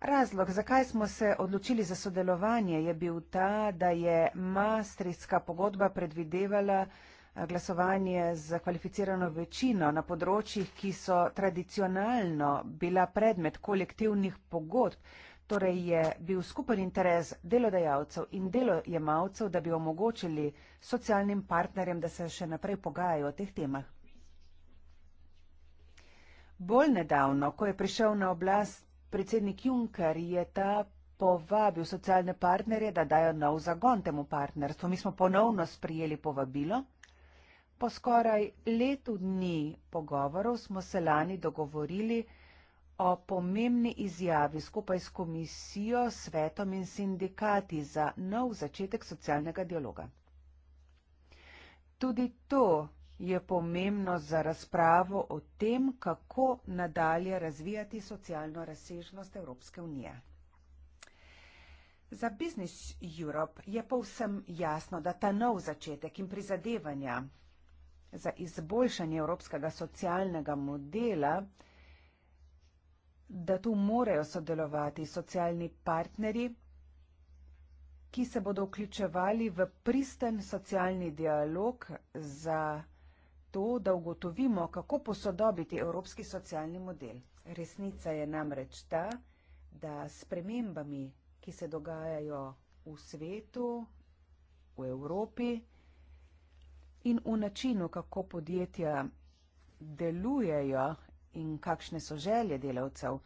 Razlog, zakaj smo se odločili za sodelovanje, je bil ta, da je Maastrichtska pogodba predvidevala eh, glasovanje z kvalificirano večino na področjih, ki so tradicionalno bila predmet kolektivnih pogodb, Torej je bil skupen interes delodajalcev in delojemalcev, da bi omogočili socialnim partnerjem, da se še naprej pogajajo o teh temah. Bolj nedavno, ko je prišel na oblast predsednik Juncker, je ta povabil socialne partnerje, da dajo nov zagon temu partnerstvu. Mi smo ponovno sprijeli povabilo. Po skoraj letu dni pogovorov smo se lani dogovorili, o pomembni izjavi skupaj s komisijo, svetom in sindikati za nov začetek socialnega dialoga. Tudi to je pomembno za razpravo o tem, kako nadalje razvijati socialno razsežnost Evropske unije. Za Business Europe je povsem jasno, da ta nov začetek in prizadevanja za izboljšanje evropskega socialnega modela da tu morajo sodelovati socialni partnerji, ki se bodo vključevali v pristen socialni dialog za to, da ugotovimo, kako posodobiti evropski socialni model. Resnica je namreč ta, da s premembami, ki se dogajajo v svetu, v Evropi in v načinu, kako podjetja delujejo in kakšne so želje delavcev.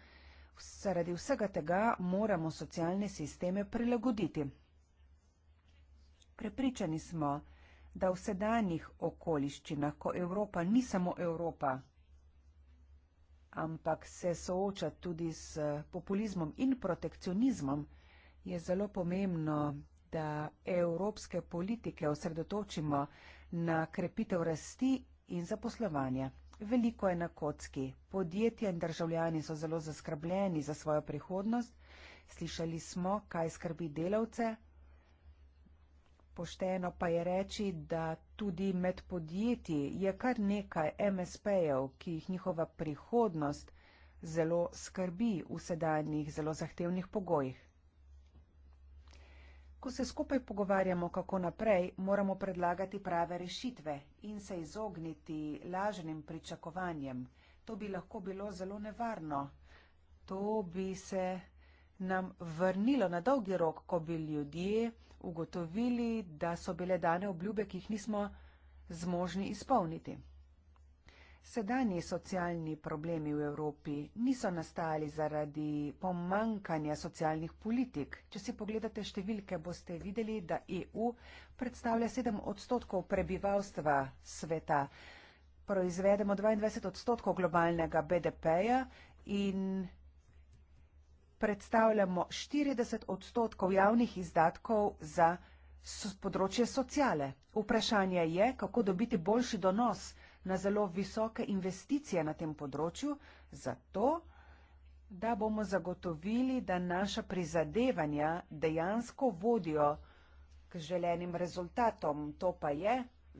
Zaradi vsega tega moramo socialne sisteme prilagoditi. Prepričani smo, da v sedanjih okoliščinah, ko Evropa ni samo Evropa, ampak se sooča tudi s populizmom in protekcionizmom, je zelo pomembno, da evropske politike osredotočimo na krepitev rasti in zaposlovanja veliko je na kocki, podjetja in državljani so zelo zaskrbljeni za svojo prihodnost, slišali smo, kaj skrbi delavce. Pošteno pa je reči, da tudi med podjetji je kar nekaj MSP-jev, ki jih njihova prihodnost zelo skrbi v sedanjih zelo zahtevnih pogojih. Ko se skupaj pogovarjamo, kako naprej, moramo predlagati prave rešitve in se izogniti lažnim pričakovanjem. To bi lahko bilo zelo nevarno. To bi se nam vrnilo na dolgi rok, ko bi ljudje ugotovili, da so bile dane obljube, ki jih nismo zmožni izpolniti. Sedajni socialni problemi v Evropi niso nastali zaradi pomankanja socialnih politik. Če si pogledate številke, boste videli, da EU predstavlja 7 odstotkov prebivalstva sveta. Proizvedemo 22 odstotkov globalnega BDP-ja in predstavljamo 40 odstotkov javnih izdatkov za področje sociale. Vprašanje je, kako dobiti boljši donos na zelo visoke investicije na tem področju, zato da bomo zagotovili, da naša prizadevanja dejansko vodijo k želenim rezultatom. To pa je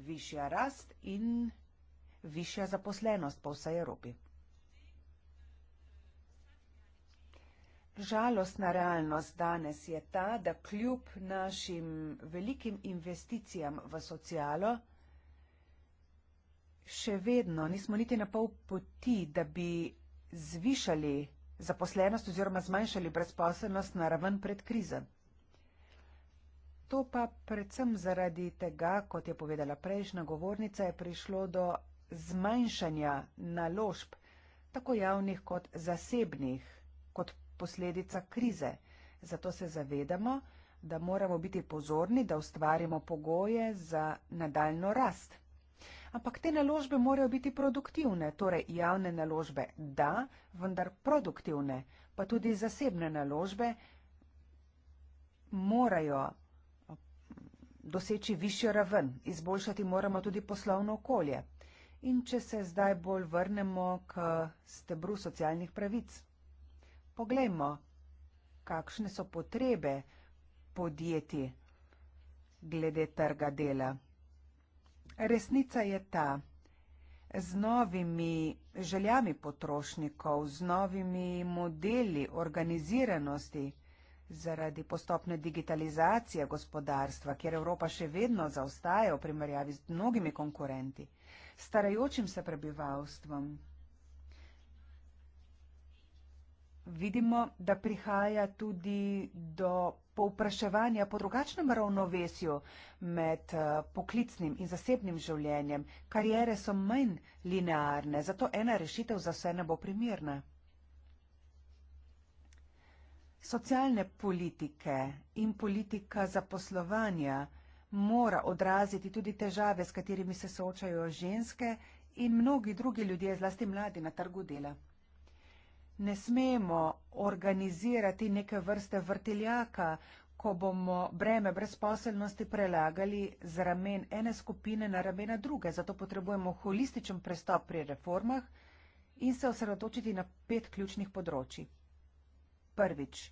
višja rast in višja zaposlenost po vsej Evropi. Žalostna realnost danes je ta, da kljub našim velikim investicijam v socialo, še vedno nismo niti na pol poti, da bi zvišali zaposlenost oziroma zmanjšali brezposelnost na raven pred krizo. To pa predvsem zaradi tega, kot je povedala prejšnja govornica, je prišlo do zmanjšanja naložb, tako javnih kot zasebnih, kot posledica krize. Zato se zavedamo, da moramo biti pozorni, da ustvarimo pogoje za nadaljno rast ampak te naložbe morajo biti produktivne, torej javne naložbe da, vendar produktivne, pa tudi zasebne naložbe morajo doseči višjo raven, izboljšati moramo tudi poslovno okolje. In če se zdaj bolj vrnemo k stebru socialnih pravic, poglejmo, kakšne so potrebe podjetij glede trga dela. Resnica je ta. Z novimi željami potrošnikov, z novimi modeli organiziranosti zaradi postopne digitalizacije gospodarstva, kjer Evropa še vedno zaostaja v primerjavi z mnogimi konkurenti, starajočim se prebivalstvom, vidimo, da prihaja tudi do povpraševanja po drugačnem ravnovesju med eh, poklicnim in zasebnim življenjem. Karijere so manj linearne, zato ena rešitev za vse ne bo primirna. Socialne politike in politika zaposlovanja mora odraziti tudi težave, s katerimi se soočajo ženske in mnogi drugi ljudje, zlasti mladi na trgu dela ne smemo organizirati neke vrste vrteljaka, ko bomo breme brezposelnosti prelagali z ramen ene skupine na ramena druge. Zato potrebujemo holističen prestop pri reformah in se osredotočiti na pet ključnih področji. Prvič,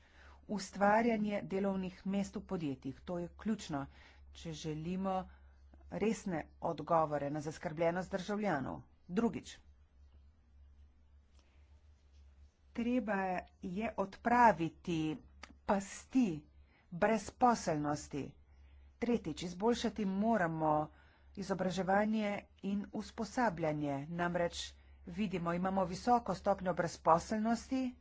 ustvarjanje delovnih mest v podjetjih. To je ključno, če želimo resne odgovore na zaskrbljenost državljanov. Drugič, treba je odpraviti pasti brezposelnosti. Tretjič, izboljšati moramo izobraževanje in usposabljanje. Namreč vidimo, imamo visoko stopnjo brezposelnosti,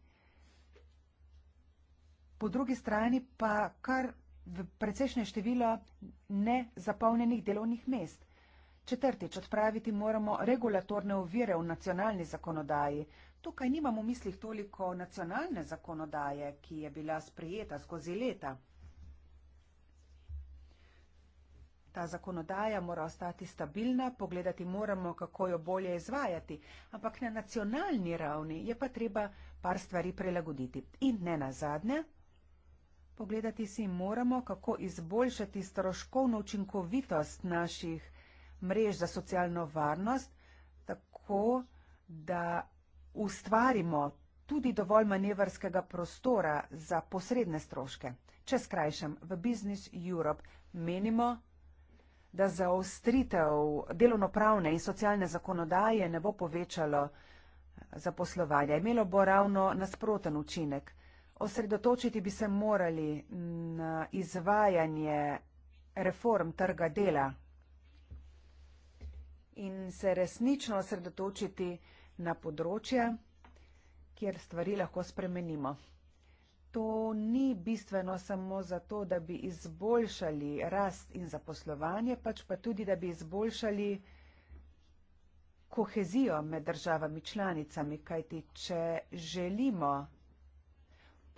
po drugi strani pa kar precejšnje število nezapolnjenih delovnih mest. Četrtič, odpraviti moramo regulatorne ovire v nacionalni zakonodaji. Tukaj nimamo v mislih toliko nacionalne zakonodaje, ki je bila sprejeta skozi leta. Ta zakonodaja mora ostati stabilna, pogledati moramo, kako jo bolje izvajati, ampak na nacionalni ravni je pa treba par stvari prilagoditi. In ne na zadnje, pogledati si moramo, kako izboljšati stroškovno učinkovitost naših mrež za socialno varnost, tako da ustvarimo tudi dovolj manevrskega prostora za posredne stroške. Če skrajšam, v Business Europe menimo, da zaostritev delovnopravne in socialne zakonodaje ne bo povečalo zaposlovanja. Imelo bo ravno nasproten učinek. Osredotočiti bi se morali na izvajanje reform trga dela in se resnično osredotočiti na na področje, kjer stvari lahko spremenimo. To ni bistveno samo zato, da bi izboljšali rast in zaposlovanje, pač pa tudi, da bi izboljšali kohezijo med državami članicami, kajti če želimo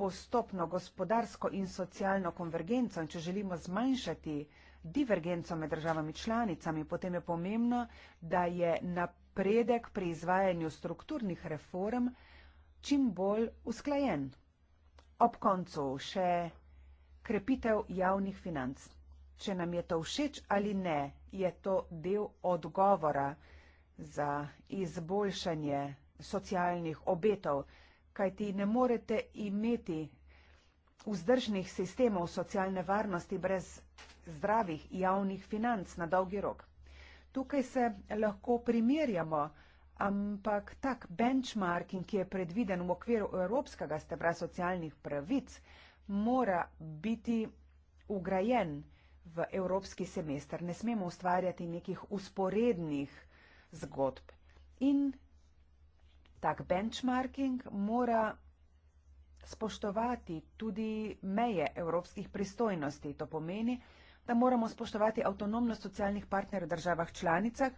postopno gospodarsko in socialno konvergenco in če želimo zmanjšati divergenco med državami članicami, potem je pomembno, da je napredek napredek pri izvajanju strukturnih reform čim bolj usklajen. Ob koncu še krepitev javnih financ. Če nam je to všeč ali ne, je to del odgovora za izboljšanje socialnih obetov, kajti ne morete imeti vzdržnih sistemov socialne varnosti brez zdravih javnih financ na dolgi rok. Tukaj se lahko primerjamo, ampak tak benchmarking, ki je predviden v okviru evropskega stebra socialnih pravic, mora biti ugrajen v evropski semester. Ne smemo ustvarjati nekih usporednih zgodb. In tak benchmarking mora spoštovati tudi meje evropskih pristojnosti. To pomeni, da da moramo spoštovati avtonomnost socialnih partnerjev v državah članicah,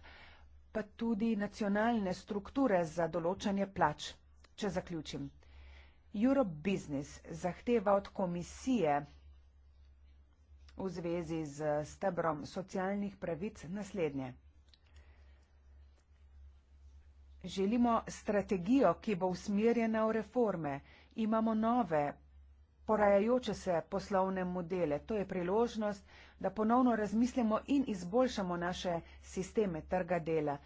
pa tudi nacionalne strukture za določanje plač. Če zaključim. Europe Business zahteva od komisije v zvezi z stebrom socialnih pravic naslednje. Želimo strategijo, ki bo usmerjena v reforme. Imamo nove, porajajoče se poslovne modele. To je priložnost, da da ponovno razmislimo in izboljšamo naše sisteme trga dela.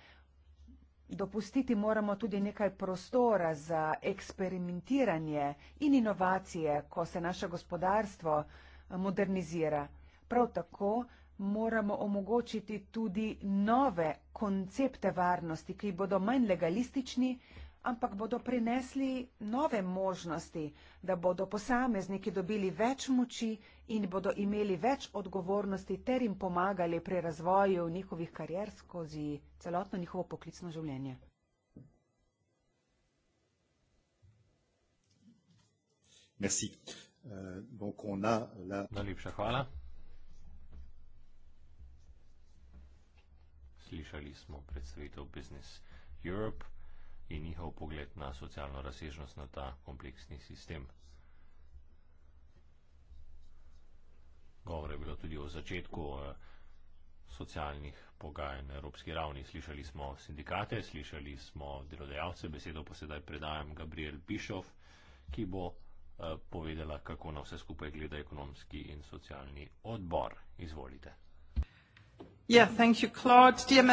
Dopustiti moramo tudi nekaj prostora za eksperimentiranje in inovacije, ko se naše gospodarstvo eh, modernizira. Prav tako moramo omogočiti tudi nove koncepte varnosti, ki bodo manj legalistični, ampak bodo prinesli nove možnosti, da bodo posamezniki dobili več moči in bodo imeli več odgovornosti ter jim pomagali pri razvoju njihovih karier skozi celotno njihovo poklicno življenje. Merci. Euh, donc on a la... Najlepša hvala. Slišali smo predstavitev Business Europe in njihov pogled na socialno razsežnost na ta kompleksni sistem. Govore je bilo tudi o začetku socialnih pogajanj na evropski ravni. Slišali smo sindikate, slišali smo delodajalce, besedo pa sedaj predajam Gabriel Pišov, ki bo e, povedala, kako na vse skupaj gleda ekonomski in socialni odbor. Izvolite. Yeah, you,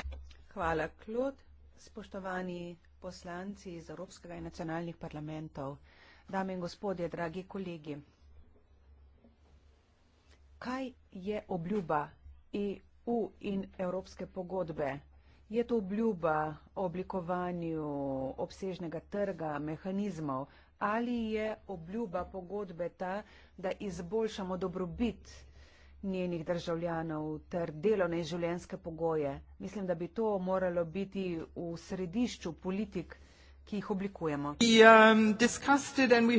Hvala, Klod. Spoštovani poslanci iz Evropskega in nacionalnih parlamentov, dame in gospodje, dragi kolegi. Kaj je obljuba EU in Evropske pogodbe? Je to obljuba o oblikovanju obsežnega trga, mehanizmov ali je obljuba pogodbe ta, da izboljšamo dobrobit njenih državljanov ter delovne in življenjske pogoje. Mislim, da bi to moralo biti v središču politik, ki jih oblikujemo. Um,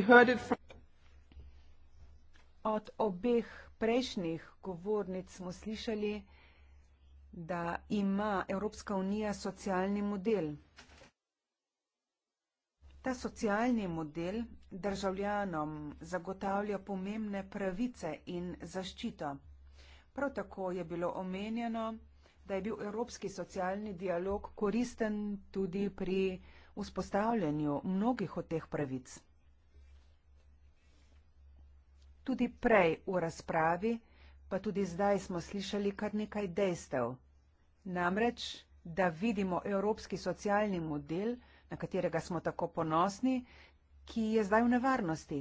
Od obeh prejšnjih govornic smo slišali, da ima Evropska unija socialni model. Ta socialni model državljanom zagotavlja pomembne pravice in zaščito. Prav tako je bilo omenjeno, da je bil evropski socialni dialog koristen tudi pri vzpostavljanju mnogih od teh pravic. Tudi prej v razpravi, pa tudi zdaj smo slišali kar nekaj dejstev. Namreč, da vidimo evropski socialni model, na katerega smo tako ponosni, ki je zdaj v nevarnosti.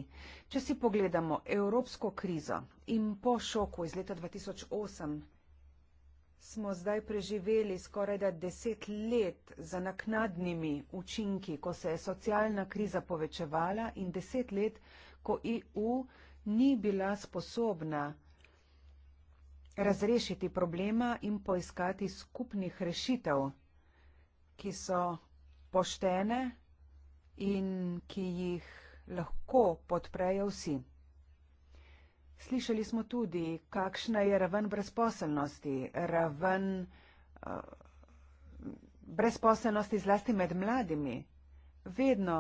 Če si pogledamo evropsko krizo in po šoku iz leta 2008, smo zdaj preživeli skoraj da deset let za naknadnimi učinki, ko se je socialna kriza povečevala in deset let, ko EU ni bila sposobna razrešiti problema in poiskati skupnih rešitev, ki so poštene, in ki jih lahko podprejo vsi. Slišali smo tudi, kakšna je raven brezposelnosti, raven uh, brezposelnosti zlasti med mladimi. Vedno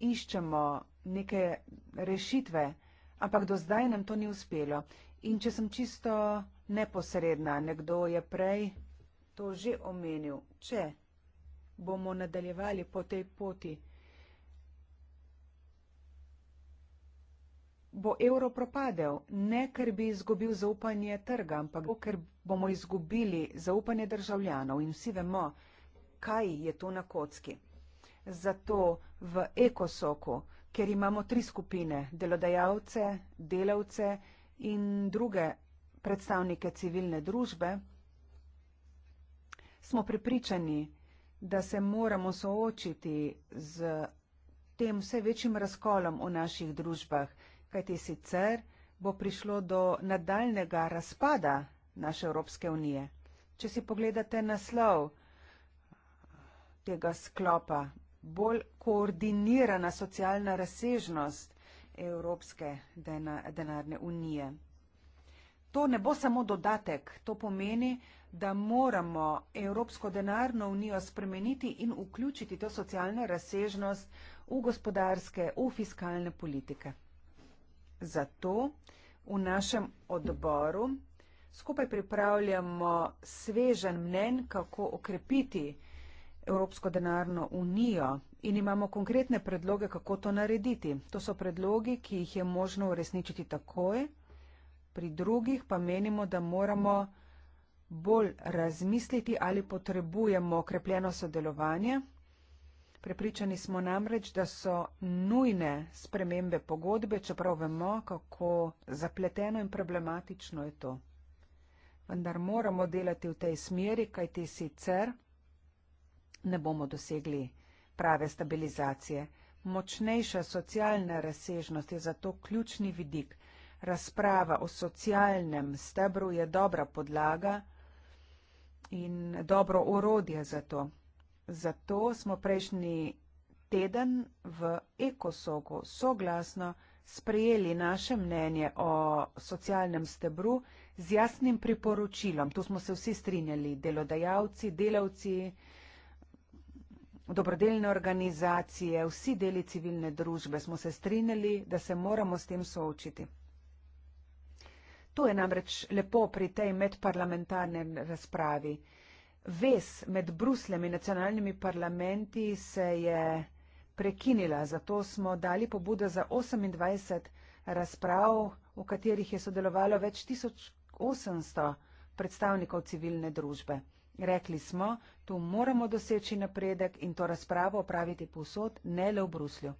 iščemo neke rešitve, ampak do zdaj nam to ni uspelo. In če sem čisto neposredna, nekdo je prej to že omenil, če bomo nadaljevali po tej poti, bo evro propadel, ne ker bi izgubil zaupanje trga, ampak bo, ker bomo izgubili zaupanje državljanov in vsi vemo, kaj je to na kocki. Zato v ekosoku, ker imamo tri skupine, delodajalce, delavce in druge predstavnike civilne družbe, smo prepričani, da se moramo soočiti z tem vse večjim razkolom v naših družbah kajti sicer bo prišlo do nadaljnega razpada naše Evropske unije. Če si pogledate naslov tega sklopa, bolj koordinirana socialna razsežnost Evropske denarne unije. To ne bo samo dodatek, to pomeni, da moramo Evropsko denarno unijo spremeniti in vključiti to socialno razsežnost v gospodarske, v fiskalne politike. Zato v našem odboru skupaj pripravljamo svežen mnen, kako okrepiti Evropsko denarno unijo in imamo konkretne predloge, kako to narediti. To so predlogi, ki jih je možno uresničiti takoj, pri drugih pa menimo, da moramo bolj razmisliti, ali potrebujemo okrepljeno sodelovanje, Prepričani smo namreč, da so nujne spremembe pogodbe, čeprav vemo, kako zapleteno in problematično je to. Vendar moramo delati v tej smeri, kajti sicer ne bomo dosegli prave stabilizacije. Močnejša socialna razsežnost je zato ključni vidik. Razprava o socialnem stebru je dobra podlaga in dobro orodje za to. Zato smo prejšnji teden v Ekosoku soglasno sprejeli naše mnenje o socialnem stebru z jasnim priporočilom. Tu smo se vsi strinjali, delodajalci, delavci, dobrodelne organizacije, vsi deli civilne družbe smo se strinjali, da se moramo s tem soočiti. To je namreč lepo pri tej medparlamentarni razpravi. Ves med Brusljem in nacionalnimi parlamenti se je prekinila, zato smo dali pobudo za 28 razprav, v katerih je sodelovalo več 1800 predstavnikov civilne družbe. Rekli smo, tu moramo doseči napredek in to razpravo opraviti povsod, ne le v Bruslju.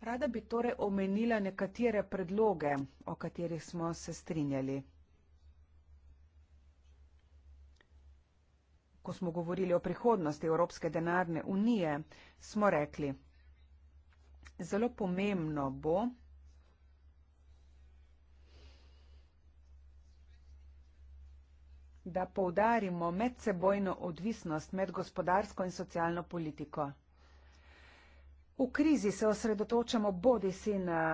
Rada bi torej omenila nekatere predloge, o katerih smo se strinjali. ko smo govorili o prihodnosti Evropske denarne unije, smo rekli, zelo pomembno bo, da povdarimo medsebojno odvisnost med gospodarsko in socialno politiko. V krizi se osredotočamo bodi si na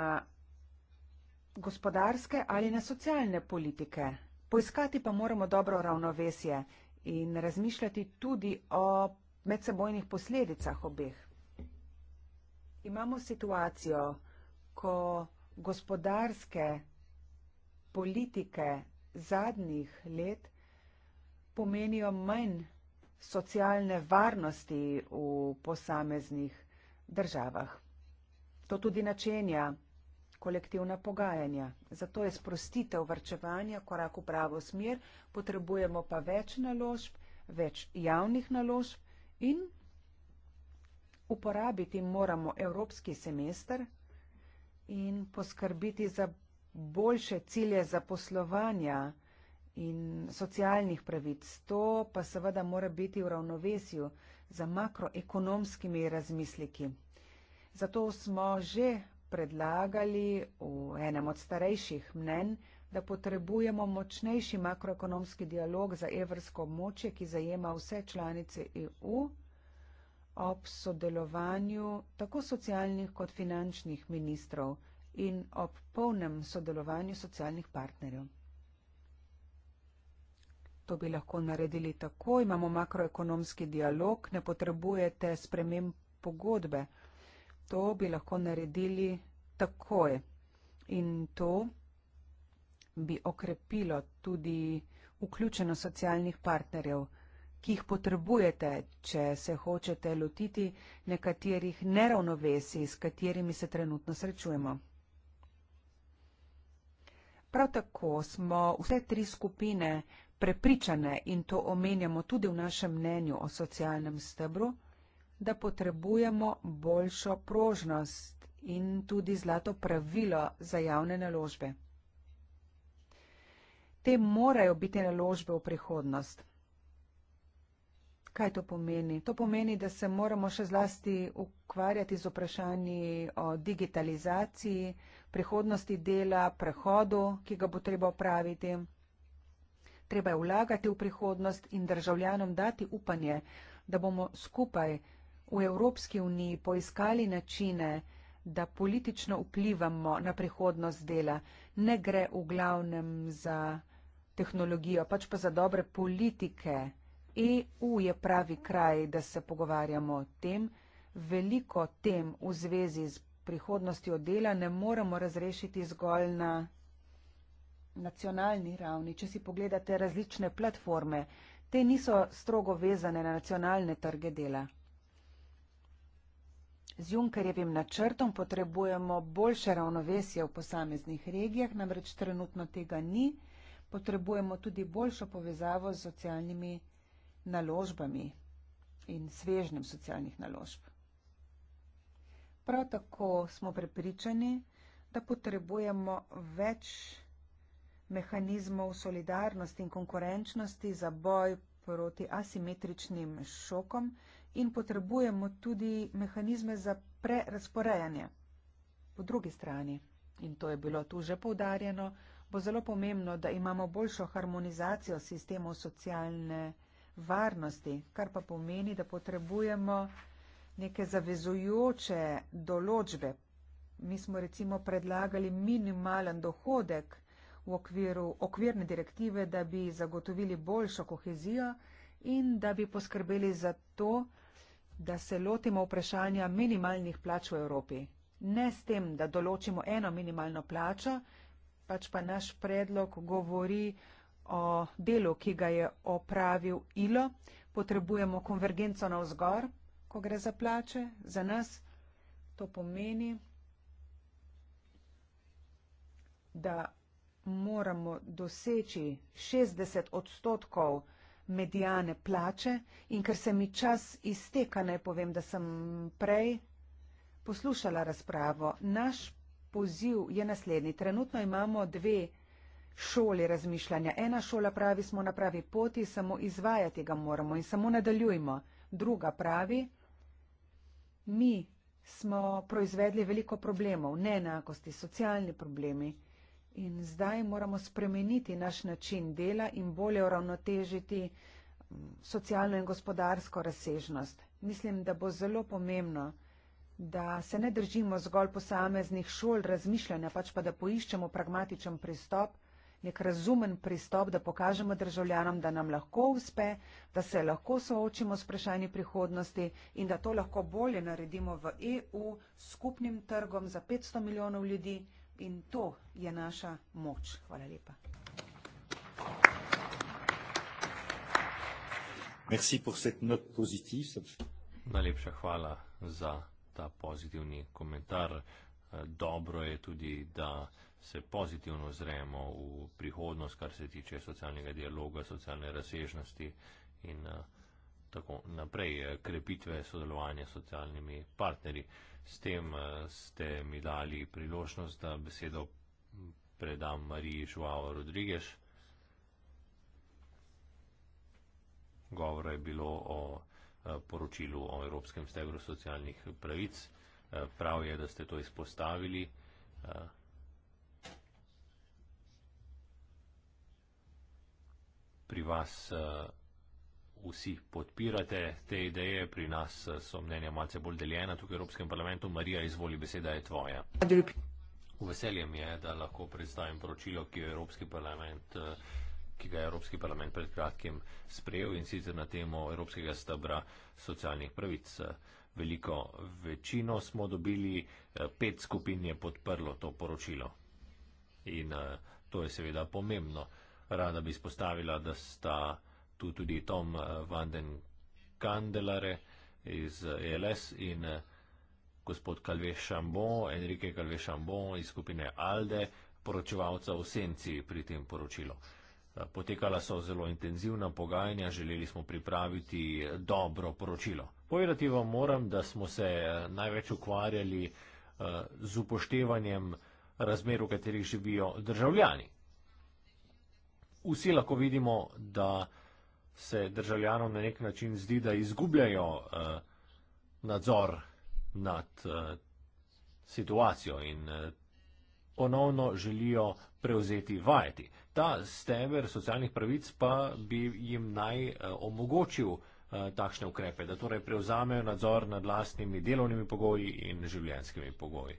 gospodarske ali na socialne politike. Poiskati pa moramo dobro ravnovesje in razmišljati tudi o medsebojnih posledicah obeh. Imamo situacijo, ko gospodarske politike zadnjih let pomenijo manj socialne varnosti v posameznih državah. To tudi načenja kolektivna pogajanja. Zato je sprostitev vrčevanja korak v pravo smer, potrebujemo pa več naložb, več javnih naložb in uporabiti moramo evropski semester in poskrbiti za boljše cilje zaposlovanja in socialnih pravic. To pa seveda mora biti v ravnovesju za makroekonomskimi razmisliki. Zato smo že predlagali v enem od starejših mnenj, da potrebujemo močnejši makroekonomski dialog za evrsko območje, ki zajema vse članice EU ob sodelovanju tako socialnih kot finančnih ministrov in ob polnem sodelovanju socialnih partnerjev. To bi lahko naredili tako, imamo makroekonomski dialog, ne potrebujete sprememb pogodbe to bi lahko naredili takoj. In to bi okrepilo tudi vključeno socialnih partnerjev, ki jih potrebujete, če se hočete lotiti nekaterih neravnovesij, s katerimi se trenutno srečujemo. Prav tako smo vse tri skupine prepričane in to omenjamo tudi v našem mnenju o socialnem stebru, da potrebujemo boljšo prožnost in tudi zlato pravilo za javne naložbe. Te morajo biti naložbe v prihodnost. Kaj to pomeni? To pomeni, da se moramo še zlasti ukvarjati z vprašanji o digitalizaciji, prihodnosti dela, prehodu, ki ga bo treba opraviti. Treba je vlagati v prihodnost in državljanom dati upanje, da bomo skupaj v Evropski uniji poiskali načine, da politično vplivamo na prihodnost dela. Ne gre v glavnem za tehnologijo, pač pa za dobre politike. EU je pravi kraj, da se pogovarjamo o tem. Veliko tem v zvezi z prihodnostjo dela ne moremo razrešiti zgolj na nacionalni ravni. Če si pogledate različne platforme, te niso strogo vezane na nacionalne trge dela. Z Junkerjevim načrtom potrebujemo boljše ravnovesje v posameznih regijah, namreč trenutno tega ni, potrebujemo tudi boljšo povezavo z socialnimi naložbami in svežnjem socialnih naložb. Prav tako smo prepričani, da potrebujemo več mehanizmov solidarnosti in konkurenčnosti za boj proti asimetričnim šokom, in potrebujemo tudi mehanizme za prerasporejanje. Po drugi strani, in to je bilo tu že poudarjeno, bo zelo pomembno, da imamo boljšo harmonizacijo sistemov socialne varnosti, kar pa pomeni, da potrebujemo neke zavezujoče določbe. Mi smo recimo predlagali minimalen dohodek v okviru okvirne direktive, da bi zagotovili boljšo kohezijo in da bi poskrbeli za to, da se lotimo vprašanja minimalnih plač v Evropi. Ne s tem, da določimo eno minimalno plačo, pač pa naš predlog govori o delu, ki ga je opravil ILO. Potrebujemo konvergenco na vzgor, ko gre za plače. Za nas to pomeni, da moramo doseči 60 odstotkov medijane plače in ker se mi čas izteka, naj povem, da sem prej poslušala razpravo. Naš poziv je naslednji. Trenutno imamo dve šoli razmišljanja. Ena šola pravi, smo na pravi poti, samo izvajati ga moramo in samo nadaljujmo. Druga pravi, mi smo proizvedli veliko problemov, neenakosti, socialni problemi. In zdaj moramo spremeniti naš način dela in bolje uravnotežiti socialno in gospodarsko razsežnost. Mislim, da bo zelo pomembno, da se ne držimo zgolj posameznih šol razmišljanja, pač pa da poiščemo pragmatičen pristop, nek razumen pristop, da pokažemo državljanom, da nam lahko uspe, da se lahko soočimo s vprašanji prihodnosti in da to lahko bolje naredimo v EU s skupnim trgom za 500 milijonov ljudi. In to je naša moč. Hvala lepa. Merci pour cette note positive. Najlepša hvala za ta pozitivni komentar. Dobro je tudi, da se pozitivno zremo v prihodnost, kar se tiče socialnega dialoga, socialne razsežnosti in eh, tako naprej, eh, krepitve sodelovanja s socialnimi partnerji. S tem eh, ste mi dali priložnost, da besedo predam Mariji Žuavo Rodrigež. Govora je bilo o eh, poročilu o Evropskem stebru socialnih pravic. Eh, prav je, da ste to izpostavili. Pri vas vsi podpirate te ideje, pri nas eh, so mnenja malce bolj deljena tukaj v Evropskem parlamentu. Marija, izvoli, beseda je tvoja. Veseljem je, da lahko predstavim poročilo, ki, eh, ki ga je Evropski parlament pred kratkim sprejel in sicer na temo Evropskega stebra socialnih pravic. Eh, veliko večino smo dobili, pet skupin je podprlo to poročilo. In to je seveda pomembno. Rada bi spostavila, da sta tu tudi Tom eh, van den Kandelare iz ELS eh, in eh, gospod Calvé Chambon, Enrique Calvé Chambon iz skupine ALDE, poročevalca v senci pri tem poročilu. Potekala so zelo intenzivna pogajanja, želeli smo pripraviti dobro poročilo. Povedati vam moram, da smo se največ ukvarjali z upoštevanjem razmer, v katerih živijo državljani. Vsi lahko vidimo, da se državljanom na nek način zdi, da izgubljajo uh, nadzor nad uh, situacijo in uh, ponovno želijo prevzeti vajeti. Ta stebr socialnih pravic pa bi jim naj uh, omogočil uh, takšne ukrepe, da torej prevzamejo nadzor nad lastnimi delovnimi pogoji in življenskimi pogoji.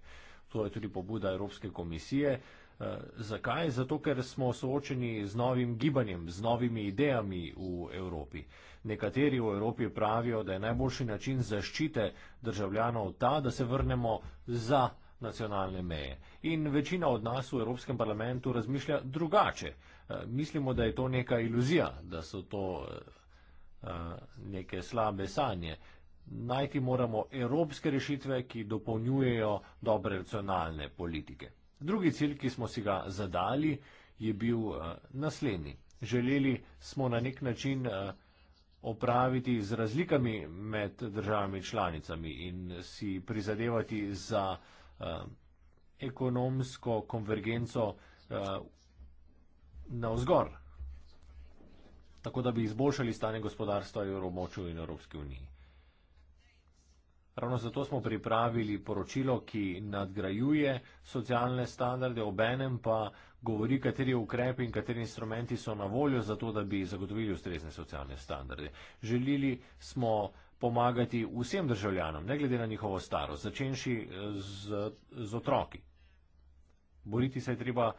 To je tudi pobuda Evropske komisije. Uh, Eh, zakaj? Zato, ker smo soočeni z novim gibanjem, z novimi idejami v Evropi. Nekateri v Evropi pravijo, da je najboljši način zaščite državljanov ta, da se vrnemo za nacionalne meje. In večina od nas v Evropskem parlamentu razmišlja drugače. Eh, mislimo, da je to neka iluzija, da so to eh, neke slabe sanje. Najti moramo evropske rešitve, ki dopolnjujejo dobre nacionalne politike. Drugi cilj, ki smo si ga zadali, je bil eh, naslednji. Želeli smo na nek način eh, opraviti z razlikami med državami članicami in si prizadevati za eh, ekonomsko konvergenco na vzgor, tako da bi izboljšali stanje gospodarstva v območju in Evropski uniji. Ravno zato smo pripravili poročilo, ki nadgrajuje socialne standarde, obenem pa govori, kateri ukrepi in kateri instrumenti so na voljo za to, da bi zagotovili ustrezne socialne standarde. Želeli smo pomagati vsem državljanom, ne glede na njihovo starost, začenši z, z otroki. Boriti se je treba uh,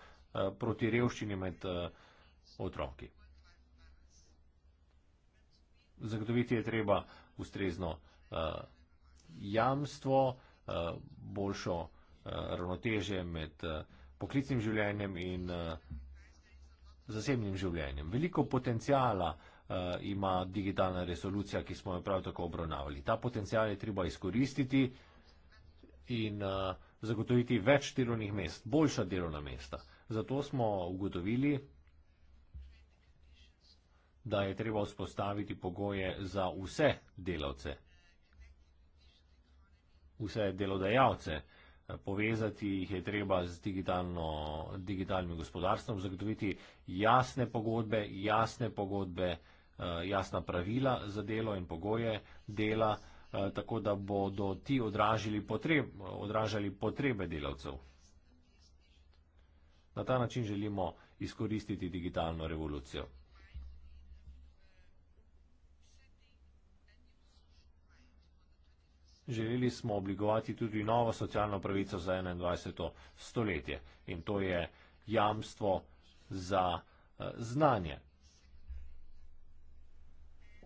proti revščini med uh, otroki. Zagotoviti je treba ustrezno. Uh, jamstvo, eh, boljšo eh, ravnotežje med eh, poklicnim življenjem in zasebnim življenjem. Veliko potencijala ima digitalna resolucija, ki smo jo prav tako obravnavali. Ta potencijal je treba izkoristiti in zagotoviti več delovnih mest, boljša delovna mesta. Zato smo ugotovili, da je treba vzpostaviti pogoje za vse delavce vse delodajalce. Povezati jih je treba z digitalnim gospodarstvom, zagotoviti jasne pogodbe, jasne pogodbe, eh, jasna pravila za delo in pogoje dela, eh, tako da bodo ti odražali, potreb, odražali potrebe delavcev. Na ta način želimo izkoristiti digitalno revolucijo. Želeli smo oblikovati tudi novo socialno pravico za 21. stoletje in to je jamstvo za eh, znanje.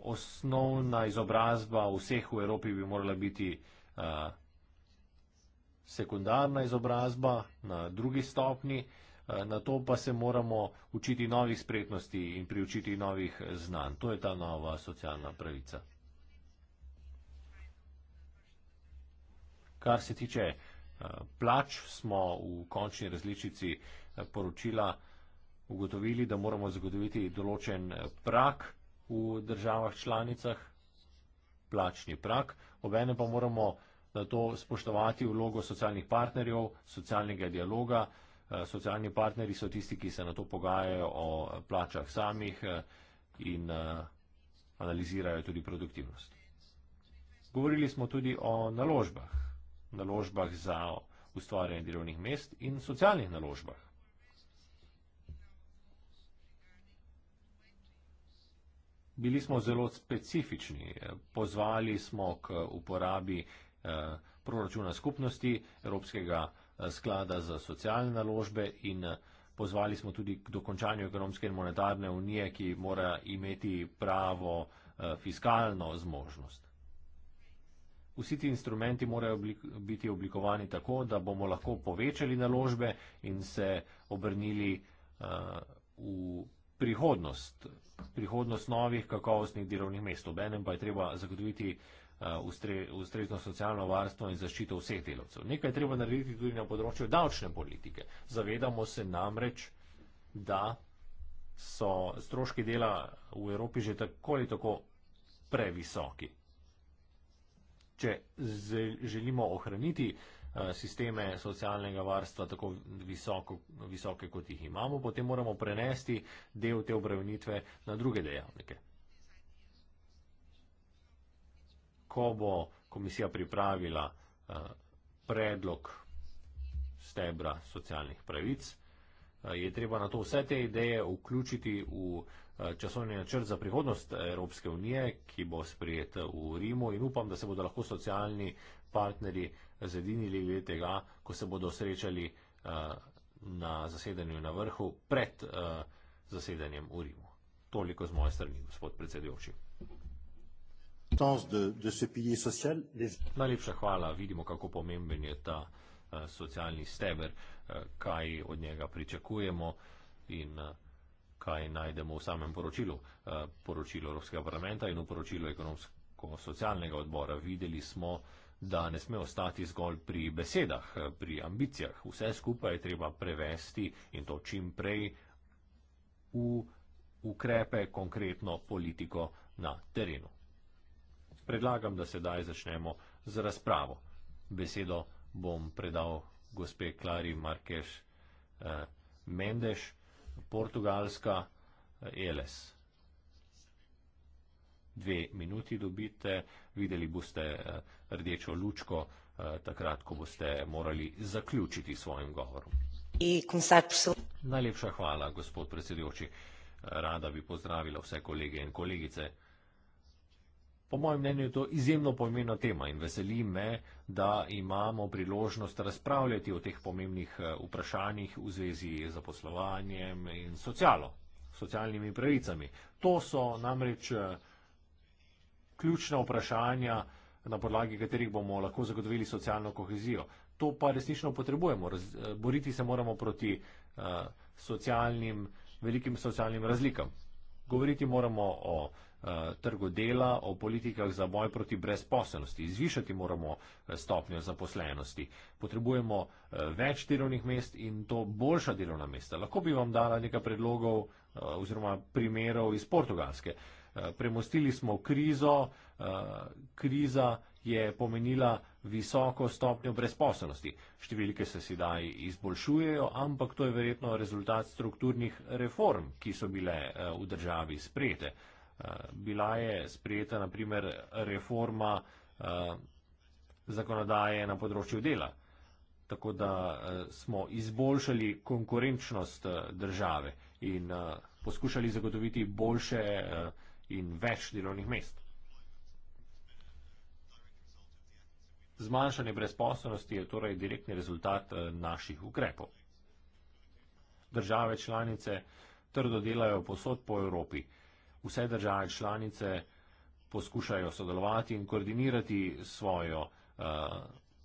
Osnovna izobrazba vseh v Evropi bi morala biti eh, sekundarna izobrazba na drugi stopni, eh, na to pa se moramo učiti novih spretnosti in priučiti novih znanj. To je ta nova socialna pravica. Kar se tiče eh, plač, smo v končni različici eh, poročila ugotovili, da moramo zagotoviti določen eh, prak v državah članicah, plačni prak. Obene pa moramo na to spoštovati vlogo socialnih partnerjev, socialnega dialoga. Socialni partneri so tisti, ki se na to pogajajo o plačah samih in analizirajo tudi produktivnost. Govorili smo tudi o naložbah naložbah za ustvarjanje delovnih mest in socialnih naložbah. Bili smo zelo specifični, pozvali smo k uporabi eh, proračuna skupnosti Evropskega eh, sklada za socialne naložbe in eh, pozvali smo tudi k dokončanju ekonomske in monetarne unije, ki mora imeti pravo fiskalno zmožnost. Vsi ti instrumenti morajo biti oblikovani tako, da bomo lahko povečali naložbe in se obrnili eh, v prihodnost, prihodnost novih kakovostnih delovnih mest. Obenem pa je treba zagotoviti eh, ustrezno socialno varstvo in zaščito vseh delovcev. Nekaj je treba narediti tudi na področju davčne politike. Zavedamo se namreč, da so stroški dela v Evropi že tako ali tako previsoki če želimo ohraniti eh, sisteme socialnega varstva tako visoko, visoke, kot jih imamo, potem moramo prenesti del te obravnitve na druge dejavnike. Ko bo komisija pripravila eh, predlog stebra socialnih pravic, eh, je treba na to vse te ideje vključiti v Eh, časovni načrt za prihodnost Evropske unije, ki bo sprejet eh, v Rimu in upam, da se bodo lahko socialni partnerji zedinili glede tega, ko se bodo srečali eh, na zasedanju na vrhu pred zasedanjem v Rimu. Toliko z moje strani, gospod predsedujoči. Najlepša hvala, vidimo, kako pomemben je ta socialni steber, kaj od njega pričakujemo in kaj najdemo v samem poročilu, eh, poročilu Evropskega parlamenta in v poročilu ekonomsko-socialnega odbora. Videli smo, da ne sme ostati zgolj pri besedah, eh, pri ambicijah. Vse skupaj je treba prevesti in to čim prej v ukrepe, konkretno politiko na terenu. Predlagam, da sedaj začnemo z razpravo. Besedo bom predal gospe Klari Markeš eh, Mendeš portugalska Eles. Dve minuti dobite, videli boste eh, rdečo lučko, eh, takrat, ko boste morali zaključiti svojim govorom. Najlepša hvala, gospod predsedujoči. Rada bi pozdravila vse kolege in kolegice. Po mojem mnenju je to izjemno pomembna tema in veseli me, da imamo priložnost razpravljati o teh pomembnih eh, vprašanjih v zvezi z zaposlovanjem in socialo, socialnimi pravicami. To so namreč eh, ključna vprašanja, na podlagi katerih bomo lahko zagotovili socialno kohezijo. To pa resnično potrebujemo. Raz, eh, boriti se moramo proti uh, socialnim, velikim socialnim razlikam. Govoriti moramo o Eh, trgu dela, o politikah za boj proti brezposelnosti. Zvišati moramo eh, stopnjo zaposlenosti. Potrebujemo eh, več delovnih mest in to boljša delovna mesta. Lahko bi vam dala nekaj predlogov oziroma primerov iz Portugalske. Premostili smo krizo, kriza je pomenila visoko stopnjo brezposelnosti. Številke se sedaj izboljšujejo, ampak to je verjetno rezultat strukturnih reform, ki so bile v državi sprejete. Eh, bila je sprejeta naprimer reforma eh, zakonodaje na področju dela, tako da eh, smo izboljšali konkurenčnost države in poskušali zagotoviti boljše in več delovnih mest. Zmanjšanje brezposobnosti je torej direktni rezultat naših ukrepov. Države članice trdo delajo posod po Evropi vse države članice poskušajo sodelovati in koordinirati svojo uh,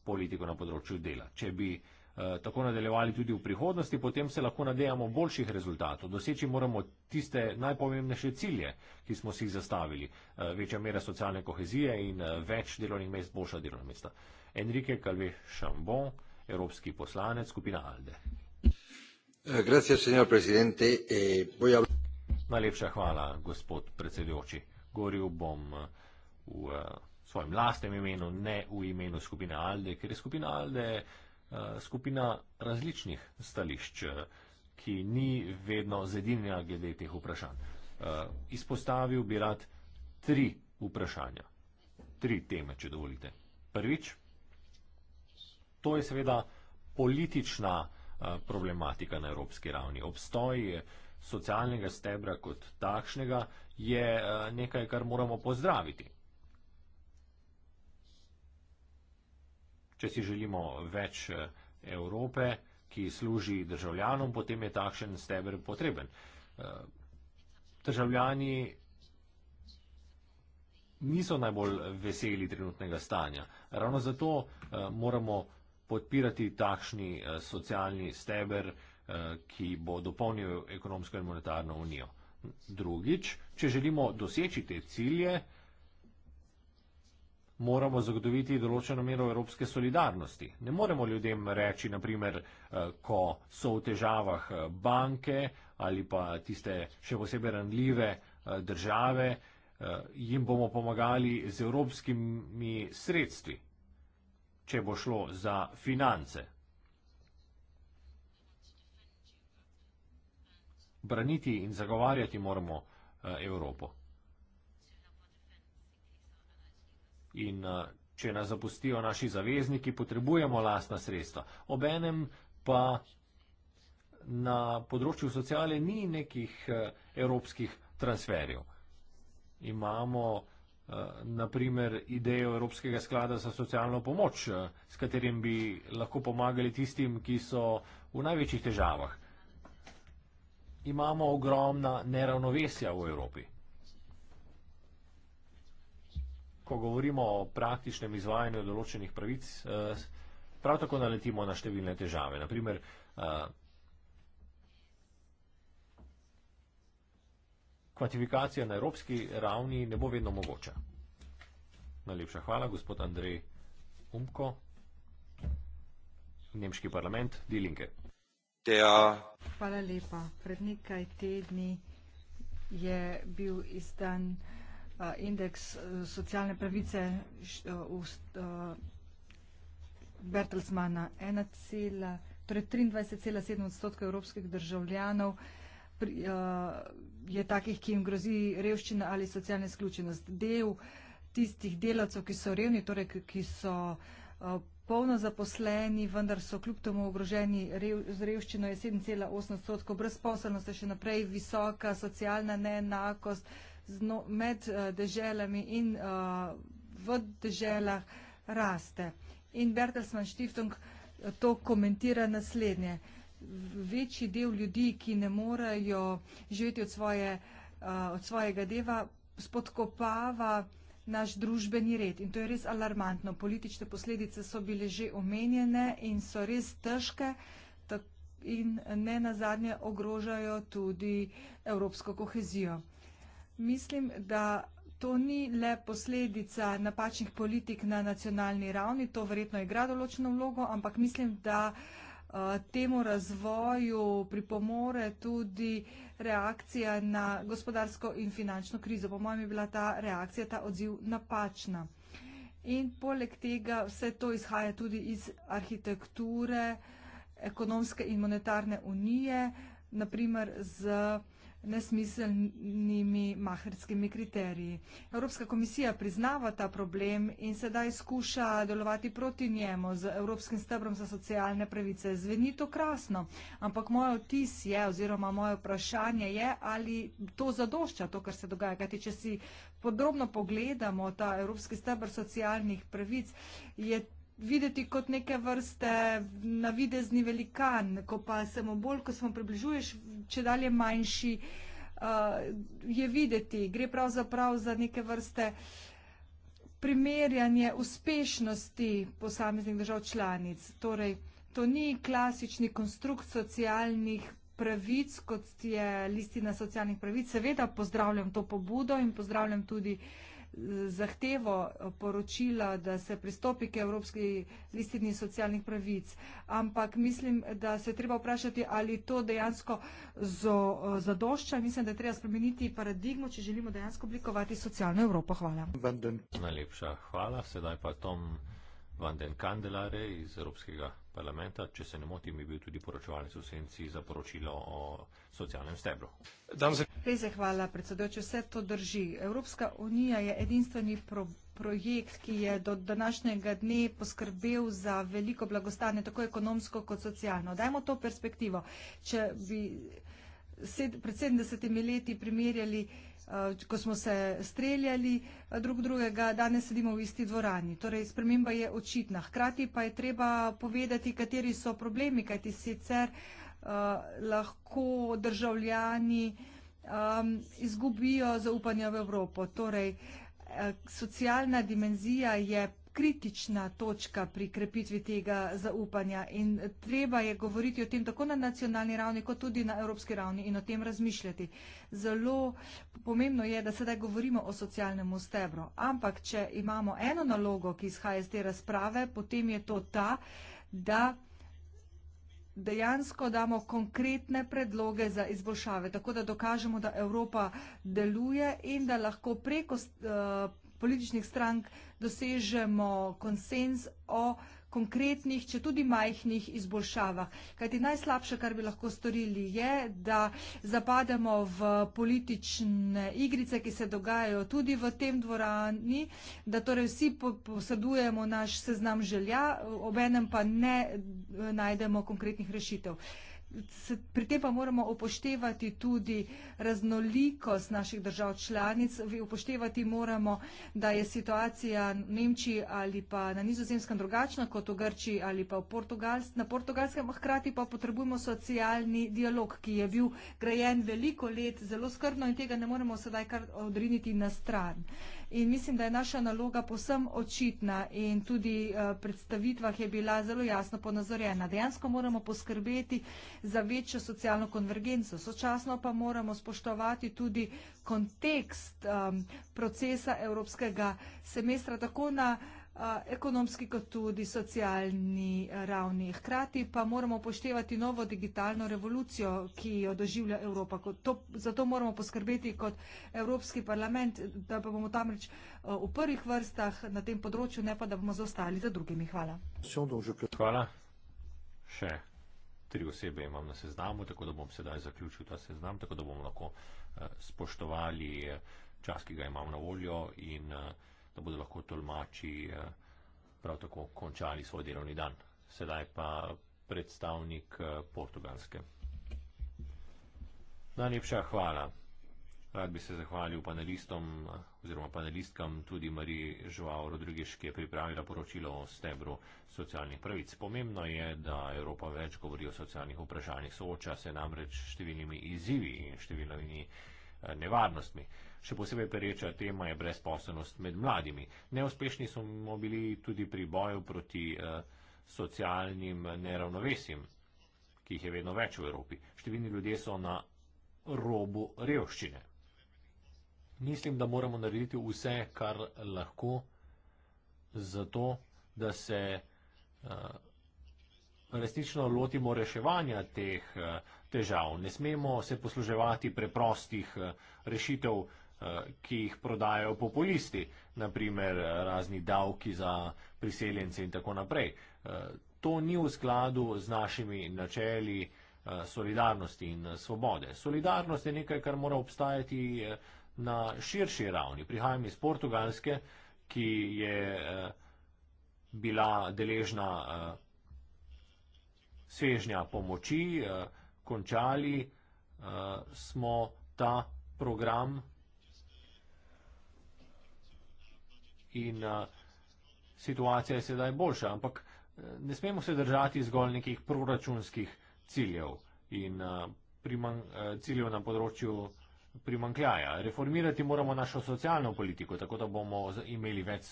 politiko na področju dela. Če bi uh, tako nadaljevali tudi v prihodnosti, potem se lahko nadejamo boljših rezultatov. Doseči moramo tiste najpomembnejše cilje, ki smo si jih zastavili. Uh, večja mera socialne kohezije in uh, več delovnih mest, boljša delovna mesta. Enrique Calve Chambon, evropski poslanec skupina Alde. Gracias, señor presidente. Eh, voy a hablar. Najlepša hvala, gospod predsedujoči. Govoril bom eh, v eh, svojem lastnem imenu, ne v imenu skupine Alde, ker je skupina Alde eh, skupina različnih stališč, ki ni vedno zedinja glede teh vprašanj. Izpostavil bi rad tri vprašanja, tri teme, če dovolite. Prvič, to je seveda politična problematika na evropski ravni. Obstoji je socialnega stebra kot takšnega, je eh, nekaj, kar moramo pozdraviti. Če si želimo več eh, Evrope, ki služi državljanom, potem je takšen stebr potreben. Eh, državljani niso najbolj veseli trenutnega stanja. Ravno zato moramo podpirati takšni socialni stebr, Eh, ki bo dopolnil ekonomsko in monetarno unijo. Drugič, če želimo doseči te cilje, moramo zagotoviti določeno mero evropske solidarnosti. Ne moremo ljudem reči, naprimer, eh, ko so v težavah eh, banke ali pa tiste še posebej ranljive države, jim bomo pomagali z evropskimi sredstvi, če bo šlo za finance. braniti in zagovarjati moramo eh, Evropo. In eh, če nas zapustijo naši zavezniki, potrebujemo lastna sredstva. Obenem pa na področju sociale ni nekih eh, evropskih transferjev. Imamo naprimer idejo Evropskega sklada za socialno pomoč, s katerim bi lahko pomagali tistim, ki so v največjih težavah imamo ogromna neravnovesja v Evropi. Ko govorimo o praktičnem izvajanju določenih pravic, eh, prav tako naletimo na številne težave. Naprimer, eh, kvantifikacija na evropski ravni ne bo vedno mogoča. Najlepša hvala, gospod Andrej Umko, Nemški parlament, Dilinke. Linke. Hvala lepa. Pred nekaj tedni je bil izdan uh, indeks uh, socialne pravice uh, uh, Bertelsmana 1,23,7 torej odstotka evropskih državljanov pri, uh, je takih, ki jim grozi revščina ali socialna izključenost. Del tistih delavcev, ki so revni, torej ki so. Uh, polno zaposleni, vendar so kljub temu ogroženi rev, z revščino je 7,8 odstotkov, brezposelnost je še naprej visoka, socialna neenakost zno, med eh, deželami in uh, v deželah raste. In Bertelsmann Stiftung eh, to komentira naslednje. Večji del ljudi, ki ne morejo živeti od, svoje, uh, od svojega deva, spodkopava naš družbeni red. In to je res alarmantno. Politične posledice so bile že omenjene in so res težke in ne nazadnje ogrožajo tudi evropsko kohezijo. Mislim, da to ni le posledica napačnih politik na nacionalni ravni, to verjetno igra določeno vlogo, ampak mislim, da. Eh, temu razvoju pripomore tudi reakcija na gospodarsko in finančno krizo. Po mojem je bila ta reakcija, ta odziv napačna. In poleg tega vse to izhaja tudi iz arhitekture ekonomske in monetarne unije, naprimer z nesmiselnimi maherskimi kriteriji. Evropska komisija priznava ta problem in sedaj skuša delovati proti njemu z Evropskim stebrom za socialne pravice. Zveni to krasno, ampak moj vtis je oziroma moje vprašanje je, ali to zadošča to, kar se dogaja. Kajti, če si podrobno pogledamo ta Evropski stebr socialnih pravic, je videti kot neke vrste navidezni velikan, ko pa se mu bolj, ko se mu približuješ, če dalje manjši, uh, je videti. Gre pravzaprav za neke vrste primerjanje uspešnosti posameznih držav članic. Torej, to ni klasični konstrukt socialnih pravic, kot je listina socialnih pravic. Seveda pozdravljam to pobudo in pozdravljam tudi uh, zahtevo eh, poročila, da se pristopi k Evropski listini socialnih pravic. Ampak mislim, da se treba vprašati, ali to dejansko eh, zadošča. Mislim, da je treba spremeniti paradigmo, če želimo dejansko oblikovati socialno Evropo. Hvala. Najlepša hvala. Sedaj pa Tom Vanden Kandelare iz Evropskega parlamenta, če se ne motim, je bil tudi poročevalec v senci za poročilo o socialnem stebru. Peze, hvala, predsedujoče, vse to drži. Evropska unija je edinstveni pro projekt, ki je do današnjega dne poskrbel za veliko blagostanje, tako ekonomsko kot socialno. Dajmo to perspektivo. Če bi sed, pred 70 leti primerjali Eh, ko smo se streljali eh, drug drugega, danes sedimo v isti dvorani. Torej, sprememba je očitna. Hkrati pa je treba povedati, kateri so problemi, kajti sicer eh, lahko državljani izgubijo zaupanje v Evropo. Torej, socialna dimenzija je kritična točka pri krepitvi tega zaupanja in treba je govoriti o tem tako na nacionalni ravni, kot tudi na evropski ravni in o tem razmišljati. Zelo pomembno je, da sedaj govorimo o socialnemu stebru, ampak če imamo eno nalogo, ki izhaja iz te razprave, potem je to ta, da dejansko damo konkretne predloge za izboljšave, tako da dokažemo, da Evropa deluje in da lahko preko uh, političnih strank dosežemo konsens o konkretnih, če tudi majhnih izboljšavah. Kajti najslabše, kar bi lahko storili, je, da zapademo v politične igrice, ki se dogajajo tudi v tem dvorani, da torej vsi posedujemo naš seznam želja, obenem pa ne najdemo konkretnih rešitev. Pri tem pa moramo upoštevati tudi raznolikost naših držav članic. Upoštevati moramo, da je situacija v Nemčiji ali pa na nizozemskem drugačna kot v Grčiji ali pa v Portugals na portugalskem. Hkrati pa potrebujemo socialni dialog, ki je bil grajen veliko let zelo skrbno in tega ne moremo sedaj kar odriniti na stran. Uh, In mislim, da je naša naloga posem očitna in tudi eh, predstavitvah je bila zelo jasno ponazorjena. Dejansko moramo poskrbeti za večjo socialno konvergenco. Sočasno pa moramo spoštovati tudi kontekst um, procesa evropskega semestra tako na uh, ekonomski kot tudi socialni ravni. Hkrati pa moramo poštevati novo digitalno revolucijo, ki jo doživlja Evropa. To, zato moramo poskrbeti kot Evropski parlament, da pa bomo tam reč v prvih vrstah na tem področju, ne pa da bomo zaostali za drugimi. Hvala. Hvala. Še tri osebe imam na seznamu, tako da bom sedaj zaključil ta seznam, tako da bomo lahko spoštovali čas, ki ga imam na voljo. In, uh, da bodo lahko tolmači eh, prav tako končali svoj delovni dan. Sedaj pa predstavnik eh, portugalske. Najlepša hvala. Rad bi se zahvalil panelistom eh, oziroma panelistkam, tudi Mariji Žuao Rodrigeš, ki je pripravila poročilo o stebru socialnih pravic. Pomembno je, da Evropa več govori o socialnih vprašanjih, sooča se namreč številnimi izzivi in številnimi nevarnostmi. Še posebej pereča tema je brezposobnost med mladimi. Neuspešni smo bili tudi pri boju proti eh, socialnim neravnovesim, ki jih je vedno več v Evropi. Številni ljudje so na robu revščine. Mislim, da moramo narediti vse, kar lahko, zato, da se eh, Resnično lotimo reševanja teh eh, težav. Ne smemo se posluževati preprostih eh, rešitev, Eh, ki jih prodajajo populisti, naprimer eh, razni davki za priseljence in tako naprej. Eh, to ni v skladu z našimi načeli solidarnosti in svobode. Solidarnost je nekaj, kar mora obstajati na širši ravni. Prihajam iz Portugalske, ki je bila deležna svežnja pomoči, končali smo ta program in uh, situacija je sedaj boljša, ampak uh, ne smemo se držati zgolj nekih proračunskih ciljev in uh, ciljev na področju primankljaja. Reformirati moramo našo socialno politiko, tako da bomo imeli več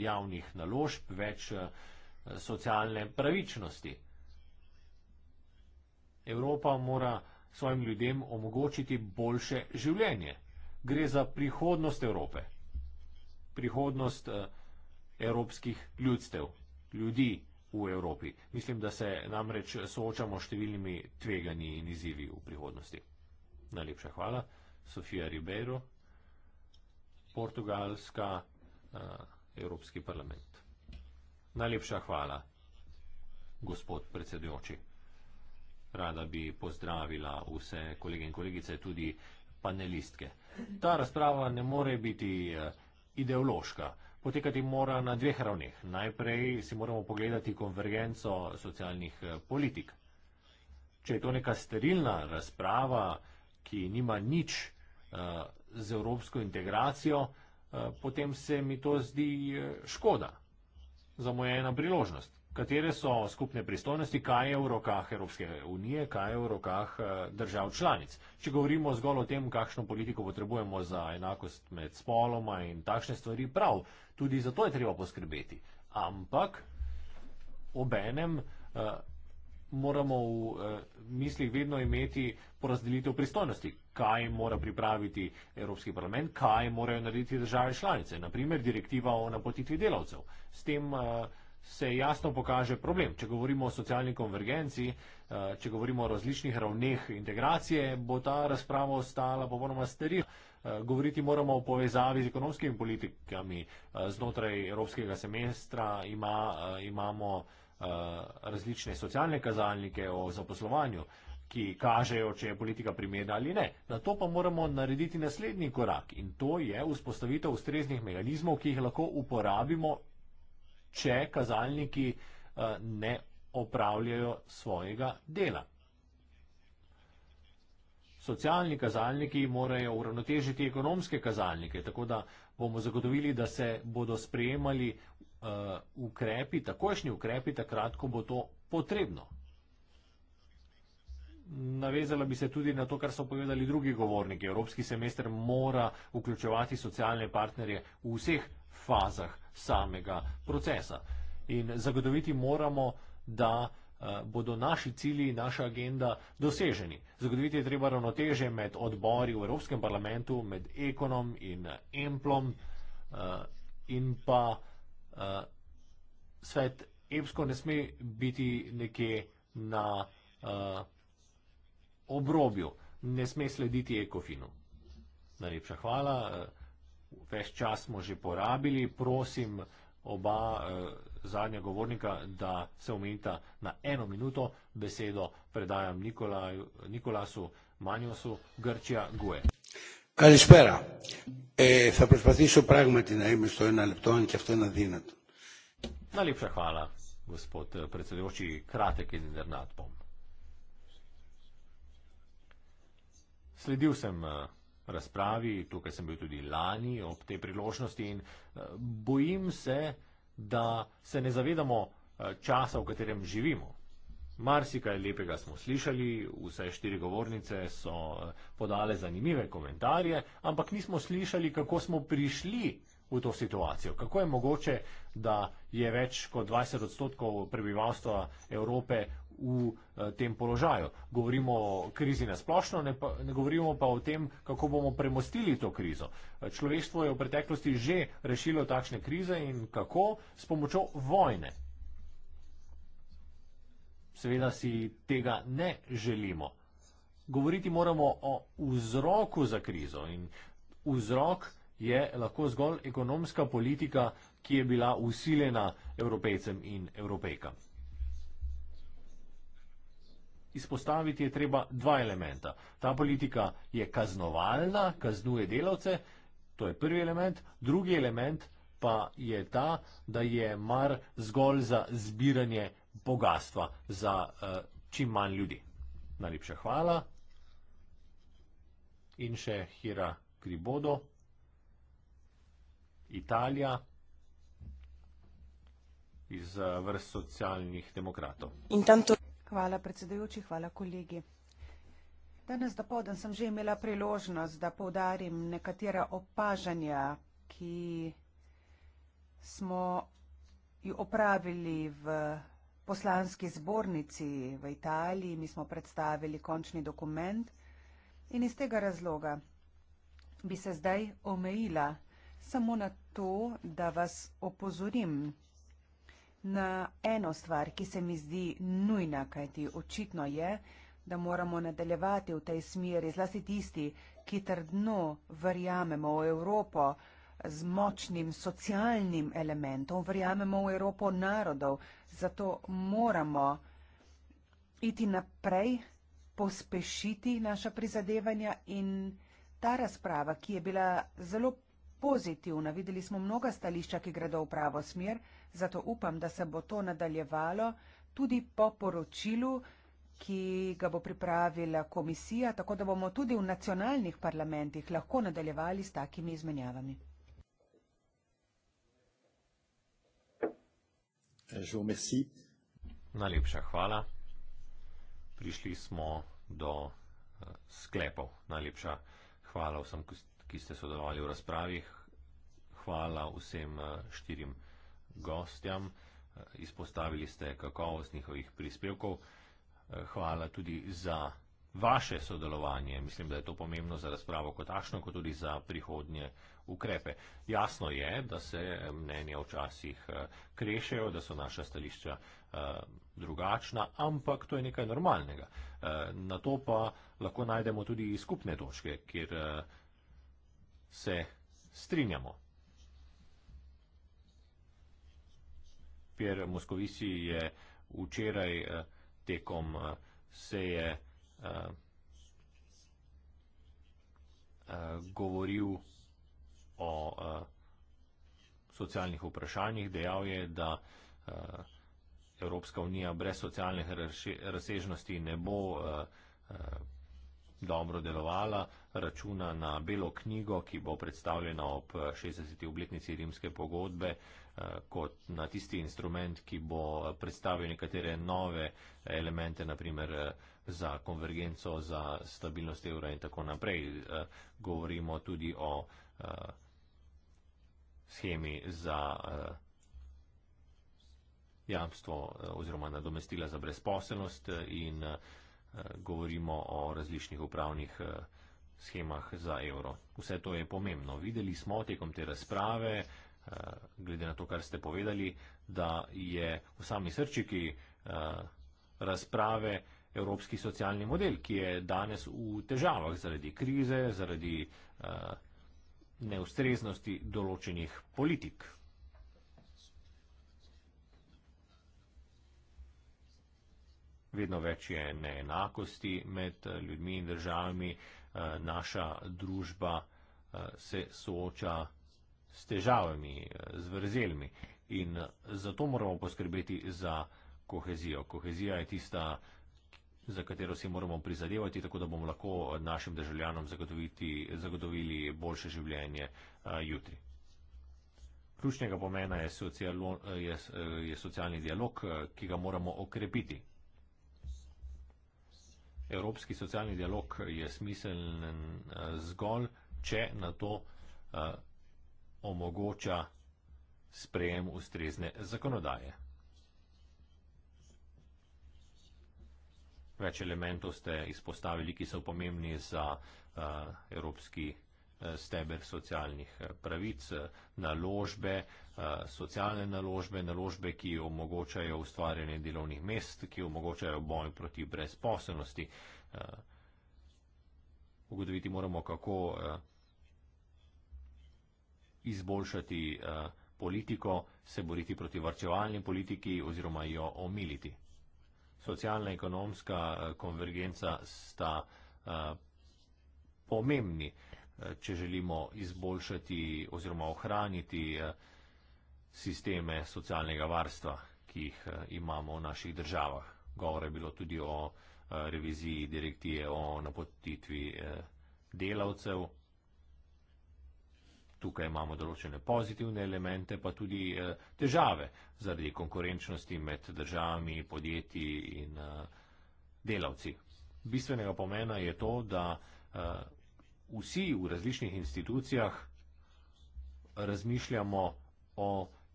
javnih naložb, več socialne pravičnosti. Evropa mora svojim ljudem omogočiti boljše življenje. Gre za prihodnost Evrope prihodnost eh, evropskih ljudstev, ljudi v Evropi. Mislim, da se namreč soočamo s številnimi tveganji in izzivi v prihodnosti. Najlepša hvala. Sofija Ribeiro, Portugalska, eh, Evropski parlament. Najlepša hvala, gospod predsedujoči. Rada bi pozdravila vse kolege in kolegice, tudi panelistke. Ta razprava ne more biti eh, ideološka. Potekati mora na dveh ravneh. Najprej si moramo pogledati konvergenco socialnih eh, politik. Če je to neka sterilna razprava, ki nima nič eh, z evropsko integracijo, eh, potem se mi to zdi škoda, zamujena priložnost katere so skupne pristojnosti, kaj je v rokah Evropske unije, kaj je v rokah eh, držav članic. Če govorimo zgolj o tem, kakšno politiko potrebujemo za enakost med spoloma in takšne stvari, prav, tudi za to je treba poskrbeti. Ampak obenem eh, moramo v eh, mislih vedno imeti porazdelitev pristojnosti, kaj mora pripraviti Evropski parlament, kaj morajo narediti države članice, naprimer direktiva o napotitvi delavcev. S tem uh, se jasno pokaže problem. Če govorimo o socialni konvergenci, eh, če govorimo o različnih ravneh integracije, bo ta razprava ostala popolnoma sterilna. Eh, govoriti moramo o povezavi z ekonomskimi politikami. Eh, znotraj evropskega semestra ima, imamo različne socialne kazalnike o zaposlovanju ki kažejo, če je politika primerna ali ne. Na to pa moramo narediti naslednji korak in to je vzpostavitev ustreznih mehanizmov, ki jih lahko uporabimo če kazalniki eh, ne opravljajo svojega dela. Socialni kazalniki morajo uravnotežiti ekonomske kazalnike, tako da bomo zagotovili, da se bodo sprejemali eh, ukrepi, takošnji ukrepi, takrat, ko bo to potrebno. Navezala bi se tudi na to, kar so povedali drugi govorniki. Evropski semester mora vključevati socialne partnerje v vseh fazah samega procesa. In zagotoviti moramo, da eh, bodo naši cilji in naša agenda doseženi. Zagotoviti je treba ravnoteže med odbori v Evropskem parlamentu, med ekonom in eh, emplom eh, in pa svet EPSKO ne sme biti nekje na obrobju, ne sme slediti ekofinu. Najlepša hvala več čas smo že porabili. Prosim oba eh, zadnja govornika, da se omenita na eno minuto. Besedo predajam Nikolaj, Nikolasu Manjosu, Grčija Gue. Καλησπέρα. Ε, θα προσπαθήσω πράγματι να είμαι στο ένα λεπτό, αν και αυτό είναι αδύνατο. Να λείψα χάλα, γοσπότ, πρετσοδιώσει κράτε και την δερνάτπομ. Σλειδίουσαμε razpravi, tukaj sem bil tudi lani ob tej priložnosti in eh, bojim se, da se ne zavedamo eh, časa, v katerem živimo. Marsikaj lepega smo slišali, vse štiri govornice so eh, podale zanimive komentarje, ampak nismo slišali, kako smo prišli v to situacijo. Kako je mogoče, da je več kot 20 odstotkov prebivalstva Evrope v eh, tem položaju. Govorimo o krizi nasplošno, ne, ne govorimo pa o tem, kako bomo premostili to krizo. Eh, človeštvo je v preteklosti že rešilo takšne krize in kako? S pomočjo vojne. Seveda si tega ne želimo. Govoriti moramo o vzroku za krizo in vzrok je lahko zgolj ekonomska politika, ki je bila usiljena evropejcem in evropejkam izpostaviti je treba dva elementa. Ta politika je kaznovalna, kaznuje delavce, to je prvi element. Drugi element pa je ta, da je mar zgolj za zbiranje bogatstva za uh, čim manj ljudi. Najlepša hvala. In še Hira Kribodo, Italija iz eh, vrst socialnih demokratov. In tam to. Hvala predsedujoči, hvala kolegi. Danes do povdan sem že imela priložnost, da povdarim nekatera opažanja, ki smo jo opravili v poslanski zbornici v Italiji, mi smo predstavili končni dokument in iz tega razloga bi se zdaj omejila samo na to, da vas opozorim, na eno stvar, ki se mi zdi nujna, kajti očitno je, da moramo nadaljevati v tej smeri, zlasti tisti, ki trdno verjamemo v Evropo z močnim socialnim elementom, verjamemo v Evropo narodov, zato moramo iti naprej, pospešiti naša prizadevanja in ta razprava, ki je bila zelo pozitivna, videli smo mnoga stališča, ki gredo v pravo smer, zato upam, da se bo to nadaljevalo tudi po poročilu, ki ga bo pripravila komisija, tako da bomo tudi v nacionalnih parlamentih lahko nadaljevali s takimi izmenjavami. Najlepša hvala. Prišli smo do eh, sklepov. Najlepša hvala vsem, ki ste sodelovali v razpravi. Hvala vsem eh, štirim gostjam. Eh, izpostavili ste kakovost njihovih prispevkov. Eh, hvala tudi za vaše sodelovanje. Mislim, da je to pomembno za razpravo kot takšno, kot tudi za prihodnje ukrepe. Jasno je, da se mnenja včasih eh, krešejo, da so naša stališča drugačna, ampak to je nekaj normalnega. Na to pa lahko najdemo tudi skupne točke, kjer se strinjamo. Pierre Moscovici je včeraj eh, tekom eh, seje eh, govoril o socialnih vprašanjih, dejal je, da Evropska unija brez socialnih razsežnosti ne bo dobro delovala, računa na belo knjigo, ki bo predstavljena ob 60. obletnici rimske pogodbe, Eh, kot na tisti instrument, ki bo predstavil nekatere nove elemente, naprimer eh, za konvergenco, za stabilnost evra in tako naprej. Eh, govorimo tudi o schemi za jamstvo oziroma nadomestila za brezposelnost in govorimo o različnih upravnih schemah za evro. Vse to je pomembno. Videli smo tekom te razprave, Eh, glede na to, kar ste povedali, da je v sami srčiki eh, razprave evropski socialni model, ki je danes v težavah zaradi krize, zaradi eh, neustreznosti določenih politik. Vedno več je neenakosti med ljudmi in državami, naša družba se sooča s težavami, z vrzelmi in zato moramo poskrbeti za kohezijo. Kohezija je tista, za katero si moramo prizadevati, tako da bomo lahko našim državljanom zagotovili boljše življenje jutri. Ključnega pomena je, socialo, je, je socialni dialog, ki ga moramo okrepiti. Evropski socialni dialog je smiseln zgolj, če na to omogoča sprejem ustrezne zakonodaje. Več elementov ste izpostavili, ki so pomembni za uh, evropski eh, steber socialnih eh, pravic, naložbe, socialne naložbe, naložbe, ki omogočajo ustvarjanje delovnih mest, ki omogočajo boj proti brezposobnosti. Ugotoviti moramo, kako izboljšati eh, politiko, se boriti proti varčevalni politiki oziroma jo omiliti. Socialna in ekonomska eh, konvergenca sta eh, pomembni, če želimo izboljšati oziroma ohraniti sisteme socialnega varstva, ki jih imamo v naših državah. Govore je bilo tudi o reviziji direktive o napotitvi delavcev Tukaj imamo določene pozitivne elemente, pa tudi eh, težave zaradi konkurenčnosti med državami, podjetji in eh, delavci. Bistvenega pomena je to, da eh, vsi v različnih institucijah razmišljamo o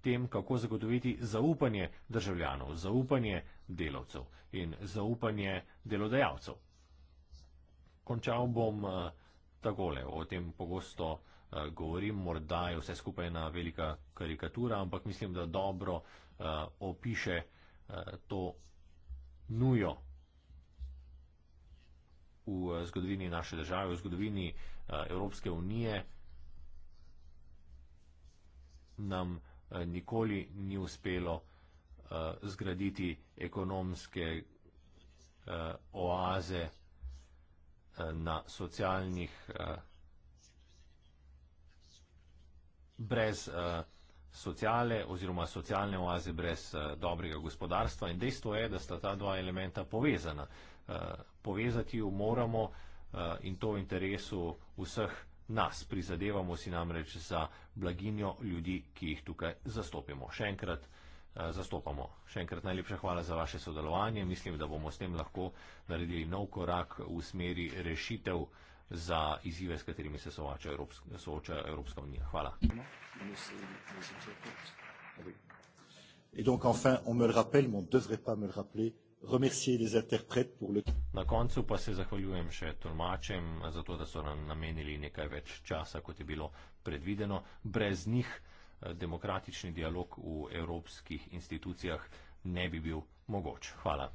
tem, kako zagotoviti zaupanje državljanov, zaupanje delavcev in zaupanje delodajalcev. Končal bom takole o tem pogosto. Eh, govorim. Morda je vse skupaj ena velika karikatura, ampak mislim, da dobro uh, opiše uh, to nujo v zgodovini naše države, v zgodovini uh, Evropske unije. Nam uh, nikoli ni uspelo uh, zgraditi ekonomske uh, oaze uh, na socialnih uh, brez uh, sociale oziroma socialne oaze brez uh, dobrega gospodarstva in dejstvo je, da sta ta dva elementa povezana. Uh, povezati ju moramo uh, in to v interesu vseh nas. Prizadevamo si namreč za blaginjo ljudi, ki jih tukaj zastopimo. Še enkrat uh, zastopamo. Še enkrat najlepša hvala za vaše sodelovanje. Mislim, da bomo s tem lahko naredili nov korak v smeri rešitev za izzive, s katerimi se soča Evropska, soča Evropska unija. Hvala. Na koncu pa se zahvaljujem še tolmačem za to, da so nam namenili nekaj več časa, kot je bilo predvideno. Brez njih eh, demokratični dialog v evropskih institucijah ne bi bil mogoč. Hvala.